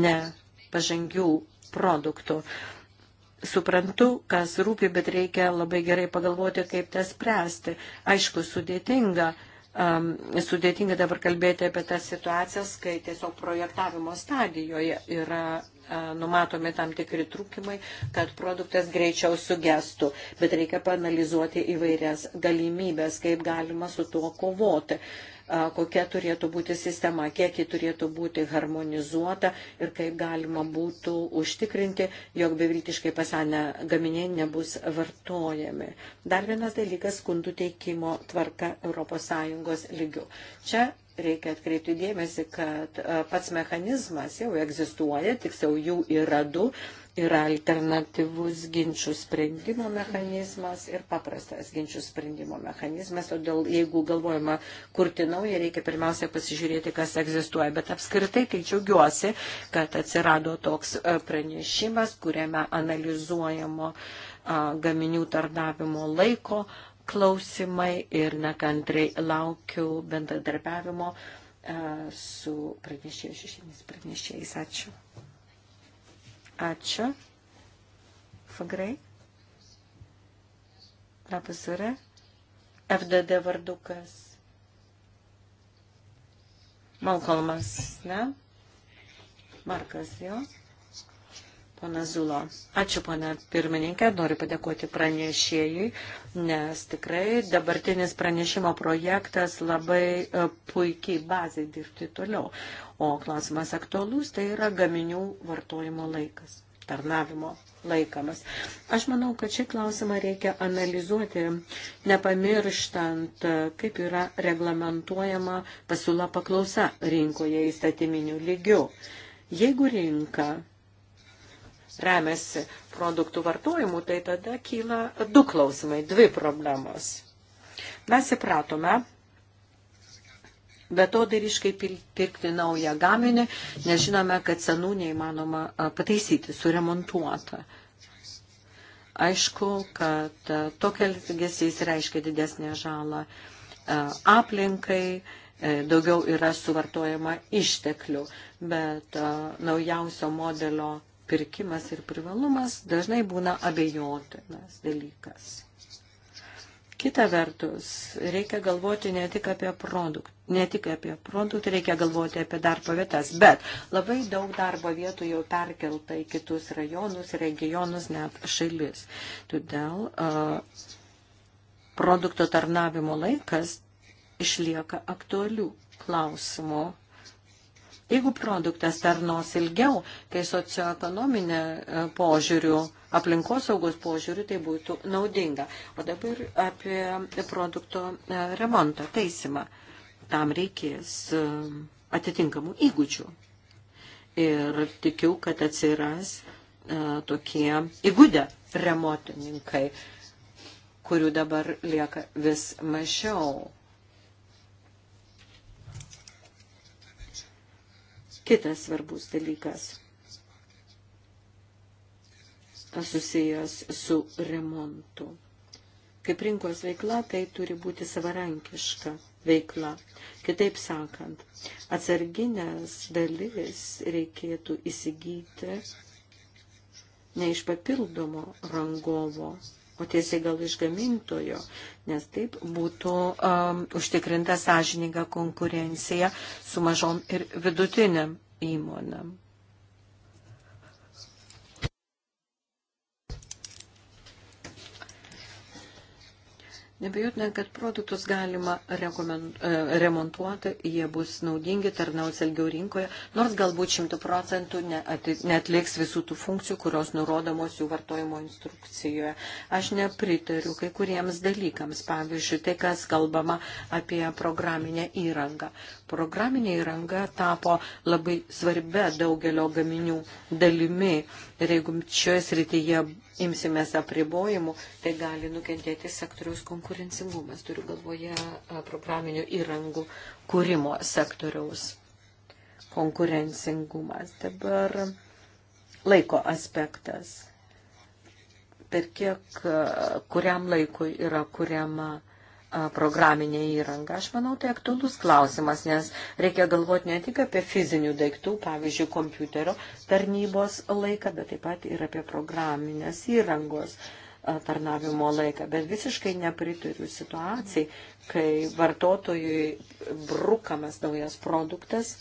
nepažangių produktų. Suprantu, kas rūpi, bet reikia labai gerai pagalvoti, kaip tas spręsti. Aišku, sudėtinga um, sudėtinga dabar kalbėti apie tas situacijas, kai tiesiog projektavimo stadijoje yra numatomi tam tikri trūkimai, kad produktas greičiau sugestų. Bet reikia panalizuoti įvairias galimybės, kaip galima su tuo kovoti kokia turėtų būti sistema, kiek ji turėtų būti harmonizuota ir kaip galima būtų užtikrinti, jog beviltiškai pasenę gaminiai nebus vartojami. Dar vienas dalykas - skundų teikimo tvarka ES lygių. Čia reikia atkreipti dėmesį, kad e, pats mechanizmas jau egzistuoja, tiksliau jų yra du. Yra alternatyvus ginčių sprendimo mechanizmas ir paprastas ginčių sprendimo mechanizmas, todėl jeigu galvojama kurti naują, reikia pirmiausia pasižiūrėti, kas egzistuoja. Bet apskritai, kai džiaugiuosi, kad atsirado toks e, pranešimas, kuriame analizuojamo gaminių tardavimo laiko klausimai ir nekantrai laukiu bendradarbiavimo e, su pranešėjais, šešėmis pranešėjais. Ačiū. Ačiū. Fagrai. Labas yra. FDD vardukas. Malkolmas, ne? Markas jo. Ja. Pana Zulo. Ačiū, pana pirmininkė. Noriu padėkoti pranešėjui, nes tikrai dabartinis pranešimo projektas labai e, puikiai bazai dirbti toliau. O klausimas aktualus tai yra gaminių vartojimo laikas, tarnavimo laikamas. Aš manau, kad šį klausimą reikia analizuoti, nepamirštant, e, kaip yra reglamentuojama pasiūla paklausa rinkoje įstatyminių lygių. Jeigu rinka remiasi produktų vartojimu, tai tada kyla du klausimai, dvi problemos. Mes įpratome betodariškai pirkti naują gaminį, nes žinome, kad senų neįmanoma pataisyti, suremontuotą. Aišku, kad tokia elgesys reiškia didesnę žalą aplinkai, e, daugiau yra suvartojama išteklių, bet naujausio modelio pirkimas ir privalumas dažnai būna abejotinas dalykas. Kita vertus, reikia galvoti ne tik apie produktą, ne tik apie produktą, reikia galvoti apie darbo vietas, bet labai daug darbo vietų jau perkelta į kitus rajonus, regionus, net šalis. Todėl uh, produkto tarnavimo laikas išlieka aktualių klausimų Jeigu produktas tarnos ilgiau, tai socioekonominė e, požiūrių, aplinkosaugos požiūrių, tai būtų naudinga. O dabar apie produkto e, remontą, taisimą. Tam reikės e, atitinkamų įgūdžių. Ir tikiu, kad atsiras tokie įgudę remotininkai, kurių dabar lieka vis mažiau. Kitas svarbus dalykas susijęs su remontu. Kaip rinkos veikla, tai turi būti savarankiška veikla. Kitaip sakant, atsarginės dalis reikėtų įsigyti ne iš papildomo rangovo, o tiesiai gal iš gamintojo, nes taip būtų um, užtikrinta sąžininga konkurencija su mažom ir vidutiniam įmonėm. Nebejotina, kad produktus galima e, remontuoti, jie bus naudingi, tarnaus ilgiau rinkoje, nors galbūt šimtų procentų netliks visų tų funkcijų, kurios nurodomos jų vartojimo instrukcijoje. Aš nepritariu kai kuriems dalykams, pavyzdžiui, tai, kas kalbama apie programinę įrangą. Programinė įranga tapo labai svarbia daugelio gaminių dalimi ir jeigu šioje srityje imsimės apribojimų, tai gali nukentėti sektoriaus konkurencingumas. Turiu galvoje programinių įrangų kūrimo sektoriaus konkurencingumas. Dabar laiko aspektas. Per kiek, kuriam laikui yra kuriama programinė įranga. Aš manau, tai aktualus klausimas, nes reikia galvoti ne tik apie fizinių daiktų, pavyzdžiui, kompiuterio tarnybos laiką, bet taip pat ir apie programinės įrangos tarnavimo laiką. Bet visiškai nepritariu situacijai, kai vartotojui brukamas naujas produktas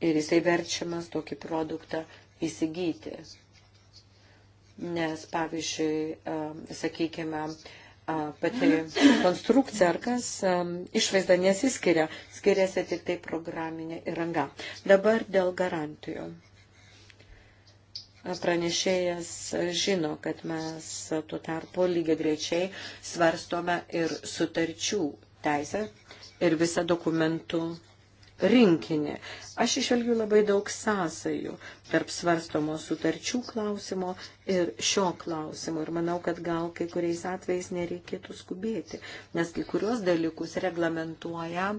ir jisai verčiamas tokį produktą įsigyti. Nes, pavyzdžiui, sakykime, pati konstrukcija ar kas išvaizda nesiskiria, skiriasi tik tai programinė įranga. Dabar dėl garantijų. Pranešėjas žino, kad mes tuo tarpu lygiai greičiai svarstome ir sutarčių teisę ir visą dokumentų rinkinį. Aš išvelgiu labai daug sąsajų tarp svarstomo sutarčių klausimo ir šio klausimo. Ir manau, kad gal kai kuriais atvejais nereikėtų skubėti, nes kai kurios dalykus reglamentuoja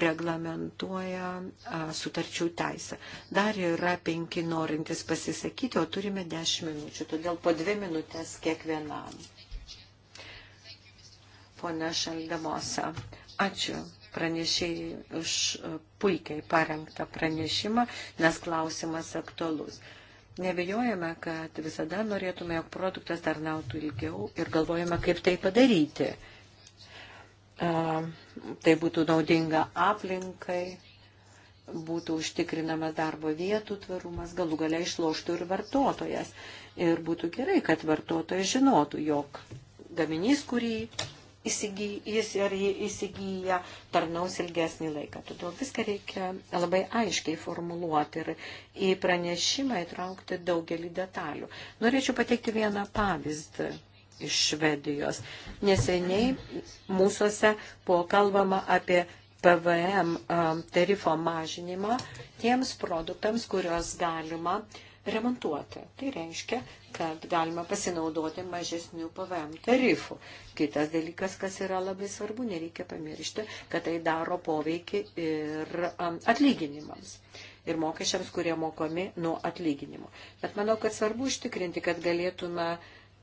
reglamentuoja a, sutarčių teisę. Dar yra penki norintys pasisakyti, o turime dešimt minučių, todėl po dvi minutės kiekvienam. Pone Šaldemosa, ačiū pranešėjai už e, puikiai parengtą pranešimą, nes klausimas aktualus. Nebejojame, kad visada norėtume, jog produktas tarnautų ilgiau ir galvojame, kaip tai padaryti. E, tai būtų naudinga aplinkai, būtų užtikrinamas darbo vietų tvarumas, galų galia išloštų ir vartotojas. Ir būtų gerai, kad vartotojas žinotų, jog gaminys, kurį įsigy, jis ar jį įsigyja, tarnaus ilgesnį laiką. Todėl viską reikia labai aiškiai formuluoti ir į pranešimą įtraukti daugelį detalių. Norėčiau pateikti vieną pavyzdį iš Švedijos. Neseniai mūsųse buvo kalbama apie PVM um, tarifo mažinimą tiems produktams, kuriuos galima uh, remontuoti. Tai reiškia, kad galima pasinaudoti mažesnių PVM tarifų. Kitas dalykas, kas yra labai svarbu, nereikia pamiršti, kad tai daro poveikį ir atlyginimams ir mokesčiams, kurie mokomi nuo atlyginimo. Bet manau, kad svarbu užtikrinti, kad galėtume,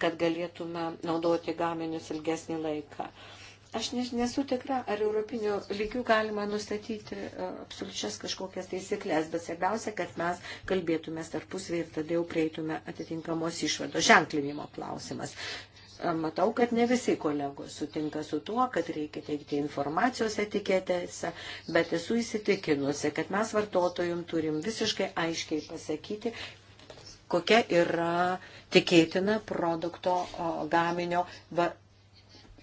kad galėtume naudoti gaminius ilgesnį laiką. Uh, Aš nesu tikra, ar europinių lygių galima nustatyti e, absoliučias kažkokias taisyklės, bet svarbiausia, kad mes kalbėtume tarpusvį ir tada jau prieitume atitinkamos išvados ženklinimo klausimas. E, matau, kad ne visi kolegos sutinka su tuo, kad reikia teikti informacijos etiketėse, bet esu įsitikinusi, kad mes vartotojum turim visiškai aiškiai pasakyti, kokia yra tikėtina produkto o, gaminio va,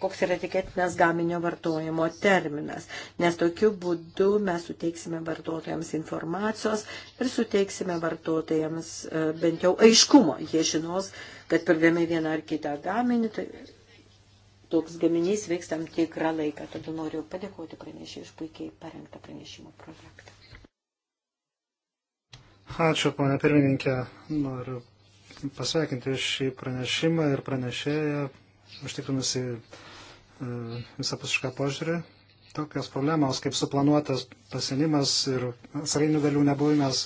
koks yra tikėtinas gaminio vartojimo terminas, nes tokiu būdu mes suteiksime vartotojams informacijos ir suteiksime vartotojams e, bent jau aiškumo. Jie žinos, kad pirkdami vieną ar kitą gaminį, tai toks gaminys veiks tam tikrą laiką. Todėl noriu padėkoti pranešėjai už puikiai parengtą pranešimo projektą. Ačiū, ponia pirmininkė. Noriu pasveikinti šį pranešimą ir pranešėją užtikrinusi visapusišką požiūrį. Tokios problemos kaip suplanuotas pasinimas ir atsarginių dalių nebuvimas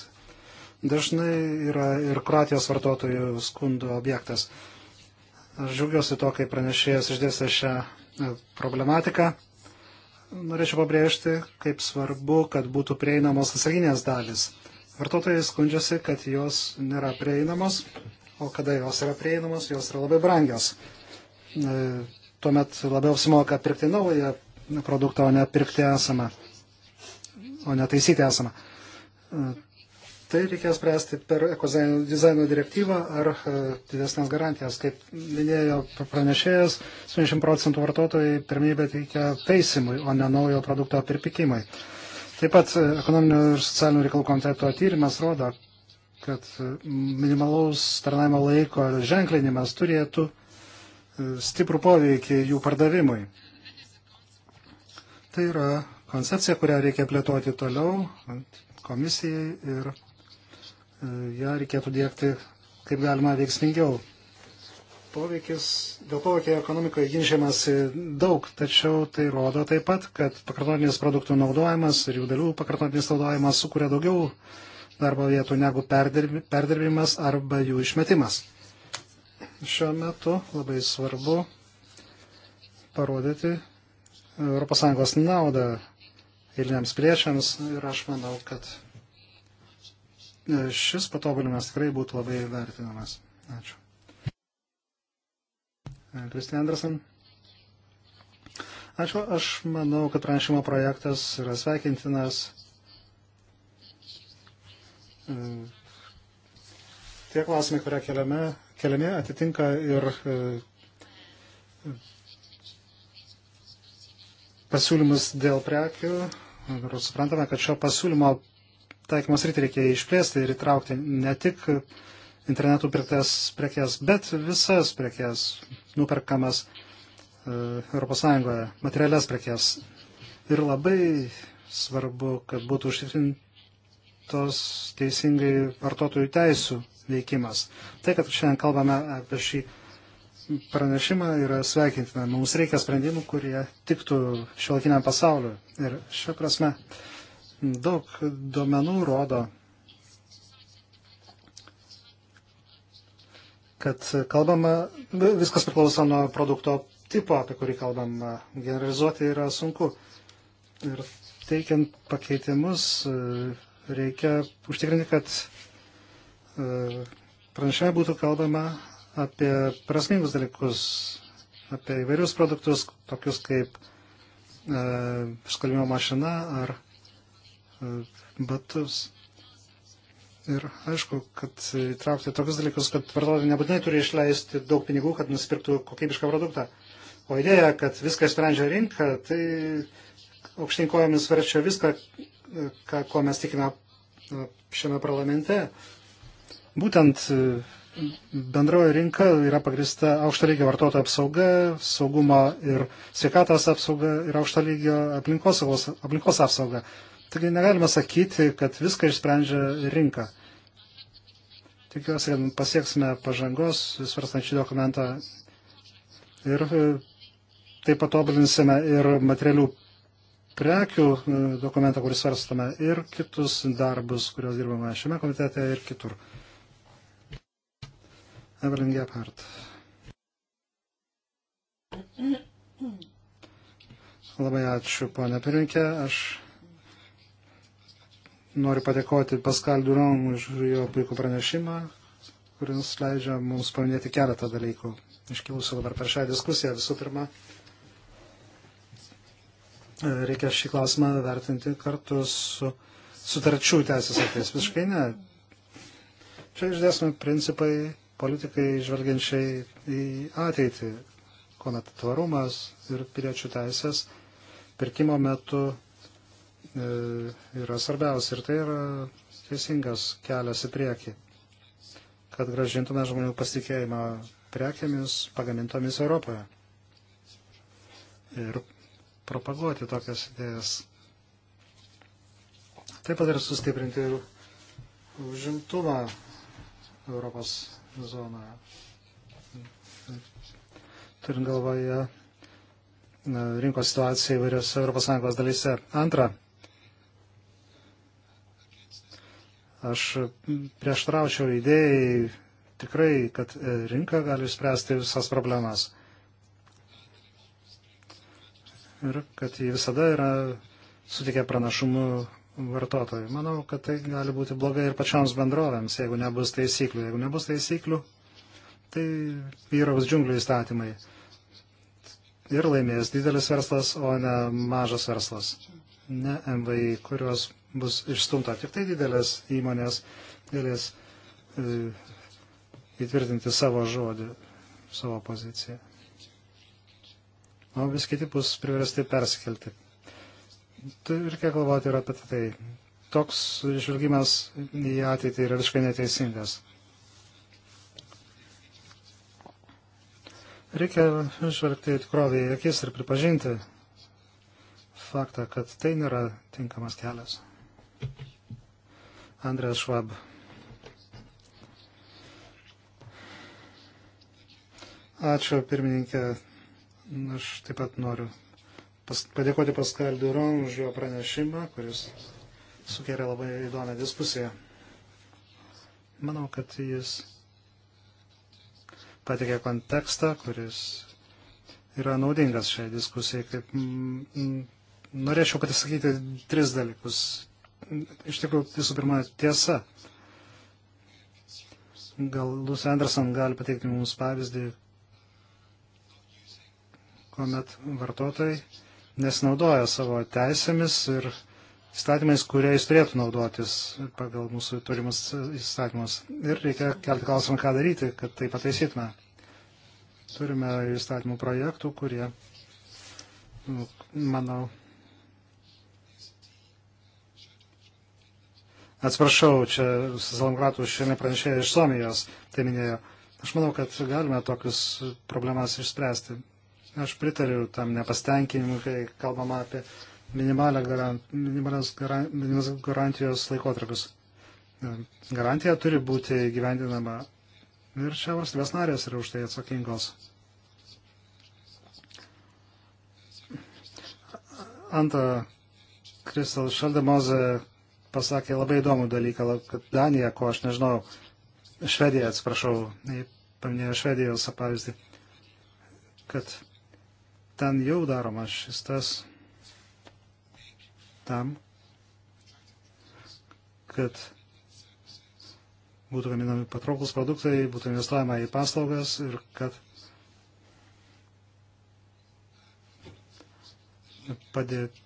dažnai yra ir Kroatijos vartotojų skundų objektas. Aš džiaugiuosi to, kai pranešėjas išdėstė šią e, problematiką. Norėčiau pabrėžti, kaip svarbu, kad būtų prieinamos atsarginės dalis. Vartotojai skundžiasi, kad jos nėra prieinamos, o kada jos yra prieinamos, jos yra labai brangios. E, tuomet labiau apsimoka pirkti naują produktą, o ne pirkti esamą, o ne taisyti esamą. E, tai reikės spręsti per ekodizaino direktyvą ar e, didesnės garantijas. Kaip minėjo pranešėjas, 70 procentų vartotojai pirmybę teikia taisimui, o ne naujo produkto pirpikimai. Taip pat e, ekonominio ir socialinių reikalų komiteto tyrimas rodo, kad minimalaus tarnavimo laiko ženklinimas turėtų uh, stiprų poveikį jų pardavimui. Tai yra koncepcija, kurią reikia plėtoti toliau komisijai ir e, ją reikėtų dėkti kaip galima veiksmingiau. Poveikis, dėl poveikio ekonomikoje ginčiamas daug, tačiau tai rodo taip pat, kad pakartotinis produktų naudojimas ir jų dalių pakartotinis naudojimas sukuria daugiau darbo vietų negu perdirbimas arba jų išmetimas šiuo metu labai svarbu parodyti ES naudą eiliniams piliečiams ir aš manau, kad e, šis patobulinimas tikrai būtų labai vertinamas. Ačiū. E, Kristi Andersen. Ačiū. Aš manau, kad pranešimo projektas yra sveikintinas. E, Tie klausimai, kurie keliame, keliami atitinka ir e, pasiūlymus dėl prekių. Ir suprantame, kad šio pasiūlymo taikymos rytį reikia išplėsti ir įtraukti ne tik internetų pirktas prekes, bet visas prekes nuperkamas ES, materialias prekes. Ir labai svarbu, kad būtų užtikrintos teisingai vartotojų teisų veikimas. Tai, kad šiandien kalbame apie šį pranešimą, yra sveikintina. Mums reikia sprendimų, kurie tiktų šiolakiniam pasauliu. Ir šia prasme daug duomenų rodo, kad kalbama, viskas priklauso nuo produkto tipo, apie kurį kalbam. Generalizuoti yra sunku. Ir teikiant pakeitimus reikia užtikrinti, kad E, pranešime būtų kalbama apie prasmingus dalykus, apie įvairius produktus, tokius kaip skalbimo e, mašina ar e, batus. Ir aišku, kad įtraukti tokius dalykus, kad vartotojai nebūtinai turi išleisti daug pinigų, kad nusipirktų kokybišką produktą. O idėja, kad viską sprendžia rinka, tai aukštinkojomis verčia viską, ką, ko mes tikime šiame parlamente. Būtent e, bendroji rinka yra pagrista aukšto lygio vartotojų apsauga, saugumo ir sveikatos apsauga ir aukšto lygio aplinkos, aplinkos apsauga. Taigi negalima sakyti, kad viską išsprendžia rinka. Tikiuosi, kad pasieksime pažangos, svarstant šį dokumentą. Ir e, taip patobulinsime ir materialių prekių e, dokumentą, kurį svarstame, ir kitus darbus, kuriuos dirbame šiame komitete ir kitur. Evelyn Gephardt. Labai ačiū, ponė Pirinkė. Aš noriu padėkoti Paskal Duron už jo puikų pranešimą, kuris leidžia mums paminėti keletą dalykų iškilusių dabar per šią diskusiją. Visų pirma, reikia šį klausimą vertinti kartu su sutarčių teisės aktais. Visiškai ne. Čia išdėsime principai politikai žvelgiančiai į ateitį, kuomet tvarumas ir piliečių teisės pirkimo metu e, yra svarbiausia ir tai yra teisingas kelias į priekį, kad gražintume žmonių pasitikėjimą prekiamis pagamintomis Europoje ir propaguoti tokias idėjas. Taip pat ir sustiprinti ir užimtumą Europos zonoje. Turint galvoje rinkos situaciją įvairiose ES dalyse. Antra, aš prieštraučiau idėjai tikrai, kad rinka gali spręsti visas problemas. Ir kad ji visada yra sutikę pranašumų vartotojų. Manau, kad tai gali būti blogai ir pačioms bendrovėms, jeigu nebus taisyklių. Jeigu nebus taisyklių, tai vyraus džiunglių įstatymai. Ir laimės didelis verslas, o ne mažas verslas. Ne MVI, kurios bus išstumta. Tik tai didelės įmonės galės e, įtvirtinti savo žodį, savo poziciją. O vis kiti bus priversti persikelti Tai reikia galvoti ir apie tai. Toks žvelgimas į ateitį yra visiškai neteisingas. Reikia žvelgti tikrovį į akis ir pripažinti faktą, kad tai nėra tinkamas kelias. Andrės Švab. Ačiū, pirmininkė. Aš taip pat noriu pas, padėkoti Paskal Duron už jo pranešimą, kuris sukėlė labai įdomią diskusiją. Manau, kad jis patikė kontekstą, kuris yra naudingas šiai diskusijai. Kaip, m, mm, mm, norėčiau pasakyti tris dalykus. Iš tikrųjų, visų pirma, tiesa. Gal Lucy Anderson gali pateikti mums pavyzdį, kuomet vartotojai nesinaudoja savo teisėmis ir įstatymais, kuriais turėtų naudotis pagal mūsų turimus įstatymus. Ir reikia kelti klausimą, ką daryti, kad tai pataisytume. Turime įstatymų projektų, kurie, nu, manau, Atsiprašau, čia Salamgratų šiandien pranešėja iš Suomijos, tai minėjo. Aš manau, kad galime tokius problemas išspręsti. Aš pritariu tam nepastenkinimui, kai kalbama apie garant, minimalios garantijos laikotarpius. Garantija turi būti gyvendinama ir čia valstybės narės yra už tai atsakingos. Anta Kristal Šaldemoze pasakė labai įdomų dalyką, kad Danija, ko aš nežinau, Švedija, atsiprašau, paminėjo Švedijos pavyzdį, kad ten jau daromas šis tas tam, kad būtų gaminami patrauklus produktai, būtų investuojama į paslaugas ir kad padėti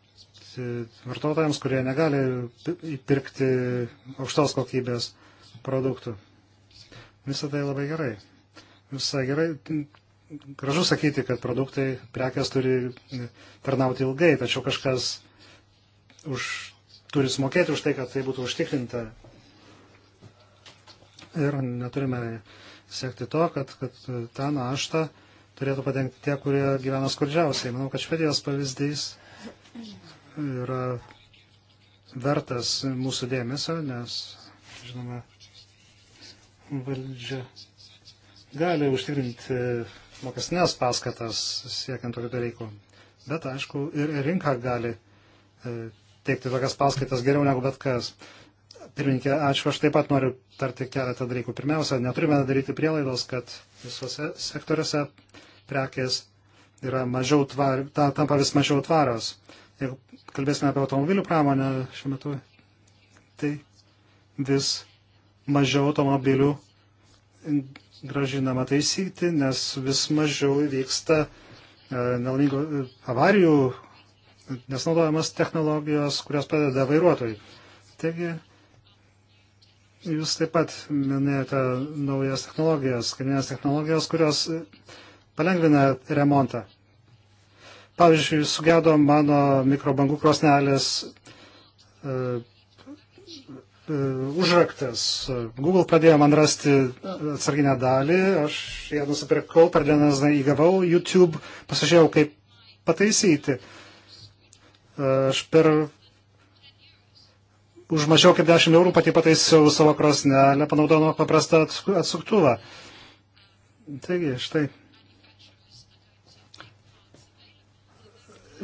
vartotojams, kurie negali įpirkti aukštos kokybės produktų. Visą tai labai gerai. Visai gerai gražu sakyti, kad produktai, prekes turi e, tarnauti ilgai, tačiau kažkas už, turi sumokėti už tai, kad tai būtų užtikrinta. Ir neturime siekti to, kad, kad e, tą naštą turėtų padengti tie, kurie gyvena skurdžiausiai. Manau, kad Švedijos pavyzdys yra vertas mūsų dėmesio, nes, žinoma, valdžia gali užtikrinti mokesnės paskatas siekiant tokių dalykų. Bet, aišku, ir rinka gali e, teikti tokias paskaitas geriau negu bet kas. Pirminkė, ačiū, aš taip pat noriu tarti keletą dalykų. Pirmiausia, neturime daryti prielaidos, kad visose sektoriuose prekės yra mažiau tvar, ta, tampa vis mažiau tvarios. Jeigu kalbėsime apie automobilių pramonę šiuo metu, tai vis mažiau automobilių gražinama taisyti, nes vis mažiau įvyksta e, nelaimingų e, avarijų, nes naudojamas technologijos, kurios padeda vairuotojai. Taigi, jūs taip pat minėjote naujas technologijas, kaiminės technologijos, kurios e, palengvina remontą. Pavyzdžiui, sugedo mano mikrobangų krosnelės E, užraktas. Google pradėjo man rasti atsarginę dalį, aš ją nusipirkau, per dieną įgavau, YouTube pasižiūrėjau, kaip pataisyti. Aš per už mažiau kaip 10 eurų pati pataisiau savo krosnelę, panaudodama paprastą atsuktuvą. Taigi, štai.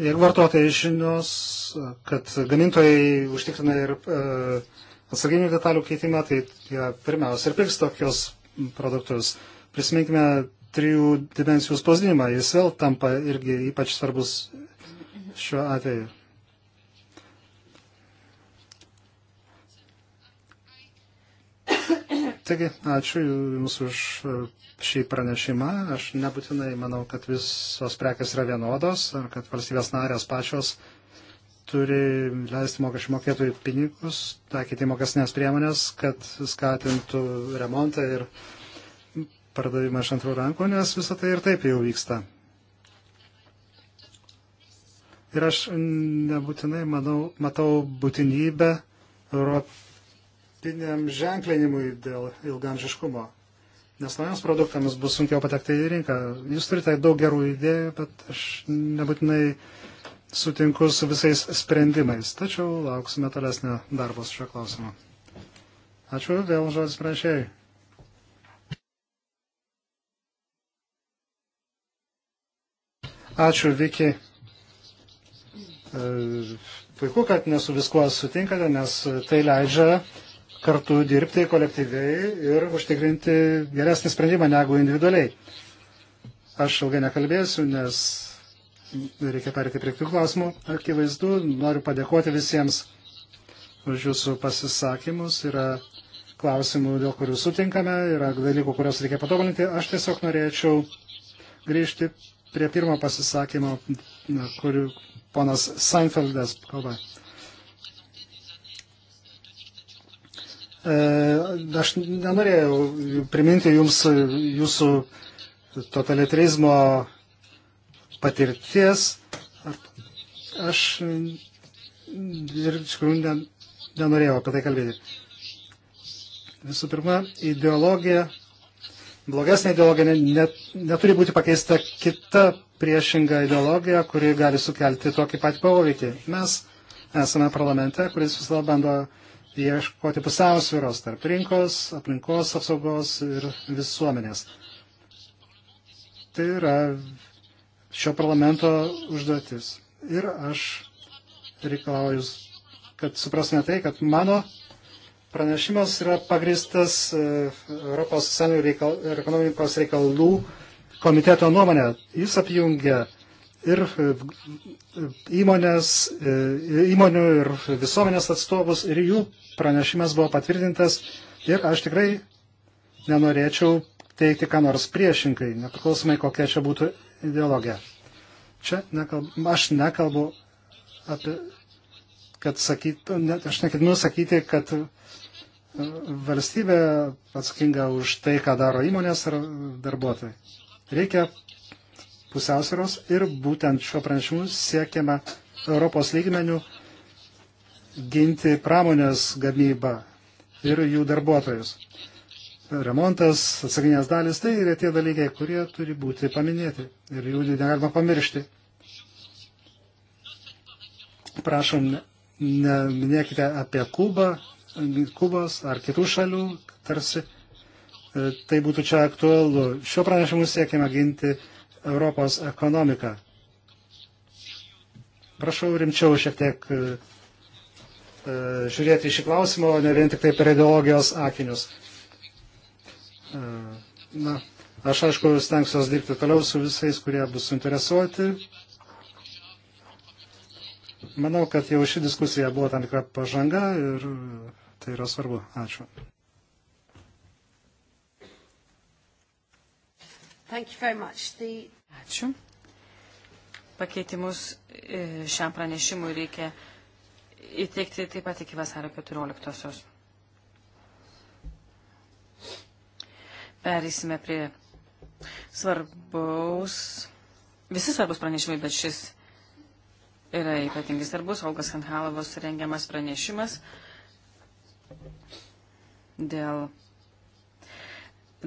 Jeigu vartotojai žinos, kad gamintojai užtikrina ir uh, atsarginių detalių keitimą, tai jie pirmiausia ir pirks tokius produktus. Prisiminkime trijų dimensijų spausdinimą, jis vėl tampa irgi ypač svarbus šiuo atveju. Taigi, ačiū Jums už šį pranešimą. Aš nebūtinai manau, kad visos prekes yra vienodos, ar kad valstybės narės pačios uh, turi leisti mokesčių mokėtojų pinigus, taikyti mokesnės priemonės, kad skatintų remontą ir pardavimą iš antrų rankų, nes visą tai ir taip jau vyksta. Ir aš nebūtinai manau, matau būtinybę europiniam ženklinimui dėl ilgamžiškumo nes naujams produktams bus sunkiau patekti į rinką. Jūs turite daug gerų idėjų, bet aš nebūtinai sutinku su visais sprendimais, tačiau lauksime tolesnio darbo su šio klausimu. Ačiū, vėl žodis prašėjai. Ačiū, Viki. E, puiku, kad nesu viskuo sutinkate, nes tai leidžia kartu dirbti kolektyviai ir užtikrinti geresnį sprendimą negu individualiai. Aš ilgai nekalbėsiu, nes reikia perėti prie kitų klausimų. Akivaizdu, noriu padėkoti visiems už jūsų pasisakymus. Yra klausimų, dėl kurių sutinkame, yra dalykų, kuriuos reikia patobulinti. Aš tiesiog norėčiau grįžti prie pirmo pasisakymo, kuriuo ponas Seinfeldas kalba. E, aš nenorėjau priminti jums jūsų totalitarizmo patirties. Aš ir iš tikrųjų nen, nenorėjau apie tai kalbėti. Visų pirma, ideologija, blogesnė ideologija net, net, neturi būti pakeista kita priešinga ideologija, kuri gali sukelti tokį patį poveikį. Mes esame parlamente, kuris visada bando ieškoti pusiausvyros tarp rinkos, aplinkos apsaugos ir visuomenės. Tai yra šio parlamento užduotis. Ir aš reikalauju, kad suprasme tai, kad mano pranešimas yra pagristas e, Europos socialinių reikal, ir ekonomikos reikalų komiteto nuomonė. Jis apjungia ir e, įmonės, e, įmonių ir visuomenės atstovus ir jų pranešimas buvo patvirtintas ir aš tikrai nenorėčiau teikti ką nors priešinkai, nepriklausomai kokia čia būtų dialoge. Čia nekalbu, aš nekalbu apie, kad sakyt, ne, aš neketinu sakyti, kad e, valstybė atsakinga už tai, ką daro įmonės ar darbuotojai. Reikia pusiausvėros ir būtent šiuo pranešimu siekiame Europos lygmenių ginti pramonės gamybą ir jų darbuotojus remontas, atsakinės dalis, tai yra tie dalykai, kurie turi būti paminėti ir jų negalima pamiršti. Prašom, neminėkite apie Kubą, Kubos ar kitų šalių, tarsi e, tai būtų čia aktualu. Šiuo pranešimu siekime ginti Europos ekonomiką. Prašau rimčiau šiek tiek e, e, žiūrėti šį klausimą, o ne vien tik tai per ideologijos akinius. E, na, aš aišku, stengsiuos dirbti toliau su visais, kurie bus suinteresuoti. Manau, kad jau ši diskusija buvo tam tikra pažanga ir tai yra svarbu. Ačiū. The... Ačiū. Pakeitimus e, šiam pranešimui reikia įteikti taip pat iki vasario 14. -osios. Perėsime prie svarbaus, visi svarbus pranešimai, bet šis yra ypatingai svarbus. Olgas Hanhalovos rengiamas pranešimas dėl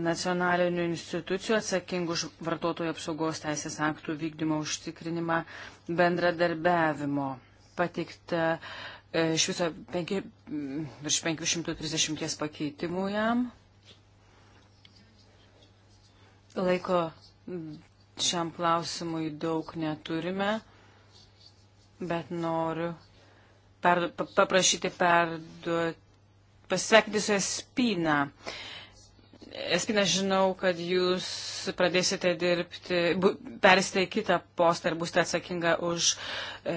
nacionalinių institucijų atsakingų už vartotojų apsaugos teisės aktų vykdymo užtikrinimą bendradarbiavimo. Pateikta e, iš viso penki, virš 530 pakeitimų jam. Laiko šiam klausimui daug neturime, bet noriu perdu, paprašyti perduoti, pasveikinti su Espina. Espina, žinau, kad jūs pradėsite dirbti, persite į kitą postą ir būsite atsakinga už e,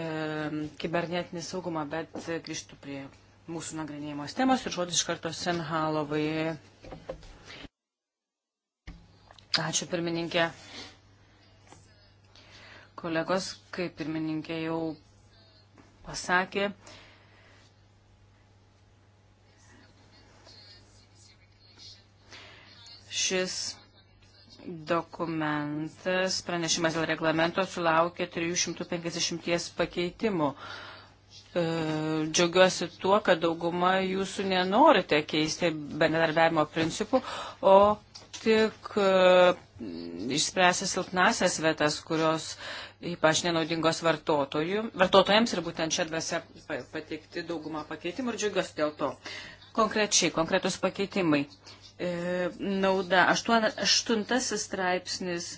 kibernetinį saugumą, bet grįžtų prie mūsų nagrinėjimos temos ir žodis iš karto Senhalovai. Ačiū pirmininkė. Kolegos, kaip pirmininkė jau pasakė, šis dokumentas, pranešimas dėl reglamento, sulaukė 350 pakeitimų. E, džiaugiuosi tuo, kad dauguma jūsų nenorite keisti bendradarbiavimo principų, o tik e, išspręsti silpnasias vietas, kurios ypač nenaudingos vartotojams ir būtent čia dvasia pateikti daugumą pakeitimų ir džiaugiuosi dėl to. Konkrečiai, konkretus pakeitimai. E, nauda. Aštuntasis straipsnis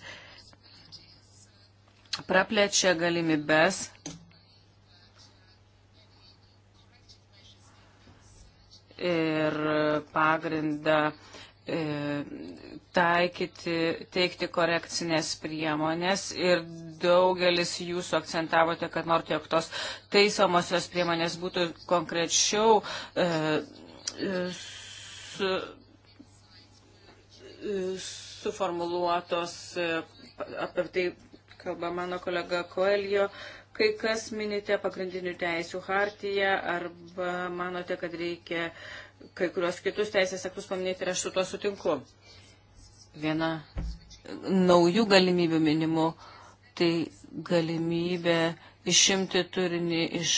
praplečia galimybės ir pagrindą e, taikyti, teikti korekcinės priemonės ir daugelis jūsų akcentavote, kad norite, jog tos taisomosios priemonės būtų konkrečiau e, su, e, suformuluotos, e, apie tai kalba mano kolega Koelio, e, Kai kas minite pagrindinių teisių hartiją arba manote, kad reikia kai kurios kitus teisės aktus paminėti ir aš su tuo sutinku. Viena naujų galimybių minimų, tai galimybė išimti turinį iš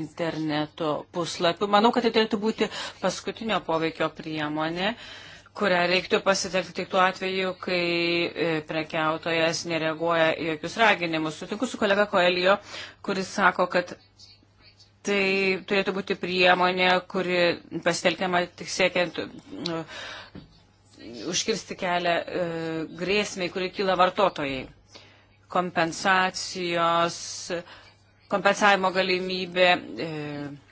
interneto puslapių. Manau, kad tai turėtų būti paskutinio poveikio priemonė. Uh, kurią reiktų pasitelkti tik tuo atveju, kai e, prekiautojas nereaguoja į jokius raginimus. Sutinku su kolega Koelio, kuris sako, kad tai turėtų būti priemonė, kuri pasitelkiama tik siekiant uh, užkirsti kelią uh, grėsmiai, kuri kyla vartotojai. Kompensacijos, kompensavimo galimybė. Uh,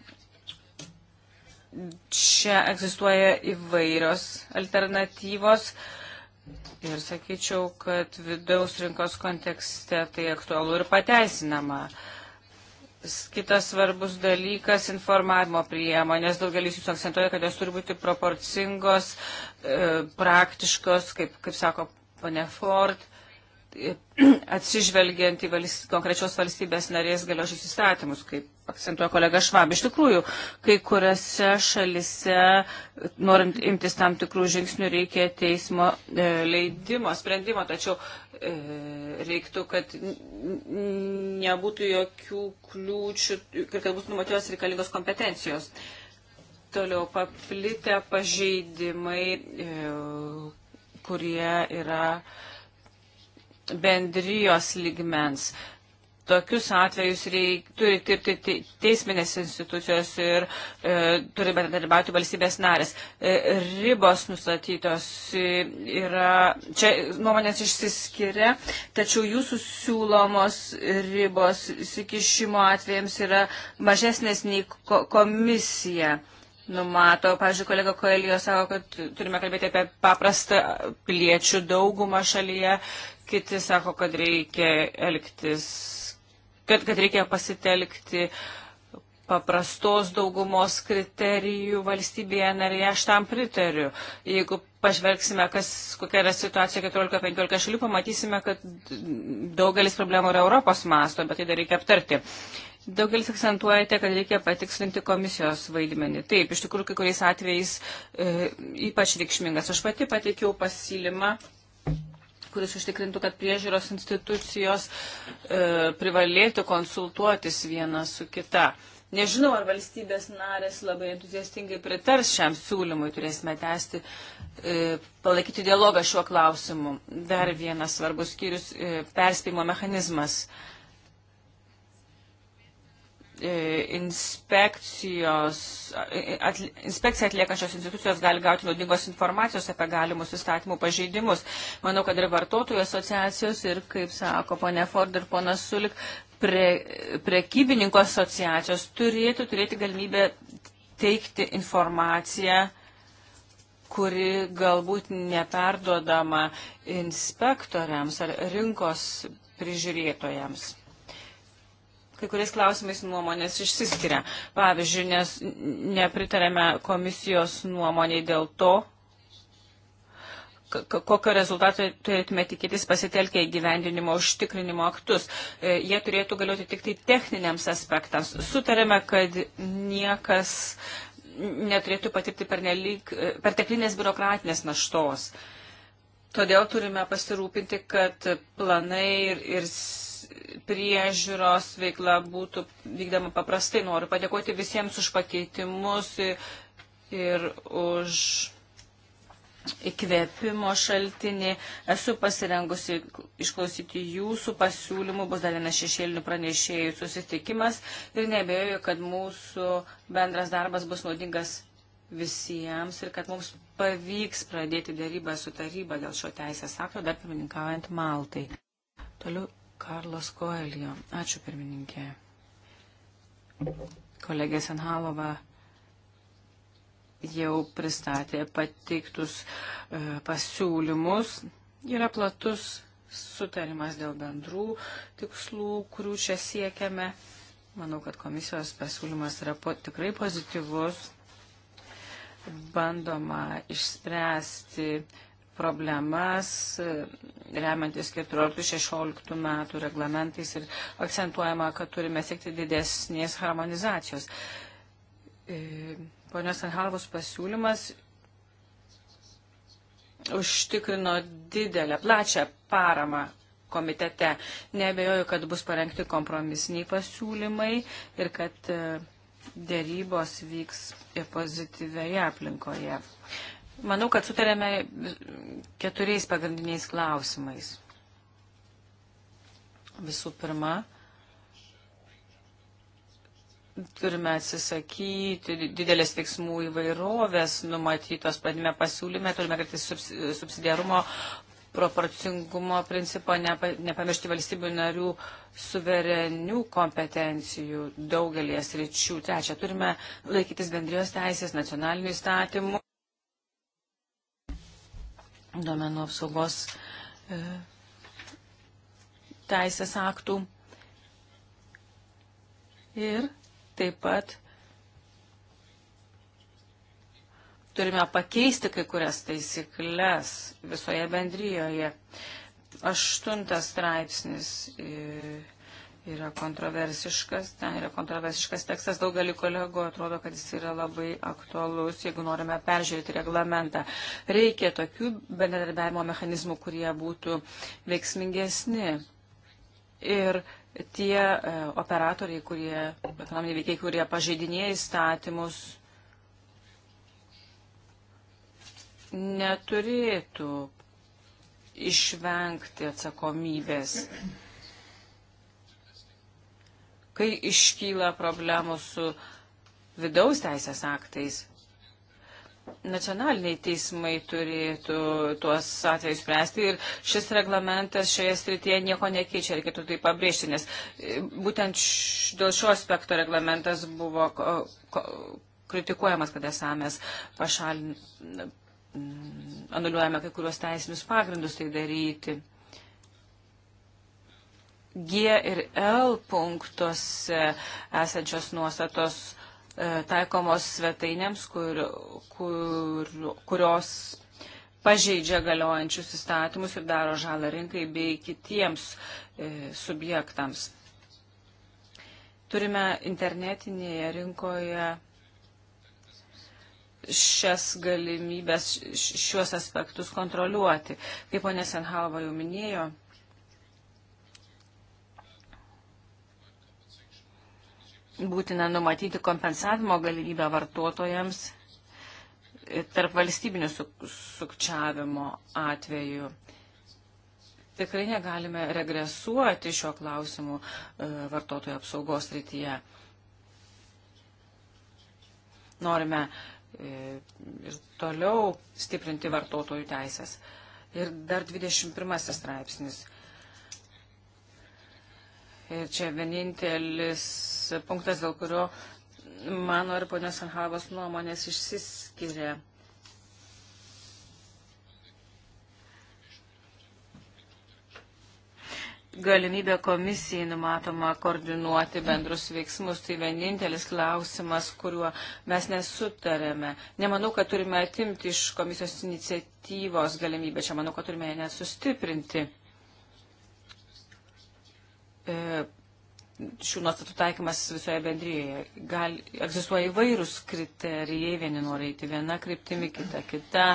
čia egzistuoja įvairios alternatyvos. Ir sakyčiau, kad vidaus rinkos kontekste tai aktualu ir pateisinama. Kitas svarbus dalykas - informavimo priemonės. Daugelis jūsų akcentuoja, kad jos turi būti proporcingos, e, praktiškos, kaip, kaip sako ponė Ford atsižvelgiant į valst, konkrečios valstybės narės galiošius įstatymus, kaip akcentuoja kolega Švab. Iš tikrųjų, kai kuriuose šalise, norint imtis tam tikrų žingsnių, reikia teismo e, leidimo, sprendimo, tačiau e, reiktų, kad nebūtų jokių kliūčių, kad būtų numatytos reikalingos kompetencijos. Toliau paplitę pažeidimai, e, kurie yra. E, bendrijos ligmens. Tokius atvejus reik, turi tirti teisminės institucijos ir e, turi bendradarbiauti valstybės narės. E, ribos nustatytos e, yra, čia nuomonės išsiskiria, tačiau jūsų siūlomos ribos įsikišimo atvejams yra mažesnės nei ko, komisija numato. Pavyzdžiui, kolega Koelijo sako, kad turime kalbėti apie paprastą piliečių daugumą šalyje Kiti sako, kad reikia elgtis, kad, kad reikia pasitelkti paprastos daugumos kriterijų valstybėje narėje. Aš tam pritariu. Jeigu pažvelgsime, kas, kokia yra situacija 14-15 šalių, pamatysime, kad daugelis problemų yra Europos masto, bet tai dar reikia aptarti. Daugelis akcentuojate, kad reikia patikslinti komisijos vaidmenį. Taip, iš tikrųjų, kai kuriais atvejais e, ypač reikšmingas. Aš pati pateikiau pasiūlymą kuris užtikrintų, kad priežiūros institucijos e, privalėtų konsultuotis viena su kita. Nežinau, ar valstybės narės labai entuziastingai pritars šiam siūlymui, turėsime tęsti, e, palaikyti dialogą šiuo klausimu. Dar vienas svarbus skyrius e, - perspėjimo mechanizmas. E, E, inspekcijos, e, e, atli, inspekciją atliekančios institucijos gali gauti naudingos informacijos apie galimus įstatymų pažeidimus. Manau, kad ir vartotojų asociacijos ir, kaip sako ponė Ford ir ponas Sulik, pre, prekybininkų asociacijos turėtų turėti galimybę teikti informaciją kuri galbūt neperdodama inspektoriams ar rinkos prižiūrėtojams kai kuriais klausimais nuomonės išsiskiria. Pavyzdžiui, nes nepritarėme komisijos nuomoniai dėl to, kokio rezultato turėtume tikėtis pasitelkę įgyvendinimo užtikrinimo aktus. E, jie turėtų galioti tik tai techniniams aspektams. Sutarėme, kad niekas neturėtų patirti e, perteklinės biurokratinės naštos. Todėl turime pasirūpinti, kad planai ir, ir priežiūros veikla būtų vykdama paprastai. Noriu padėkoti visiems už pakeitimus ir už įkvėpimo šaltinį. Esu pasirengusi išklausyti jūsų pasiūlymų, bus dar vienas šešėlinių pranešėjų susitikimas ir nebejoju, kad mūsų bendras darbas bus naudingas visiems ir kad mums pavyks pradėti dėrybą su taryba dėl šio teisės akto, dar pirmininkaujant Maltai. Toliau Karlos Koelio. Ačiū pirmininkė. Kolegė Senhalova jau pristatė pateiktus e, pasiūlymus. Yra platus sutarimas dėl bendrų tikslų, kurių čia siekiame. Manau, kad komisijos pasiūlymas yra po, tikrai pozityvus. Bandoma išspręsti uh, problemas, e, remiantis 14-16 metų reglamentais ir akcentuojama, kad turime siekti didesnės harmonizacijos. E, ponios Anhalvos pasiūlymas užtikrino didelę, plačią paramą komitete. Nebejoju, kad bus parengti kompromisiniai pasiūlymai ir kad e, dėrybos vyks pozityvėje aplinkoje. Manau, kad sutarėme keturiais pagrindiniais klausimais. Visų pirma, turime atsisakyti didelės veiksmų įvairovės numatytos pradime pasiūlyme, turime kartais subsidiarumo proporcingumo principo nepa, nepamiršti valstybių narių suverenių kompetencijų daugelės ryčių. Trečia, turime laikytis bendrijos teisės, nacionalinių įstatymų duomenų apsaugos e, teisės aktų. Ir taip pat turime pakeisti kai kurias taisyklės visoje bendryjoje. Aštuntas straipsnis e, yra kontroversiškas, ten yra kontroversiškas tekstas, daugelį kolegų atrodo, kad jis yra labai aktualus, jeigu norime peržiūrėti reglamentą. Reikia tokių bendradarbiavimo mechanizmų, kurie būtų veiksmingesni. Ir tie e, operatoriai, kurie, ekonominiai veikiai, kurie pažeidinėja įstatymus, neturėtų išvengti atsakomybės kai iškyla problemų su vidaus teisės aktais. Nacionaliniai teismai turėtų tuos atvejus spręsti ir šis reglamentas šioje srityje nieko nekeičia, reikėtų tai pabrėžti, nes e, būtent š, dėl šio aspekto reglamentas buvo ko, ko, kritikuojamas, kad esamės pašalin, anuliuojame kai kuriuos teisinius pagrindus tai daryti. G ir L punktuose esančios nuostatos e, taikomos svetainėms, kur, kur, kurios pažeidžia galiojančius įstatymus ir daro žalą rinkai bei kitiems e, subjektams. Turime internetinėje rinkoje šias galimybės, šiuos aspektus kontroliuoti. Kaip ponė Senhalva jau minėjo, būtina numatyti kompensavimo galimybę vartotojams tarp valstybinių sukčiavimo atveju. Tikrai negalime regresuoti šio klausimu e, vartotojų apsaugos rytyje. Norime e, ir toliau stiprinti vartotojų teisės. Ir dar 21 straipsnis. Ir čia vienintelis punktas, dėl kurio mano ir ponios Anhalavos nuomonės išsiskiria. galimybė komisijai numatoma koordinuoti bendrus veiksmus. Tai vienintelis klausimas, kuriuo mes nesutarėme. Nemanau, kad turime atimti iš komisijos iniciatyvos galimybę. Čia manau, kad turime ją net sustiprinti. E, šių nuostatų taikymas visoje bendryje. Gal, egzistuoja įvairūs kriterijai, vieni nori eiti viena kryptimi, kita kita.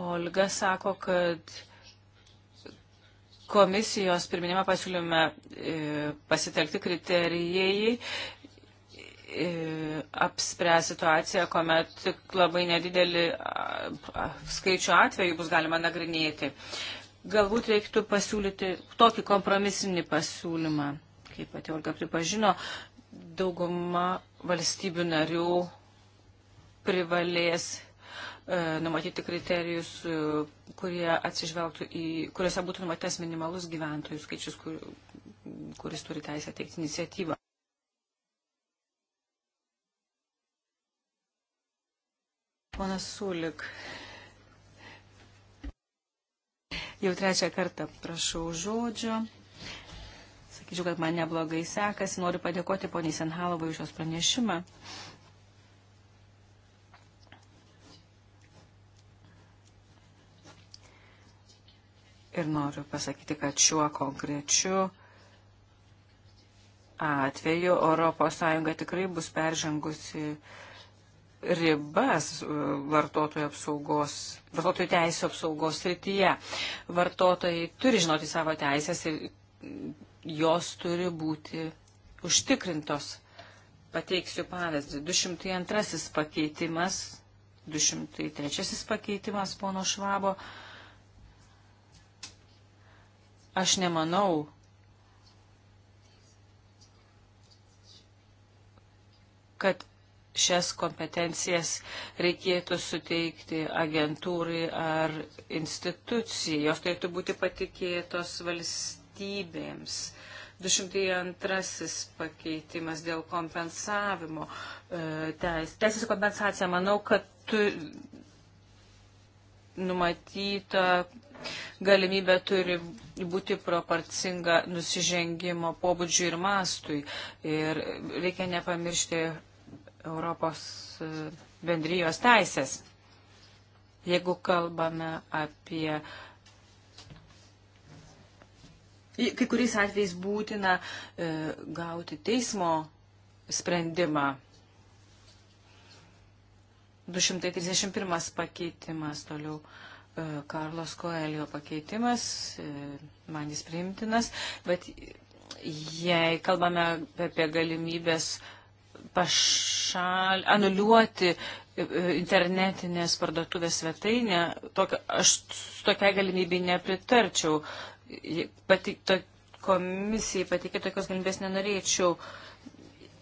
Olga sako, kad komisijos pirminėme pasiūlyme e, pasitelkti kriterijai e, apspręs situaciją, kuomet tik labai nedidelį skaičių atveju bus galima nagrinėti. Galbūt reiktų pasiūlyti tokį kompromisinį pasiūlymą, kaip pati Olga pripažino, dauguma valstybių narių privalės e, numatyti kriterijus, e, kurie atsižvelgtų į, kuriuose būtų numatęs minimalus gyventojų skaičius, kur, kuris turi teisę teikti iniciatyvą. Ponas Sulik. Jau trečią kartą prašau žodžio. Sakyčiau, kad man neblogai sekasi. Noriu padėkoti poniai Senhalovai už jos pranešimą. Ir noriu pasakyti, kad šiuo konkrečiu atveju ES tikrai bus peržengusi uh, ribas e, vartotojų apsaugos, vartotojų teisų apsaugos srityje. Vartotojai turi žinoti savo teisės ir jos turi būti užtikrintos. Pateiksiu pavyzdį. 202 pakeitimas, 203 pakeitimas pono Švabo. Aš nemanau, kad šias kompetencijas reikėtų suteikti agentūrai ar institucijai. Jos turėtų būti patikėtos valstybėms. 202 pakeitimas dėl kompensavimo. E, teis, teisės kompensacija, manau, kad tu, numatyta galimybė turi būti proporcinga nusižengimo pobūdžiui ir mastui. Ir reikia nepamiršti Europos e, bendrijos teisės. Jeigu kalbame apie kai kuriais atvejais būtina e, gauti teismo sprendimą. 231 pakeitimas toliau. E, Karlos Koelio pakeitimas, e, man jis priimtinas, bet jei kalbame apie galimybės e, pašal, anuliuoti e, e, internetinės parduotuvės svetainę, tokia, aš tokiai galimybei nepritarčiau. Pati, to, komisijai patikė tokios galimybės nenorėčiau.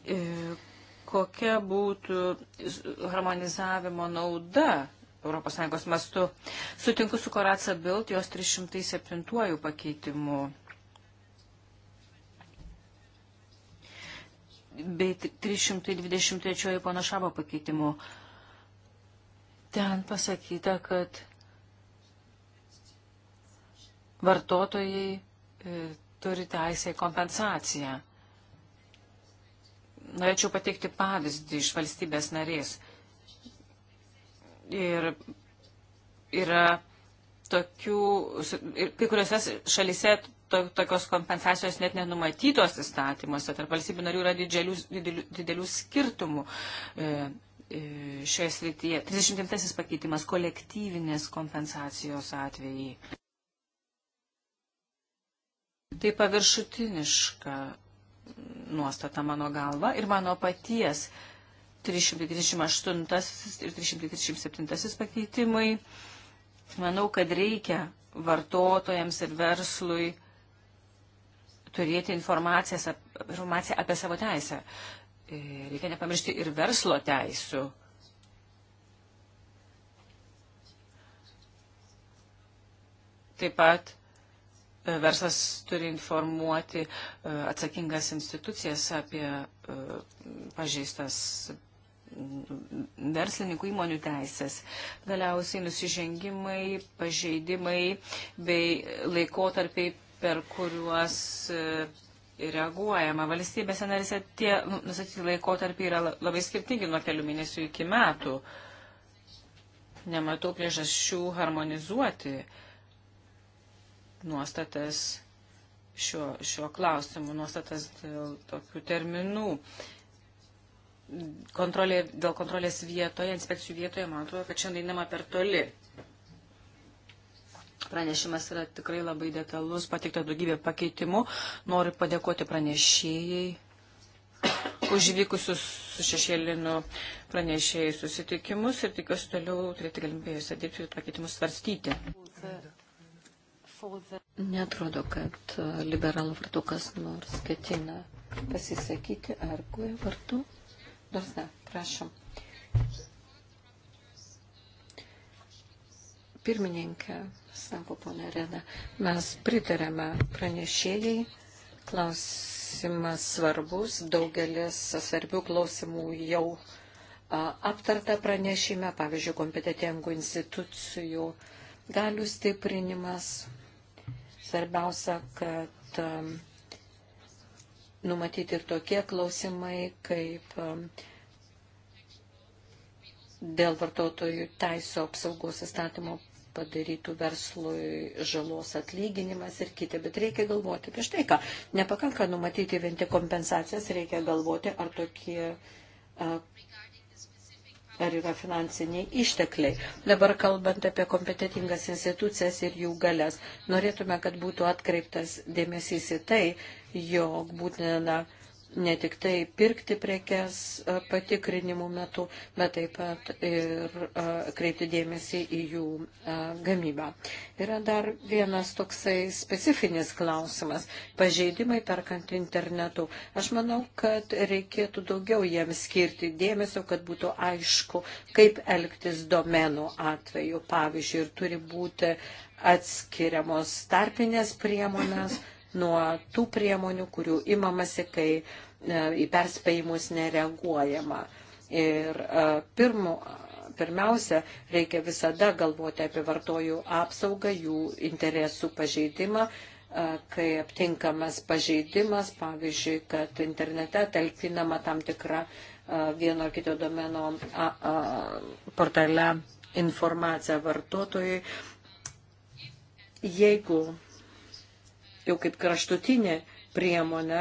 E, kokia būtų harmonizavimo nauda ES mastu? Sutinku su Koraca Bilt jos 307 pakeitimu bei 323 panašavo pakeitimu. Ten pasakyta, kad vartotojai e, turi teisę į kompensaciją. Norėčiau pateikti pavyzdį iš valstybės narės. Ir yra tokių, ir kai kuriuose šalise to, tokios kompensacijos net nenumatytos įstatymuose. Tarp valstybių narių yra didelių, didelių, didelių skirtumų e, e, šioje srityje. 30 pakeitimas - kolektyvinės kompensacijos atvejai. Tai paviršutiniška nuostata mano galva ir mano paties 338 ir 337 pakeitimai. Manau, kad reikia vartotojams ir verslui turėti informaciją, informaciją apie savo teisę. E, reikia nepamiršti ir verslo teisų. Taip pat e, verslas turi informuoti e, atsakingas institucijas apie pažeistas verslininkų įmonių teisės. Galiausiai nusižengimai, pažeidimai bei laikotarpiai per kuriuos e, reaguojama. Valstybėse narise tie nu, nusatyti laikotarpiai yra labai skirtingi nuo kelių mėnesių iki metų. Nematau priežasčių harmonizuoti nuostatas šio, šio klausimu, nuostatas dėl tokių terminų. Kontrolė, dėl kontrolės vietoje, inspekcijų vietoje, man atrodo, kad šiandien einama per toli. Pranešimas yra tikrai labai detalus, patikta daugybė pakeitimų. Noriu padėkoti pranešėjai už vykusius su šešėlinu pranešėjai susitikimus ir tikiuosi toliau turėti galimybę juose dirbti ir pakeitimus svarstyti. Netrodo, kad liberalų vardu kas nors ketina pasisakyti ar kuo vardu. Nors ne, prašom. pirmininkė, sako ponė Rena, mes pritarėme pranešėjai, klausimas svarbus, daugelis svarbių klausimų jau aptarta pranešime, pavyzdžiui, kompetentingų institucijų galių stiprinimas. Svarbiausia, kad numatyti ir tokie klausimai, kaip dėl vartotojų teisų apsaugos įstatymo padarytų verslui žalos atlyginimas ir kiti, bet reikia galvoti apie štai ką. Nepakanka numatyti vien tik kompensacijas, reikia galvoti, ar tokie. Ar yra finansiniai ištekliai. Dabar kalbant apie kompetitingas institucijas ir jų galės, norėtume, kad būtų atkreiptas dėmesys į tai, jog būtina ne tik tai pirkti prekes e, patikrinimų metu, bet taip pat ir e, kreipti dėmesį į jų e, gamybą. Yra dar vienas toksai specifinis klausimas - pažeidimai perkant internetu. Aš manau, kad reikėtų daugiau jiems skirti dėmesio, kad būtų aišku, kaip elgtis domenų atveju. Pavyzdžiui, ir turi būti atskiriamos tarpinės priemonės nuo tų priemonių, kurių imamasi, kai e, į perspėjimus nereaguojama. Ir e, pirmu, pirmiausia, reikia visada galvoti apie vartojų apsaugą, jų interesų pažeidimą e, kai aptinkamas pažeidimas, pavyzdžiui, kad internete talpinama tam tikra vieno ar kito domeno a, a, portale informacija vartotojui. Jeigu jau kaip kraštutinė priemonė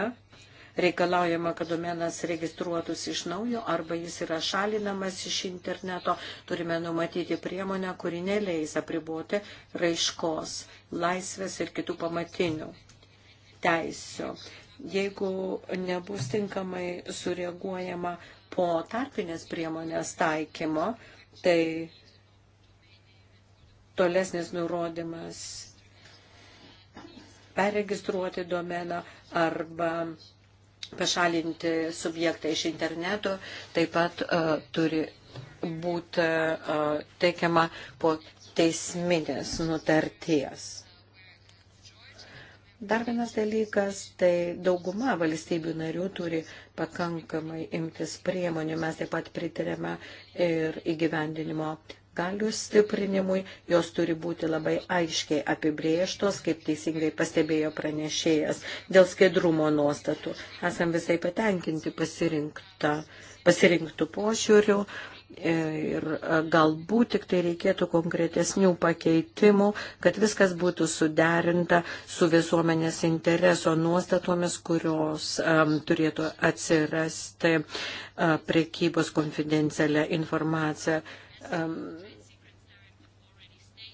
reikalaujama, kad domenas registruotųsi iš naujo arba jis yra šalinamas iš interneto, turime numatyti priemonę, kuri neleis apriboti raiškos, laisvės ir kitų pamatinių teisių. Jeigu nebus tinkamai sureaguojama po tarpinės priemonės taikymo, tai tolesnis nurodymas perregistruoti domeną arba pašalinti subjektą iš interneto, taip pat uh, turi būti uh, teikiama po teisminės nutarties. Dar vienas dalykas, tai dauguma valstybių narių turi pakankamai imtis priemonių. Mes taip pat pritarėme ir įgyvendinimo galių stiprinimui, jos turi būti labai aiškiai apibrėžtos, kaip teisingai pastebėjo pranešėjas, dėl skaidrumo nuostatų. Esam visai patenkinti pasirinktų pošiūrių. E, ir e, galbūt tik tai reikėtų konkretesnių pakeitimų, kad viskas būtų suderinta su visuomenės intereso nuostatomis, kurios um, turėtų atsirasti uh, prekybos konfidencialią informaciją um,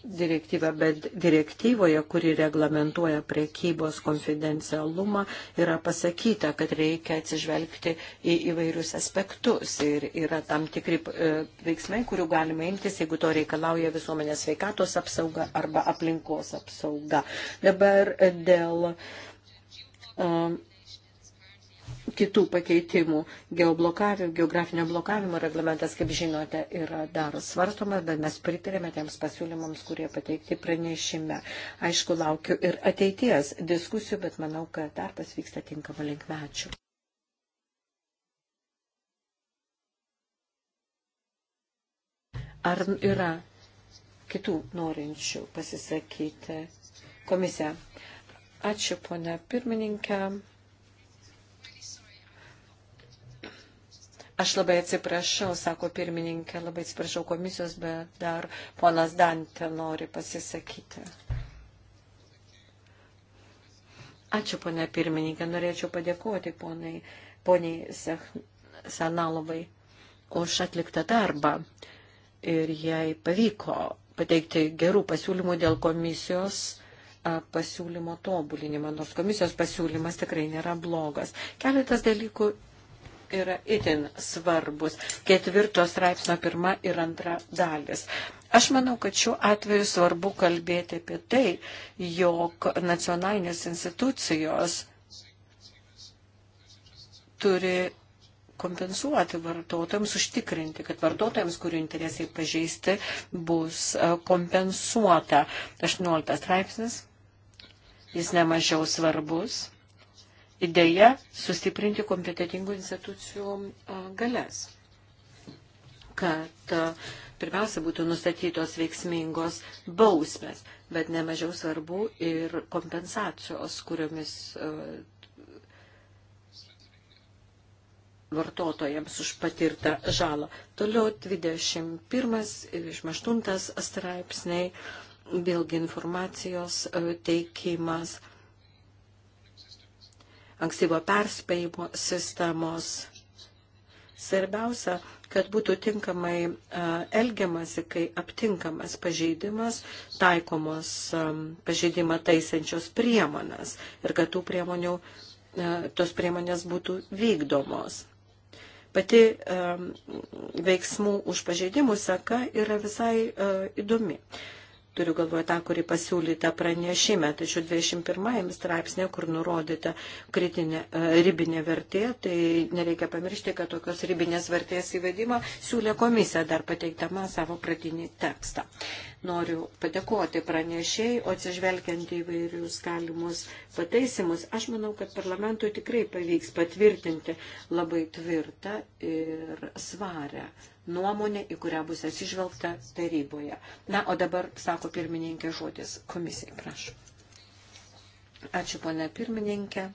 direktyvą, bet direktyvoje, kuri reglamentuoja priekybos konfidencialumą, yra pasakyta, kad reikia atsižvelgti į įvairius aspektus ir yra tam tikri e, veiksmai, kurių galima imtis, jeigu to reikalauja visuomenės sveikatos apsauga arba aplinkos apsauga. Dabar dėl. Um, kitų pakeitimų. Geoblokavimo, geografinio blokavimo reglamentas, kaip žinote, yra dar svarstomas, bet mes pritarėme tiems pasiūlymams, kurie pateikti pranešime. Aišku, laukiu ir ateities diskusijų, bet manau, kad darbas vyksta tinkama linkmečių. Ar yra kitų norinčių pasisakyti? Komisija. Ačiū, ponia pirmininkė. Aš labai atsiprašau, sako pirmininkė, labai atsiprašau komisijos, bet dar ponas Dantė nori pasisakyti. Ačiū, ponė pirmininkė, norėčiau padėkoti ponai, poniai Sanalovai už atliktą darbą ir jai pavyko pateikti gerų pasiūlymų dėl komisijos pasiūlymo tobulinimą, nors komisijos pasiūlymas tikrai nėra blogas. Keletas dalykų yra itin svarbus. Ketvirtos straipsnio pirma ir antra dalis. Aš manau, kad šiuo atveju svarbu kalbėti apie tai, jog nacionalinės institucijos turi kompensuoti vartotojams, užtikrinti, kad vartotojams, kurių interesai pažeisti, bus e, kompensuota. 18 straipsnis, jis nemažiau svarbus idėja sustiprinti kompetitingų institucijų galės, kad pirmiausia būtų nustatytos veiksmingos bausmės, bet nemažiau svarbu ir kompensacijos, kuriomis vartotojams už patirtą žalą. Toliau 21 ir 28 straipsniai, vėlgi informacijos teikimas ankstyvo perspėjimo sistemos. Svarbiausia, kad būtų tinkamai elgiamasi, kai aptinkamas pažeidimas, taikomos pažeidimą taisančios priemonės ir kad tų priemonių, tos priemonės būtų vykdomos. Pati veiksmų už pažeidimų seka yra visai įdomi turiu galvoje tą, kurį pasiūlyta pranešime, tačiau 21 straipsnė, kur nurodyta kritinė e, ribinė vertė, tai nereikia pamiršti, kad tokios ribinės vertės įvedimą siūlė komisija dar pateikdama savo pradinį tekstą. Noriu padėkoti pranešiai, o atsižvelgiant į vairius galimus pataisimus, aš manau, kad parlamentui tikrai pavyks patvirtinti labai tvirtą ir svarę nuomonė, į kurią bus atsižvelgta taryboje. Na, o dabar, sako pirmininkė, žodis komisijai, prašau. Ačiū, ponia pirmininkė.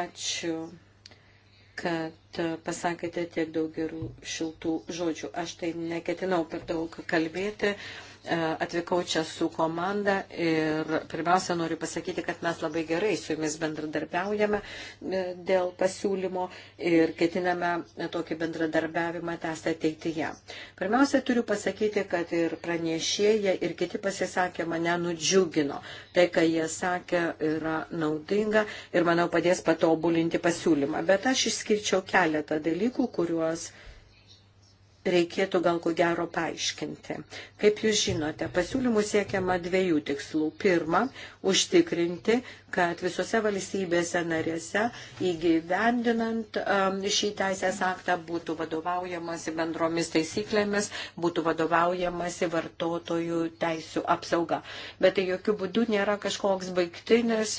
Ačiū kad pasakėte tiek daug gerų šiltų žodžių. Aš tai neketinau per daug kalbėti, E, atvykau čia su komanda ir pirmiausia noriu pasakyti, kad mes labai gerai su jumis bendradarbiaujame e, dėl pasiūlymo ir ketiname e, tokį bendradarbiavimą tęsti ateityje. Pirmiausia, turiu pasakyti, kad ir pranešėja, ir kiti pasisakė mane nudžiugino. Tai, ką jie sakė, yra naudinga ir, manau, padės patobulinti pasiūlymą. Bet aš išskirčiau keletą dalykų, kuriuos reikėtų gal ko gero paaiškinti. Kaip jūs žinote, pasiūlymų siekiama dviejų tikslų. Pirma, užtikrinti, kad visose valstybėse narėse įgyvendinant um, šį teisės aktą būtų vadovaujamasi bendromis taisyklėmis, būtų vadovaujamasi vartotojų teisų apsauga. Bet tai jokių būdų nėra kažkoks baigtinis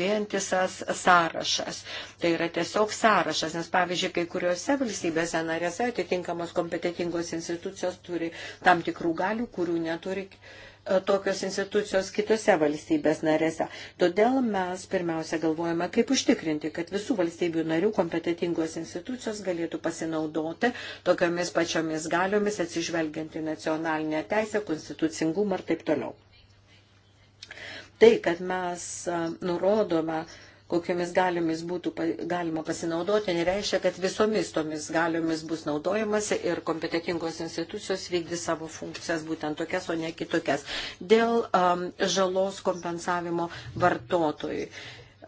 vientisas sąrašas. Tai yra tiesiog sąrašas, nes pavyzdžiui, kai kuriuose valstybėse narėse atitinkamos kompetitingos institucijos turi tam tikrų galių, kurių neturi E, tokios institucijos kitose valstybės narėse. Todėl mes pirmiausia galvojame, kaip užtikrinti, kad visų valstybių narių kompetitingos institucijos galėtų pasinaudoti tokiamis pačiomis galiomis, atsižvelgiant į nacionalinę teisę, konstitucingumą ir taip toliau. Tai, kad mes e, nurodome, kokiamis galiomis būtų galima pasinaudoti, nereiškia, kad visomis tomis galiomis bus naudojamasi ir kompetitingos institucijos vykdys savo funkcijas būtent tokias, o ne kitokias. Dėl um, žalos kompensavimo vartotojui.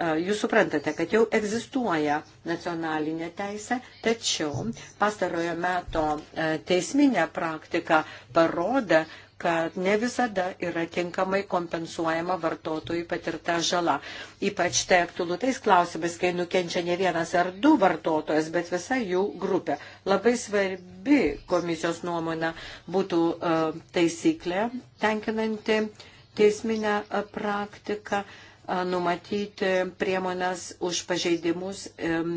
Uh, jūs suprantate, kad jau egzistuoja nacionalinė teisė, tačiau pastarojo meto uh, teisminė praktika parodė, kad ne visada yra tinkamai kompensuojama vartotojų patirta žala. Ypač tai aktualu tais klausimais, kai nukenčia ne vienas ar du vartotojas, bet visa jų grupė. Labai svarbi komisijos nuomonė būtų uh, taisyklė tenkinanti teisminę e, praktiką, uh, numatyti priemonės už pažeidimus um,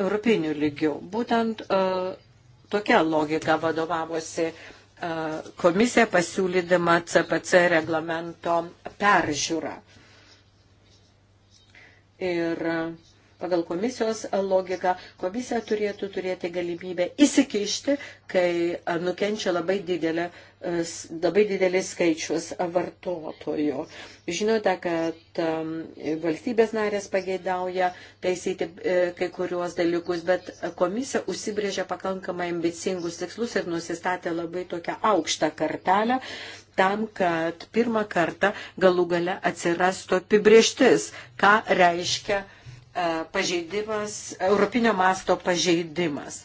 europinių lygių. Būtent uh, tokia logika vadovavosi E, komisija pasiūlydama CPC reglamento peržiūrą. Ir uh, pagal komisijos logiką komisija turėtų turėti galimybę įsikišti, kai nukenčia labai, didelė, labai didelis skaičius vartotojų. Žinote, kad valstybės narės pageidauja taisyti e, kai kuriuos dalykus, bet komisija užsibrėžė pakankamai ambicingus tikslus ir nusistatė labai tokią aukštą kartelę tam, kad pirmą kartą galų gale atsirastų apibrieštis, ką reiškia uh, pažeidimas, europinio masto pažeidimas.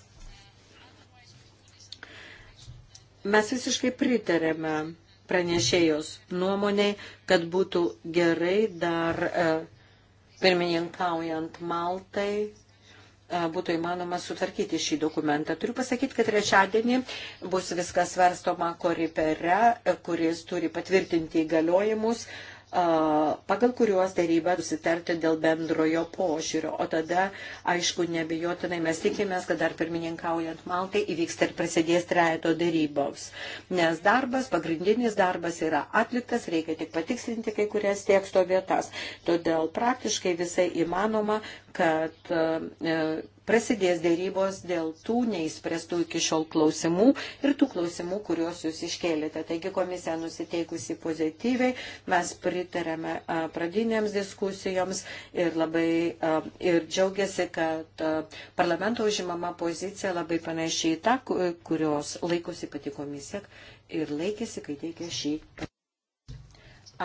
Mes visiškai pritarėme pranešėjos nuomoniai, kad būtų gerai dar e, pirmininkaujant Maltai e, būtų įmanoma sutvarkyti šį dokumentą. Turiu pasakyti, kad trečiadienį bus viskas svarstoma koripere, e, kuris turi patvirtinti įgaliojimus pagal kuriuos darybą susitarti dėl bendrojo požiūrio. O tada, aišku, nebejotinai mes tikimės, kad dar pirmininkaujant Maltai įvyks ir prasidės trejato darybos. Nes darbas, pagrindinis darbas yra atliktas, reikia tik patikslinti kai kurias teksto vietas. Todėl praktiškai visai įmanoma, kad prasidės dėrybos dėl tų neįspręstų iki šiol klausimų ir tų klausimų, kuriuos jūs iškėlėte. Taigi komisija nusiteikusi pozityviai, mes pritarėme pradinėms diskusijoms ir labai ir džiaugiasi, kad parlamento užimama pozicija labai panašiai į tą, kurios laikosi pati komisija ir laikėsi, kai teikė šį.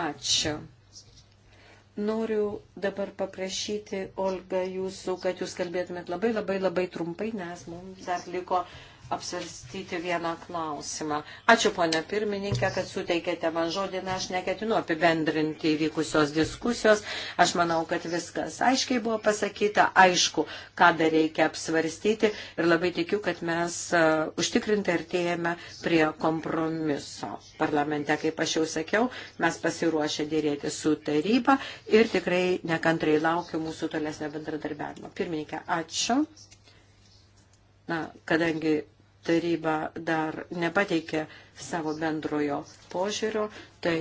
Ačiū. Noriu dabar paprašyti, Olga, jūsų, kad jūs kalbėtumėt labai labai labai trumpai, nes mums dar liko apsvarstyti vieną klausimą. Ačiū, ponia pirmininkė, kad suteikėte man žodį, na, aš neketinu apibendrinti įvykusios diskusijos. Aš manau, kad viskas aiškiai buvo pasakyta, aišku, ką dar reikia apsvarstyti ir labai tikiu, kad mes uh, užtikrintai artėjame prie kompromiso. Parlamente, kaip aš jau sakiau, mes pasiruošę dėrėti su taryba ir tikrai nekantrai laukiu mūsų tolesnio bendradarbiavimo. Pirmininkė, ačiū. Na, kadangi taryba dar nepateikė savo bendrojo požiūrio, tai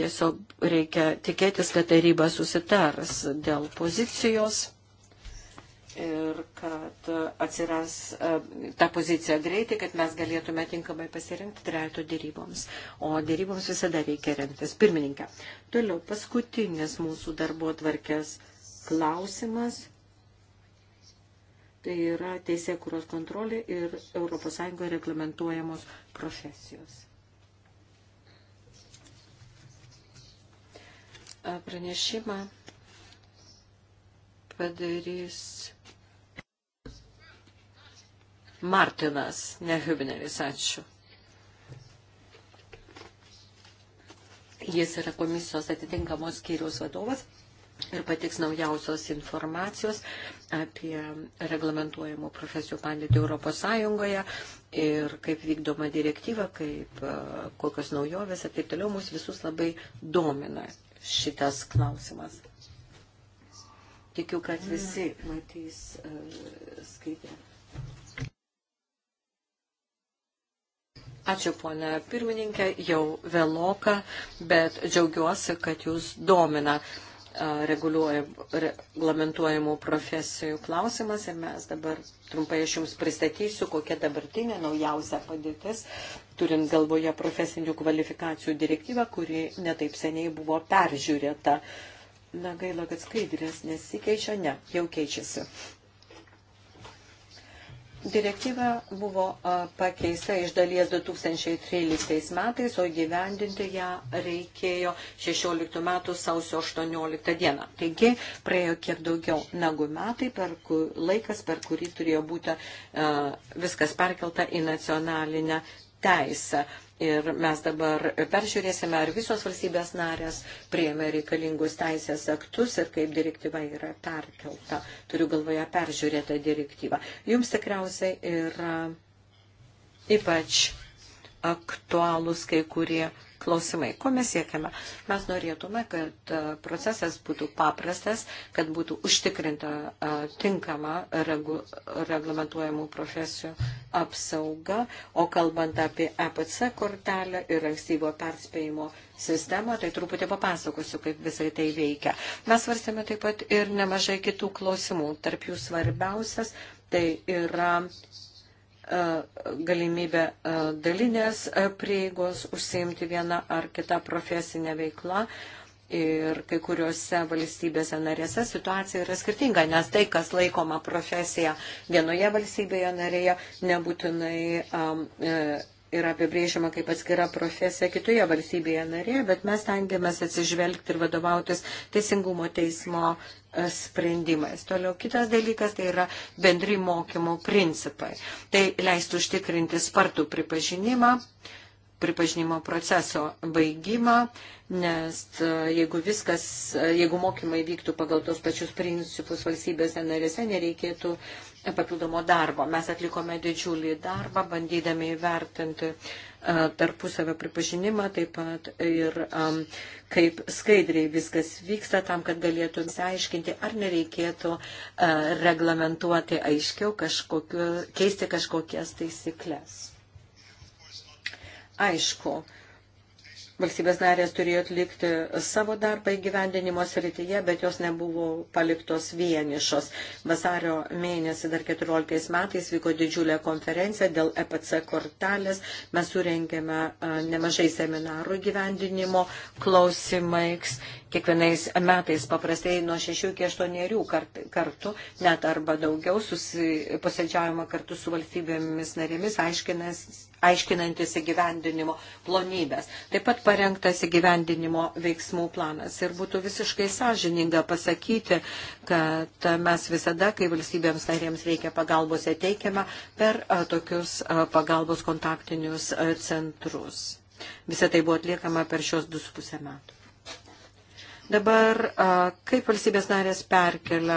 tiesiog reikia tikėtis, kad taryba susitars dėl pozicijos ir kad atsiras e, ta pozicija greitai, kad mes galėtume tinkamai pasirinkti trejato dėryboms. O dėryboms visada reikia rengtis. Pirmininkė. Toliau, paskutinis mūsų darbo tvarkės klausimas Tai yra teisė, kurios kontrolė ir ES reglamentuojamos profesijos. Pranešimą padarys Martinas, ne Hübneris, ačiū. Jis yra komisijos atitinkamos skyriaus vadovas ir patiks naujausios informacijos apie reglamentuojamų profesijų padėtį Europos Sąjungoje ir kaip vykdoma direktyva, kaip e, kokios naujovės ir taip toliau, mus visus labai domina šitas klausimas. Tikiu, kad visi matys e, skaitę. Ačiū, ponė pirmininkė, jau vėloka, bet džiaugiuosi, kad jūs domina reglamentuojamų profesijų klausimas ir mes dabar trumpai aš Jums pristatysiu, kokia dabartinė naujausia padėtis, turint galvoje profesinių kvalifikacijų direktyvą, kuri netaip seniai buvo peržiūrėta. Na gaila, kad skaidrės nesikeičia, ne, jau keičiasi. Direktyva buvo pakeista iš dalies 2013 metais, o gyvendinti ją reikėjo 16 metų sausio 18 dieną. Taigi praėjo kiek daugiau negu metai, per kur, laikas, per kurį turėjo būti uh, viskas perkelta į nacionalinę teisę. Ir mes dabar peržiūrėsime, ar visos valstybės narės prieėmė reikalingus teisės aktus ir kaip direktyva yra perkelta. Turiu galvoje peržiūrėtą direktyvą. Jums tikriausiai yra ypač aktualūs kai kurie klausimai. Ko mes siekiame? Mes norėtume, kad e, procesas būtų paprastas, kad būtų užtikrinta e, tinkama regu, reglamentuojamų profesijų apsauga, o kalbant apie EPC kortelę ir ankstyvo perspėjimo sistemą, tai truputį papasakosiu, kaip visai tai veikia. Mes svarstėme taip pat ir nemažai kitų klausimų. Tarp jų svarbiausias tai yra galimybę dalinės prieigos užsiimti vieną ar kitą profesinę veiklą. Ir kai kuriuose valstybėse narėse situacija yra skirtinga, nes tai, kas laikoma profesija vienoje valstybėje narėje, nebūtinai um, yra apibrėžiama kaip atskira profesija kitoje valstybėje narėje, bet mes tengiamės atsižvelgti ir vadovautis teisingumo teismo e, sprendimais. Toliau kitas dalykas tai yra bendri mokymo principai. Tai leistų užtikrinti spartų pripažinimą, uh, pripažinimo proceso baigimą, nes e, jeigu viskas, e, jeigu mokymai vyktų pagal tos pačius principus valstybėse narėse, nereikėtų papildomo darbo. Mes atlikome didžiulį darbą, bandydami įvertinti e, tarpusavio pripažinimą, taip pat ir um, kaip skaidriai viskas vyksta tam, kad galėtų įsiaiškinti, ar nereikėtų uh, reglamentuoti aiškiau, kažkokiu, keisti kažkokias taisyklės aišku. Valstybės narės turėjo atlikti savo darbą įgyvendinimo srityje, bet jos nebuvo paliktos vienišos. Vasario mėnesį dar 14 metais vyko didžiulė konferencija dėl EPC kortelės. Mes surengėme nemažai seminarų įgyvendinimo klausimais kiekvienais metais paprastai nuo 6 iki 8 kart, kartų, net arba daugiau, posėdžiaujama kartu su valstybėmis narėmis, aiškinantis įgyvendinimo plonybės. Taip pat parengtas įgyvendinimo veiksmų planas. Ir būtų visiškai sąžininga pasakyti, kad mes visada, kai valstybėms narėms reikia pagalbos, teikiame per tokius pagalbos kontaktinius centrus. Visą tai buvo atliekama per šios 2,5 metų. Dabar kaip valstybės narės perkelia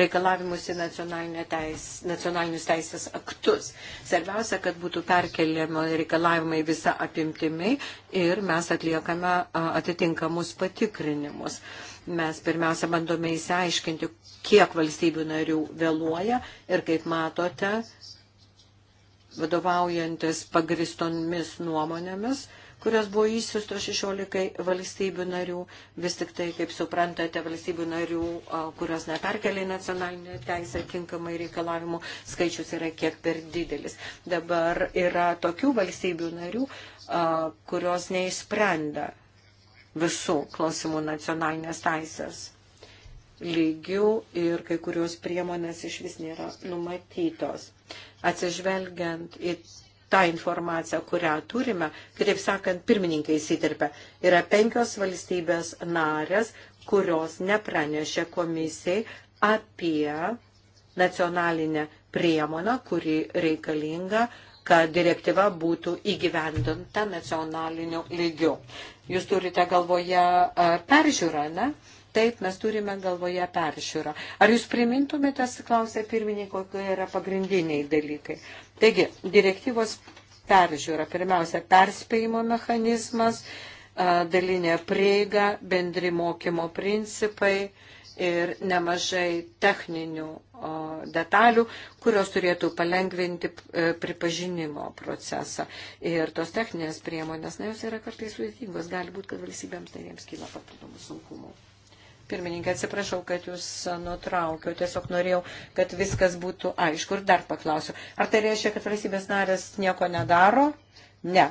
reikalavimus į teis, nacionalinius teisės aktus. Svarbiausia, kad būtų perkeliama reikalavimai visą apimtimai ir mes atliekame atitinkamus patikrinimus. Mes pirmiausia bandome įsiaiškinti, kiek valstybių narių vėluoja ir kaip matote, vadovaujantis pagristomis nuomonėmis, kurios buvo įsiusto 16 valstybių narių. Vis tik tai, kaip suprantate, valstybių narių, kurios neperkelia į nacionalinę teisę tinkamai reikalavimų, skaičius yra kiek per didelis. Dabar yra tokių valstybių narių, kurios neįsprenda visų klausimų nacionalinės teisės lygių ir kai kurios priemonės iš vis nėra numatytos. Atsižvelgiant į tą informaciją, kurią turime, kitaip sakant, pirmininkai įsiterpia, yra penkios valstybės narės, kurios nepranešė komisijai apie nacionalinę priemoną, kuri reikalinga, kad direktyva būtų įgyvendinta nacionaliniu lygiu. Jūs turite galvoje e, peržiūrą, ne? Taip, mes turime galvoje peržiūrą. Ar jūs primintumėte, klausė pirmininko, kokie yra pagrindiniai dalykai? Taigi, direktyvos peržiūra, pirmiausia, perspėjimo mechanizmas, dalinė prieiga, bendri mokymo principai ir nemažai techninių detalių, kurios turėtų palengvinti e, pripažinimo procesą. Ir tos techninės priemonės, na, jos yra kartais sudėtingos, gali būti, kad valstybėms narėms kyla papildomų sunkumų. Pirmininkė, atsiprašau, kad jūs nutraukiau. Tiesiog norėjau, kad viskas būtų aišku. Ir dar paklausiu. Ar tai reiškia, kad valstybės narės nieko nedaro? Ne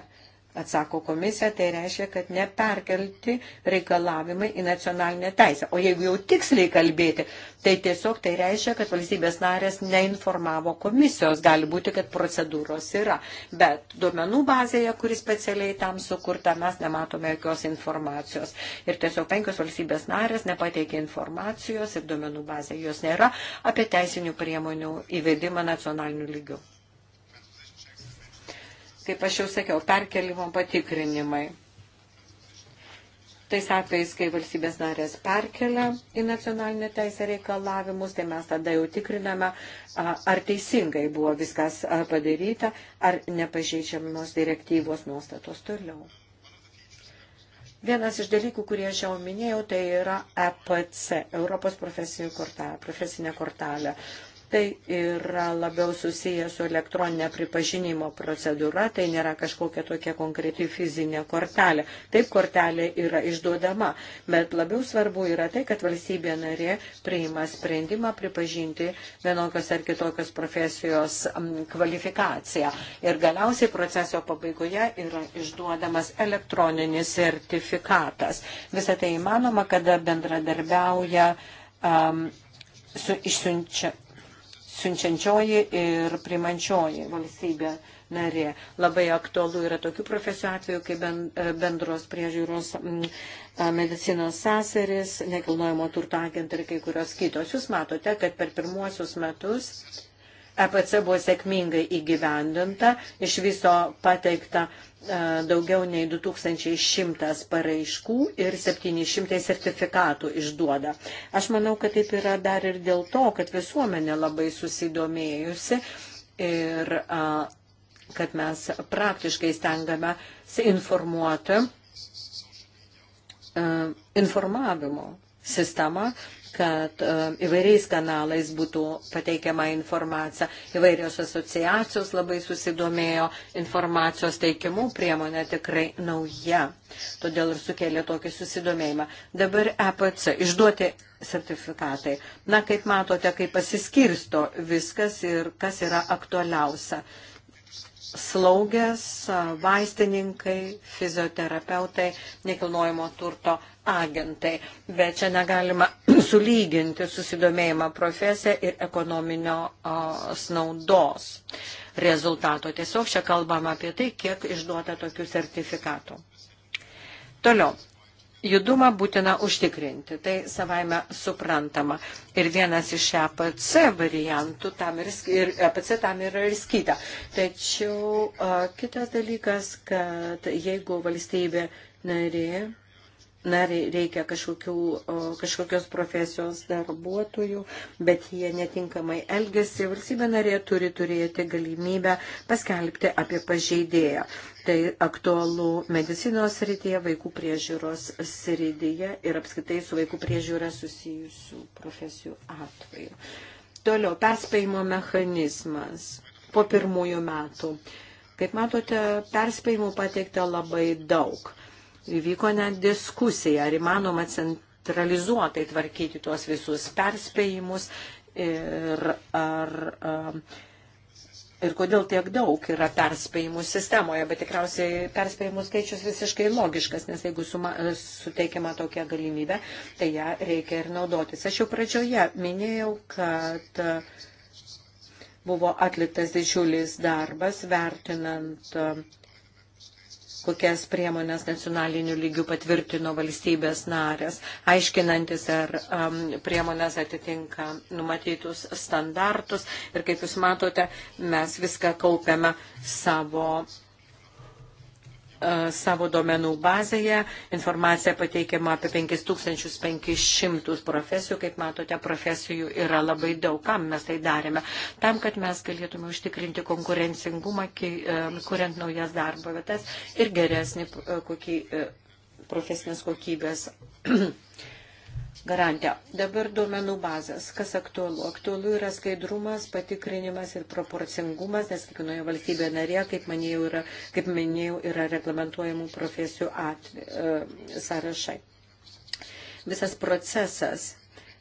atsako komisija, tai reiškia, kad neperkelti reikalavimai į nacionalinę teisę. O jeigu jau tiksliai kalbėti, tai tiesiog tai reiškia, kad valstybės narės neinformavo komisijos. Gali būti, kad procedūros yra. Bet duomenų bazėje, kuri specialiai tam sukurta, mes nematome jokios informacijos. Ir tiesiog penkios valstybės narės nepateikė informacijos ir duomenų bazėje jos nėra apie teisinių priemonių įvedimą nacionaliniu lygiu kaip aš jau sakiau, perkelimo patikrinimai. Tais atvejais, kai valstybės narės perkelia į nacionalinę teisę reikalavimus, tai mes tada jau tikriname, ar teisingai buvo viskas padaryta, ar nepažeidžiamos direktyvos nuostatos toliau. Vienas iš dalykų, kurį aš jau minėjau, tai yra EPC, Europos profesinė kortelė tai yra labiau susiję su elektroninė pripažinimo procedūra, tai nėra kažkokia tokia konkreti fizinė kortelė. Taip kortelė yra išduodama, bet labiau svarbu yra tai, kad valstybė narė priima sprendimą pripažinti vienokios ar kitokios profesijos kvalifikaciją. Ir galiausiai proceso pabaigoje yra išduodamas elektroninis sertifikatas. Visą tai įmanoma, kada bendradarbiauja. Um, su išsiunčia siunčiančioji ir primančioji valstybė narė. Labai aktualu yra tokių profesijų atveju, kaip e, bendros priežiūros medicinos seseris, nekilnojamo turto agentai ir kai kurios kitos. Jūs matote, kad per pirmuosius metus EPC buvo sėkmingai įgyvendinta, iš viso pateikta e, daugiau nei 2100 paraiškų ir 700 sertifikatų išduoda. Aš manau, kad taip yra dar ir dėl to, kad visuomenė labai susidomėjusi ir kad mes praktiškai stengame informuoti informavimo sistemą kad e, įvairiais kanalais būtų pateikiama informacija. Įvairios asociacijos labai susidomėjo informacijos teikimu, priemonė tikrai nauja. Todėl ir sukėlė tokį susidomėjimą. Dabar EPC išduoti sertifikatai. Na, kaip matote, kaip pasiskirsto viskas ir kas yra aktualiausia. Slaugės, vaistininkai, fizioterapeutai, nekilnojimo turto agentai, bet čia negalima [clears throat] sulyginti susidomėjimą profesiją ir ekonominio snaudos rezultato. Tiesiog čia kalbama apie tai, kiek išduota tokių sertifikatų. Toliau. Judumą būtina užtikrinti, tai savaime suprantama. Ir vienas iš APC e variantų tam ir, ir APC e tam yra ir skyta. Tačiau a, kitas dalykas, kad jeigu valstybė narė nariai reikia kažkokių, kažkokios profesijos darbuotojų, bet jie netinkamai elgesi, valstybė narė turi turėti galimybę paskelbti apie pažeidėją. Tai aktualu medicinos srityje, vaikų priežiūros srityje ir apskaitai su vaikų priežiūra susijusių profesijų atveju. Toliau, perspėjimo mechanizmas po pirmųjų metų. Kaip matote, perspėjimų pateikta labai daug įvyko net diskusija, ar įmanoma centralizuotai tvarkyti tuos visus perspėjimus ir ar. Um, ir kodėl tiek daug yra perspėjimų sistemoje, bet tikriausiai perspėjimų skaičius visiškai logiškas, nes jeigu suma, suteikiama tokia galimybė, tai ją reikia ir naudotis. Aš jau pradžioje minėjau, kad buvo atliktas didžiulis darbas, vertinant uh, kokias priemonės nacionaliniu lygiu patvirtino valstybės narės, aiškinantis, ar um, priemonės atitinka numatytus standartus. Ir kaip Jūs matote, mes viską kaupiame savo E, savo domenų bazėje. Informacija pateikiama apie 5500 profesijų. Kaip matote, profesijų yra labai daug. Kam mes tai darėme? Tam, kad mes galėtume užtikrinti konkurencingumą, e, kuriant naujas darbo vietas ir geresnį e, kokį, profesinės kokybės garantę. Dabar duomenų bazės. Kas aktualu? Aktualu yra skaidrumas, patikrinimas ir proporcingumas, nes kiekvienoje valstybėje narėje, kaip, manėjau, yra, kaip minėjau, yra reglamentuojamų profesijų atve, e, sąrašai. Visas procesas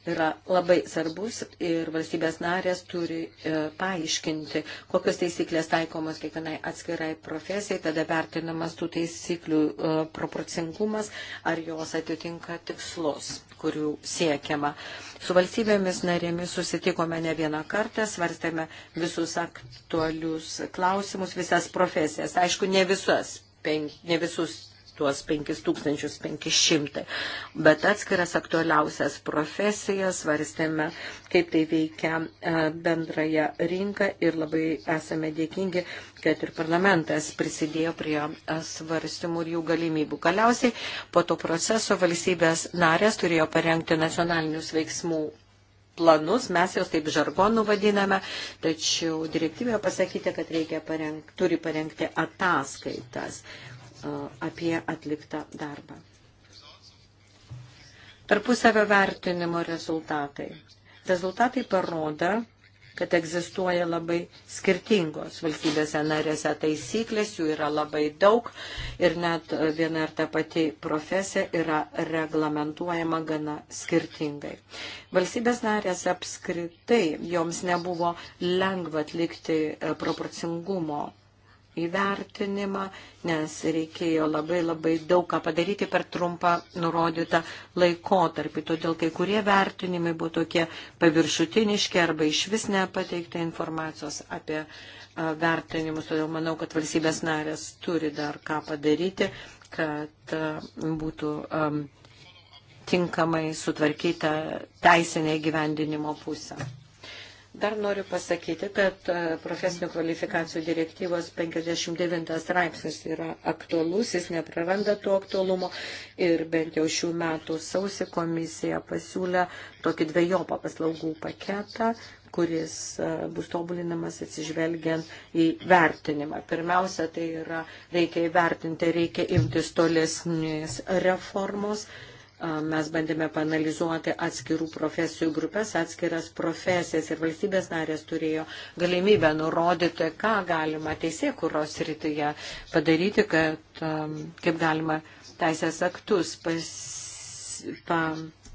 yra labai svarbus ir valstybės narės turi e, paaiškinti, kokios taisyklės taikomos kiekvienai atskirai profesijai, tada vertinamas tų taisyklių e, proporcingumas, ar jos atitinka tikslus, kurių siekiama. Su valstybėmis narėmis susitikome ne vieną kartą, svarstėme visus aktualius klausimus, visas profesijas. Aišku, ne visas, penk, ne visus tuos 5500, bet atskiras aktualiausias profesijas, varstėme, kaip tai veikia e, bendrąją rinką ir labai esame dėkingi, kad ir parlamentas prisidėjo prie e, svarstymų ir jų galimybių. Galiausiai po to proceso valstybės narės turėjo parengti nacionalinius veiksmų planus, mes jos taip žargonų vadiname, tačiau direktyvėje pasakyti, kad reikia parengti, turi parengti ataskaitas apie atliktą darbą. Tarpusavio vertinimo rezultatai. Rezultatai parodo, kad egzistuoja labai skirtingos valstybėse narėse taisyklės, jų yra labai daug ir net viena ir ta pati profesija yra reglamentuojama gana skirtingai. Valstybės narės apskritai joms nebuvo lengva atlikti e, proporcingumo įvertinimą, nes reikėjo labai labai daug ką padaryti per trumpą nurodytą laikotarpį. Todėl kai kurie vertinimai buvo tokie paviršutiniški arba iš vis nepateikta informacijos apie vertinimus. Todėl manau, kad valstybės narės turi dar ką padaryti, kad būtų tinkamai sutvarkyta teisinė gyvendinimo pusė. Dar noriu pasakyti, kad e, profesinių kvalifikacijų direktyvos 59 straipsnis yra aktualus, jis nepraranda to aktualumo ir bent jau šių metų sausi komisija pasiūlė tokį dviejopą paslaugų paketą, kuris e, bus tobulinamas atsižvelgiant į vertinimą. Pirmiausia, tai yra reikia įvertinti, reikia imtis tolesnės reformos mes bandėme panalizuoti atskirų profesijų grupės, atskiras profesijas ir valstybės narės turėjo galimybę nurodyti, ką galima teisėkuros rytyje padaryti, kad, kaip galima teisės aktus pas, pa,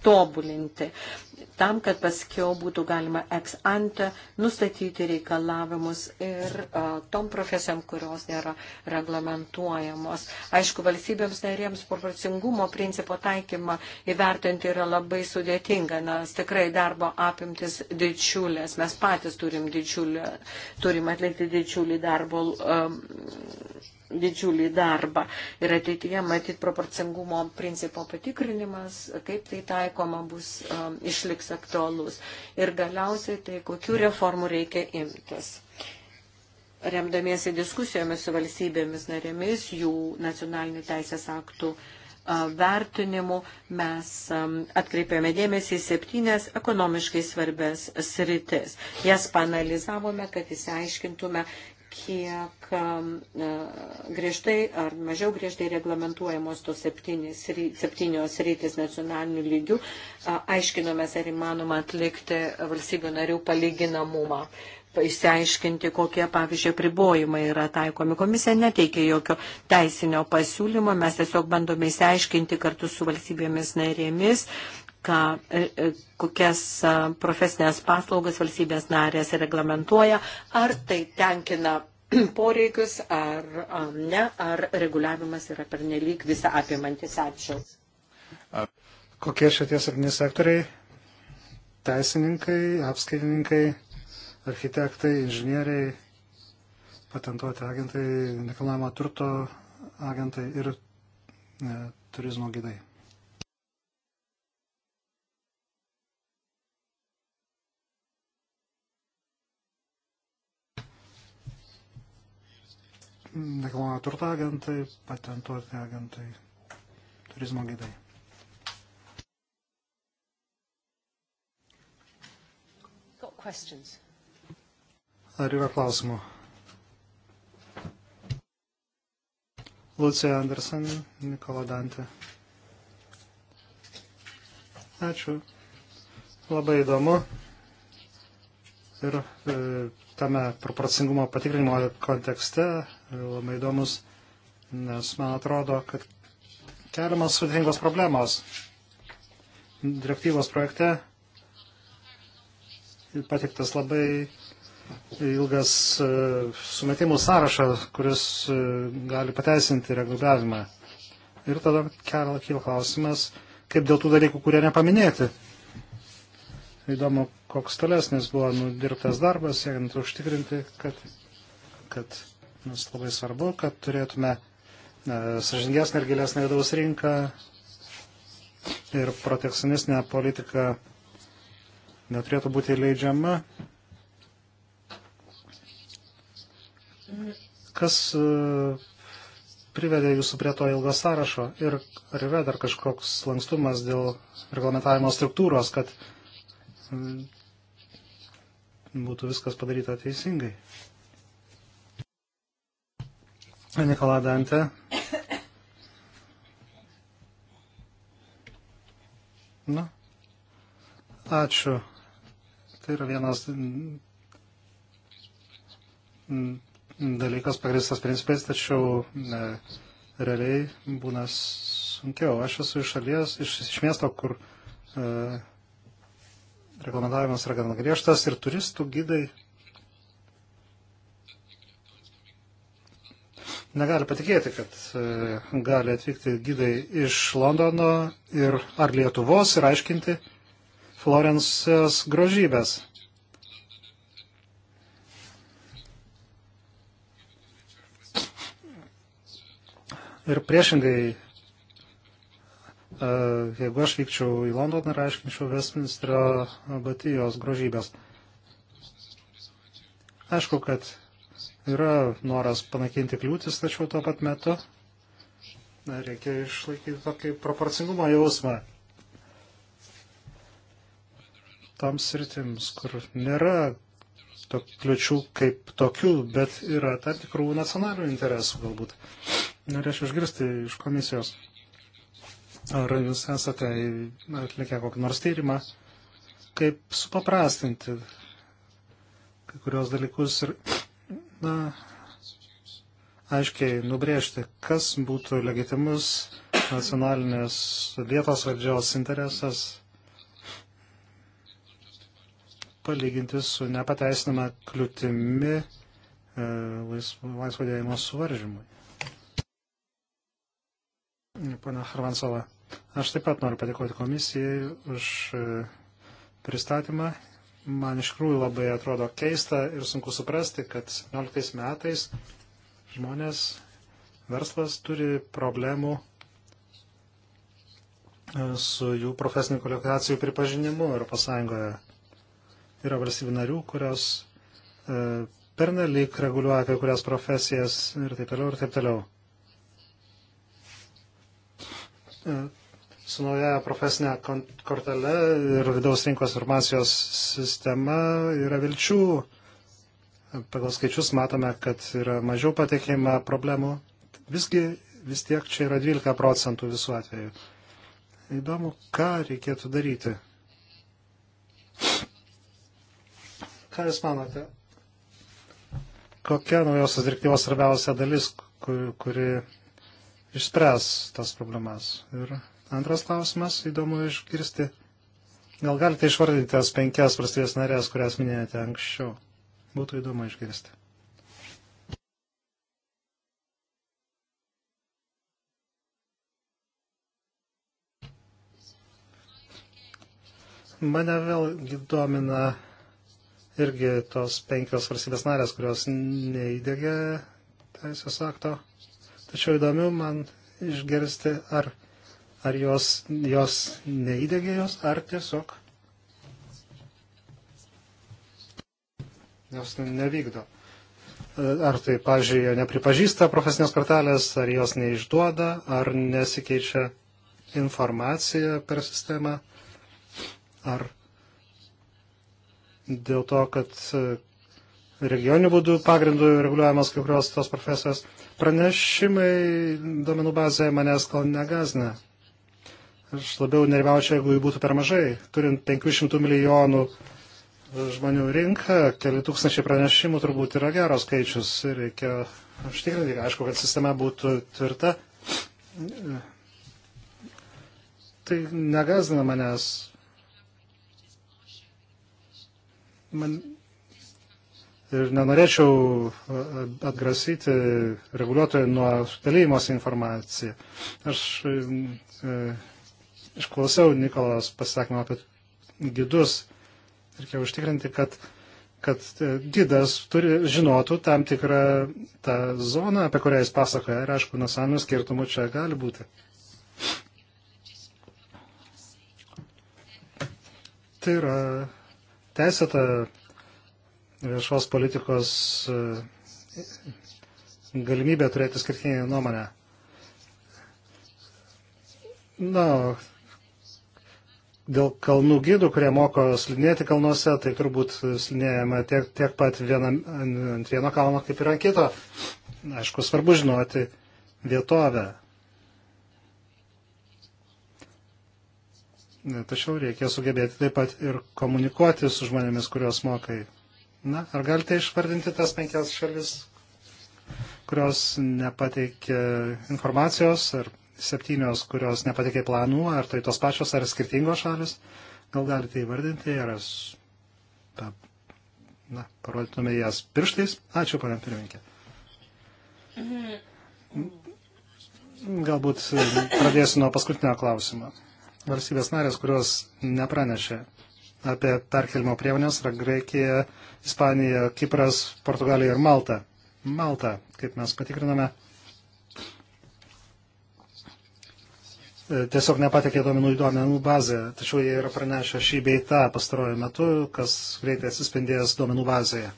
tobulinti tam, kad paskiau būtų galima ex ante nustatyti reikalavimus ir a, tom profesijom, kurios nėra reglamentuojamos. Aišku, valstybėms narėms proporcingumo principo taikymą įvertinti yra labai sudėtinga, nes tikrai darbo apimtis didžiulės. Mes patys turim, didžiulį, turim atlikti didžiulį darbo. Um, didžiulį darbą. Ir ateityje matyt proporcingumo principo patikrinimas, kaip tai taikoma bus, um, išliks aktualus. Ir galiausiai tai kokių reformų reikia imtis remdamiesi diskusijomis su valstybėmis narėmis, jų nacionalinių teisės aktų vertinimu, mes um, atkreipėme dėmesį į septynės ekonomiškai svarbės sritis. Jas panalizavome, kad įsiaiškintume, kiek um, e, griežtai ar mažiau griežtai reglamentuojamos tos septynis, septynios rytis nacionalinių lygių, aiškinomės, ar įmanoma atlikti valstybių narių palyginamumą išsiaiškinti, kokie, pavyzdžiui, pribojimai yra taikomi. Komisija neteikia jokio teisinio pasiūlymo, mes tiesiog bandome išsiaiškinti kartu su valstybėmis narėmis, ką, e, e, kokias e, profesinės paslaugas valstybės narės reglamentuoja, ar tai tenkina [clears throat] poreikius, ar ne, ar reguliavimas yra pernelyg visą apimantis. Ačiū. Kokie šitie septyni sektoriai? Teisininkai, apskaitininkai, architektai, inžinieriai, patentuoti agentai, nekilnojamo turto agentai ir ne, turizmo gidai. nekilnojamo turto agentai, patentuoti agentai, turizmo gidai. Ar yra klausimų? Lucija Andersen, Nikola Dantė. Ačiū. Labai įdomu. Ir e, tame proporcingumo patikrinimo kontekste labai įdomus, nes man atrodo, kad keliamas sudėtingos problemos. Direktyvos projekte patiktas labai ilgas e, sumetimų sąrašas, kuris e, gali pateisinti reguliavimą. Ir tada kyla klausimas, kaip dėl tų dalykų, kurie nepaminėti. Įdomu, koks tolesnis buvo nudirbtas darbas, siekiant užtikrinti, kad, kad Mums labai svarbu, kad turėtume e, sažingesnį ir gilesnį vidaus rinką ir protekcionistinė politika neturėtų būti leidžiama. Kas e, privedė jūsų prie to ilgo sąrašo ir ar yra dar kažkoks lankstumas dėl reglamentavimo struktūros, kad būtų viskas padaryta teisingai? Nikola Dante. Na, nu. ačiū. Tai yra vienas dalykas pagristas principais, tačiau ne, realiai būna sunkiau. Aš esu iš šalies, iš, iš miesto, kur e, reglamentavimas yra gana griežtas ir turistų gydai negali patikėti, kad e, gali atvykti gydai iš Londono ir ar Lietuvos ir aiškinti Florencijos grožybės. Ir priešingai, e, jeigu aš vykčiau į Londoną ir aiškinčiau Westminsterio abatijos grožybės. Aišku, kad Yra noras panaikinti kliūtis, tačiau tuo pat metu reikia išlaikyti tokį proporcingumo jausmą toms sritims, kur nėra kliučių kaip tokių, bet yra tam tikrų nacionalinių interesų galbūt. Norėčiau išgirsti iš komisijos. Ar jūs esate atlikę kokį nors tyrimą, kaip supaprastinti kai kurios dalykus ir na, aiškiai nubrėžti, kas būtų legitimus nacionalinės vietos valdžios interesas palyginti su nepateisinama kliūtimi e, laisvo dėjimo suvaržymui. Pana Harvansova, aš taip pat noriu padėkoti komisijai už e, pristatymą man iš tikrųjų labai atrodo keista ir sunku suprasti, kad 17 metais žmonės, verslas turi problemų e, su jų profesinių kvalifikacijų pripažinimu ES. Yra valstybių narių, kurios e, pernelyg reguliuoja kai kurias profesijas ir taip toliau ir taip toliau e, su nauja profesinė kortele ir vidaus rinkos informacijos sistema yra vilčių. Pagal skaičius matome, kad yra mažiau patikima problemų. Visgi vis tiek čia yra 12 procentų visų atvejų. Įdomu, ką reikėtų daryti. Ką Jūs manote? Kokia naujosios direktyvos svarbiausia dalis, kuri, kuri išspręs tas problemas? Ir Antras klausimas, įdomu išgirsti. Gal galite išvardyti tas penkias valstybės narės, kurias minėjote anksčiau? Būtų įdomu išgirsti. Mane vėl domina irgi tos penkios valstybės narės, kurios neįdėgė teisės akto. Tačiau įdomiu man išgirsti, ar Ar jos, jos neįdegė jos, ar tiesiog jos nevykdo. Ar tai, pažiūrėjau, nepripažįsta profesinės kortelės, ar jos neišduoda, ar nesikeičia informacija per sistemą, ar dėl to, kad e, regioninių būdų pagrindų reguliuojamas kai kurios tos profesijos. Pranešimai domenų bazėje manęs gal negazina. Aš labiau nerimaučiau, jeigu jų būtų per mažai. Turint 500 milijonų e, žmonių rinką, keli tūkstančiai pranešimų turbūt yra geras skaičius. Reikia užtikrinti, aišku, kad sistema būtų tvirta. Tai negazina manęs. Man, ir nenorėčiau e, atgrasyti reguliuotojų nuo dalymosi informaciją. Aš e, išklausiau Nikolas pasakymą apie gidus. Reikia užtikrinti, kad, kad e, gidas turi, žinotų tam tikrą tą zoną, apie kurią jis pasakoja. Ir aišku, nacionalinių skirtumų čia gali būti. Tai yra teisėta viešos politikos e, galimybė turėti skirtinį nuomonę. Na, no, dėl kalnų gidų, kurie moko slidinėti kalnuose, tai turbūt slidinėjama tiek, tiek pat vienam, ant vieno kalno kaip ir ant kito. Aišku, svarbu žinoti vietovę. Tačiau reikia sugebėti taip pat ir komunikuoti su žmonėmis, kuriuos mokai. Na, ar galite išvardinti tas penkias šalis, kurios nepateikė informacijos ar septynios, kurios nepatikė planų, ar tai tos pačios, ar skirtingos šalis. Gal galite įvardinti, ar ta, na, parodytume jas pirštais. Ačiū, pana pirmininkė. Galbūt e, pradėsiu nuo paskutinio klausimo. Valstybės narės, kurios nepranešė apie perkelimo priemonės, yra Graikija, Ispanija, Kipras, Portugalija ir Malta. Malta, kaip mes patikriname, E, tiesiog nepatekė duomenų į duomenų bazę, tačiau jie yra pranešę šį beitą pastarojų metu, kas greitai atsispindės duomenų bazėje.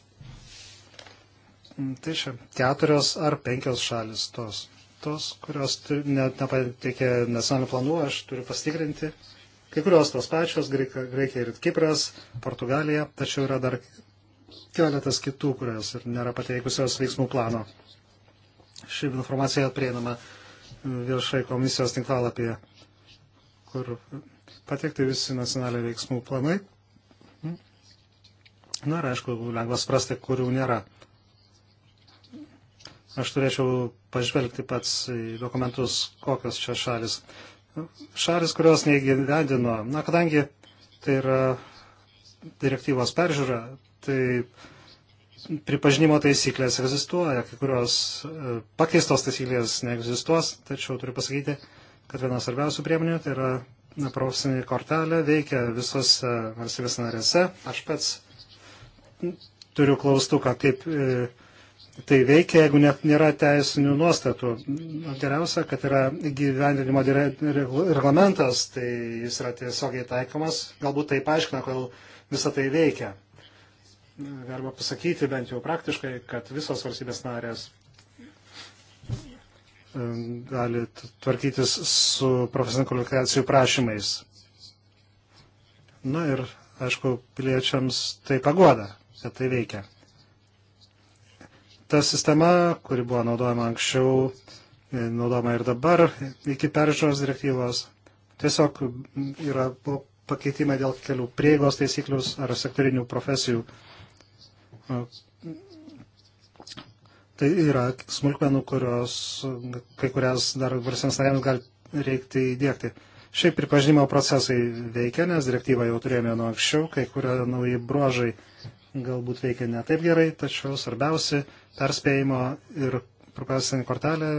Mm, tai čia keturios ar penkios šalis tos, tos kurios ne, nepatikė nacionalinių planų, aš turiu pastikrinti. Kai kurios tos pačios, Graikija ir Kipras, Portugalija, tačiau yra dar keletas kitų, kurios ir nėra pateikusios veiksmų plano. Ši informacija prieinama viešai komisijos tinklalapyje, kur pateikti visi nacionaliai veiksmų planai. Na ir aišku, lengva suprasti, kurių nėra. Aš turėčiau pažvelgti pats į dokumentus, kokios čia šalis. Šalis, kurios neįgyvendino, na kadangi tai yra direktyvos peržiūra, tai uh, pripažinimo taisyklės egzistuoja, kai kurios e, pakeistos taisyklės neegzistuos, tačiau turiu pasakyti, kad viena svarbiausių priemonių tai yra profesinė kortelė, veikia visose valstybės narėse. Aš pats turiu klaustuką, kaip e, tai veikia, jeigu net nėra teisinių nuostatų. Geriausia, kad yra gyvendinimo reglamentas, tai jis yra tiesiogiai taikomas. Galbūt tai paaiškina, kodėl visa tai veikia galima pasakyti bent jau praktiškai, kad visos valstybės narės gali tvarkytis su profesinių kvalifikacijų prašymais. Na ir, aišku, piliečiams tai pagoda, kad tai veikia. Ta sistema, kuri buvo naudojama anksčiau, e, naudojama ir dabar, iki peržiūros direktyvos, tiesiog yra pakeitimai dėl kelių prieigos taisyklius ar sektorinių profesijų Tai yra smulkmenų, kurios kai kurias dar valstybės narėms gali reikti įdėkti. Šiaip pripažinimo procesai veikia, nes direktyvą jau turėjome nuo anksčiau, kai kurie nauji bruožai galbūt veikia ne taip gerai, tačiau svarbiausi perspėjimo ir propasinė kortelė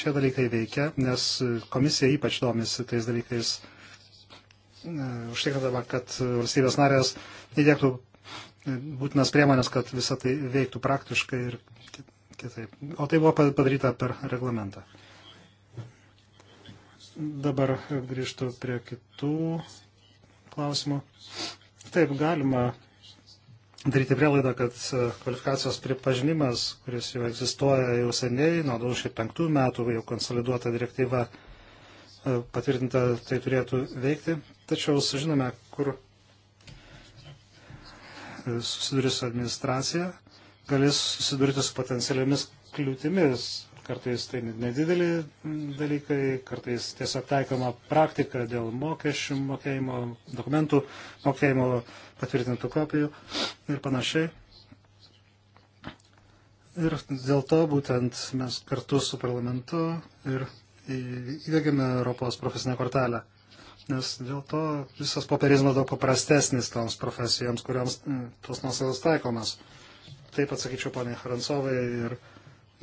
šie dalykai veikia, nes komisija ypač domisi tais dalykais, e, užtikrindama, kad valstybės narės įdėktų būtinas priemonės, kad visa tai veiktų praktiškai ir kitaip. O tai buvo padaryta per reglamentą. Dabar grįžtu prie kitų klausimų. Taip, galima daryti prielaidą, kad e, kvalifikacijos pripažinimas, kuris jau egzistuoja jau seniai, nuo 2005 metų jau konsoliduota direktyva e, patvirtinta, tai turėtų veikti. Tačiau sužinome, kur susiduria su administracija, galės susidurti su potencialiamis kliūtimis. Kartais tai nedideli dalykai, kartais tiesiog taikoma praktika dėl mokesčių mokėjimo, dokumentų mokėjimo patvirtintų kopijų ir panašiai. Ir dėl to būtent mes kartu su parlamentu ir įdėgėme Europos profesinę kortelę nes dėl to visas popierizmas daug paprastesnis toms profesijoms, kuriams mm, tos nuostatos taikomas. Taip atsakyčiau poniai Harancovai ir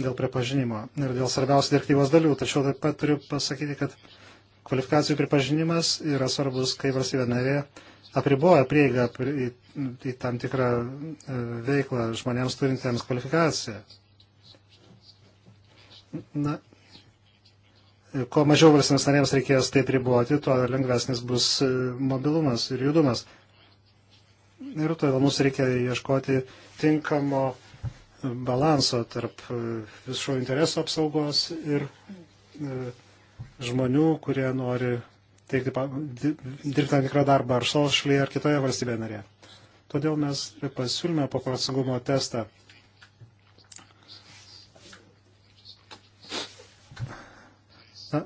dėl pripažinimo ir dėl svarbiausių direktyvos dalių. Tačiau taip pat turiu pasakyti, kad kvalifikacijų pripažinimas yra svarbus, kai valstybė narė apriboja prieigą į, į tam tikrą e, veiklą žmonėms turintiems kvalifikaciją. Na, kuo mažiau valstybės narėms reikės tai priboti, tuo lengvesnis bus e, mobilumas ir judumas. Ir todėl mums reikia ieškoti tinkamo balanso tarp e, visų interesų apsaugos ir e, žmonių, kurie nori teikti, dirbti tam tikrą darbą ar savo šalyje, ar kitoje valstybėje narėje. Todėl mes pasiūlėme paprasingumo testą na,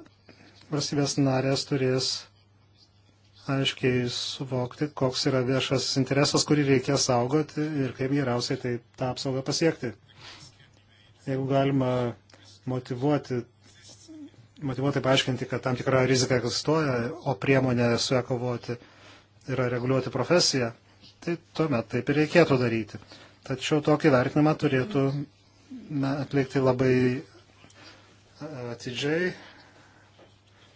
valstybės narės turės aiškiai suvokti, koks yra viešas interesas, kurį reikia saugoti ir kaip geriausiai tai tą apsaugą pasiekti. Jeigu galima motivuoti, motivuoti paaiškinti, kad tam tikra rizika egzistuoja, o priemonė su ją kovoti yra reguliuoti profesiją, tai tuomet taip ir reikėtų daryti. Tačiau tokį vertinimą turėtų na, atlikti labai atidžiai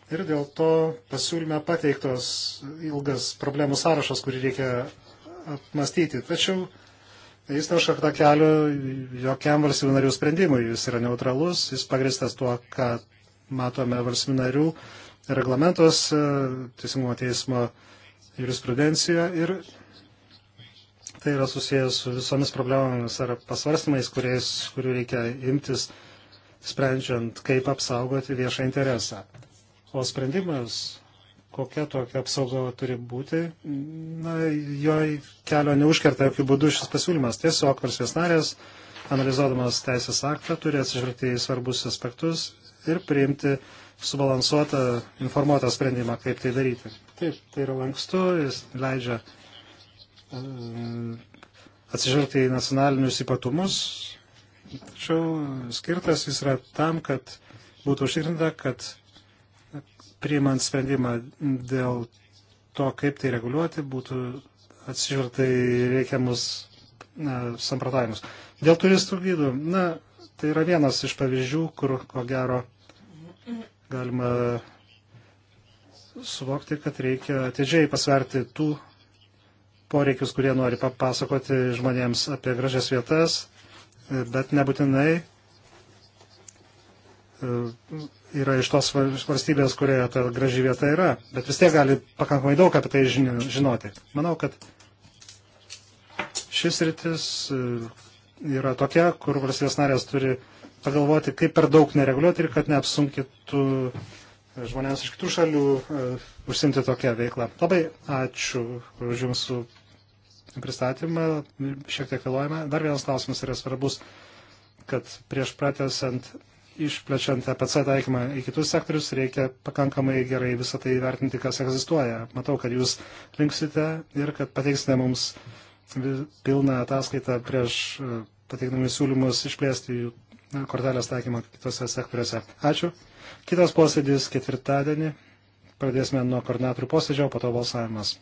Ir dėl to pasiūlyme pateiktos ilgas problemų sąrašas, kurį reikia apmastyti. Tačiau jis neužkarta kelio jokiam valstybių narių sprendimui. Jis yra neutralus, jis pagristas tuo, ką matome valstybių narių reglamentos, e, teisingumo teismo jurisprudencijoje ir tai yra susijęs su visomis problemomis ar pasvarstymais, kuriais, kurių reikia imtis, sprendžiant, kaip apsaugoti viešą interesą. O sprendimas, kokia tokia apsauga turi būti, na, jo kelio neužkerta jokių būdų šis pasiūlymas. Tiesiog valstybės narės, analizuodamas teisės aktą, turi atsižvelgti į svarbus aspektus ir priimti subalansuotą, informuotą sprendimą, kaip tai daryti. Taip, tai yra lankstu, jis leidžia e, atsižvelgti į nacionalinius ypatumus, tačiau skirtas jis yra tam, kad būtų užtikrinta, kad priimant sprendimą dėl to, kaip tai reguliuoti, būtų atsižvelgta į reikiamus na, samprotavimus. Dėl turistų gydų, na, tai yra vienas iš pavyzdžių, kur ko gero galima suvokti, kad reikia atidžiai pasverti tų poreikius, kurie nori papasakoti žmonėms apie gražias vietas, bet nebūtinai e, yra iš tos valstybės, kurioje ta graži vieta yra, bet vis tiek gali pakankamai daug apie tai žinoti. Manau, kad šis rytis e, yra tokia, kur valstybės narės turi pagalvoti, kaip per daug nereguliuoti ir kad neapsunkitų žmonėms iš kitų šalių e, užsimti tokią veiklą. Labai ačiū už Jūsų pristatymą, šiek tiek vėluojame. Dar vienas klausimas yra svarbus, kad prieš pratęsant išplečiant EPC taikymą į kitus sektorius, reikia pakankamai gerai visą tai vertinti, kas egzistuoja. Matau, kad jūs linksite ir kad pateiksite mums pilną ataskaitą prieš e, pateikdami siūlymus išplėsti jų kortelės taikymą kitose sektoriuose. Ačiū. Kitas posėdis ketvirtadienį. Pradėsime nuo koordinatorių posėdžio, po to balsavimas.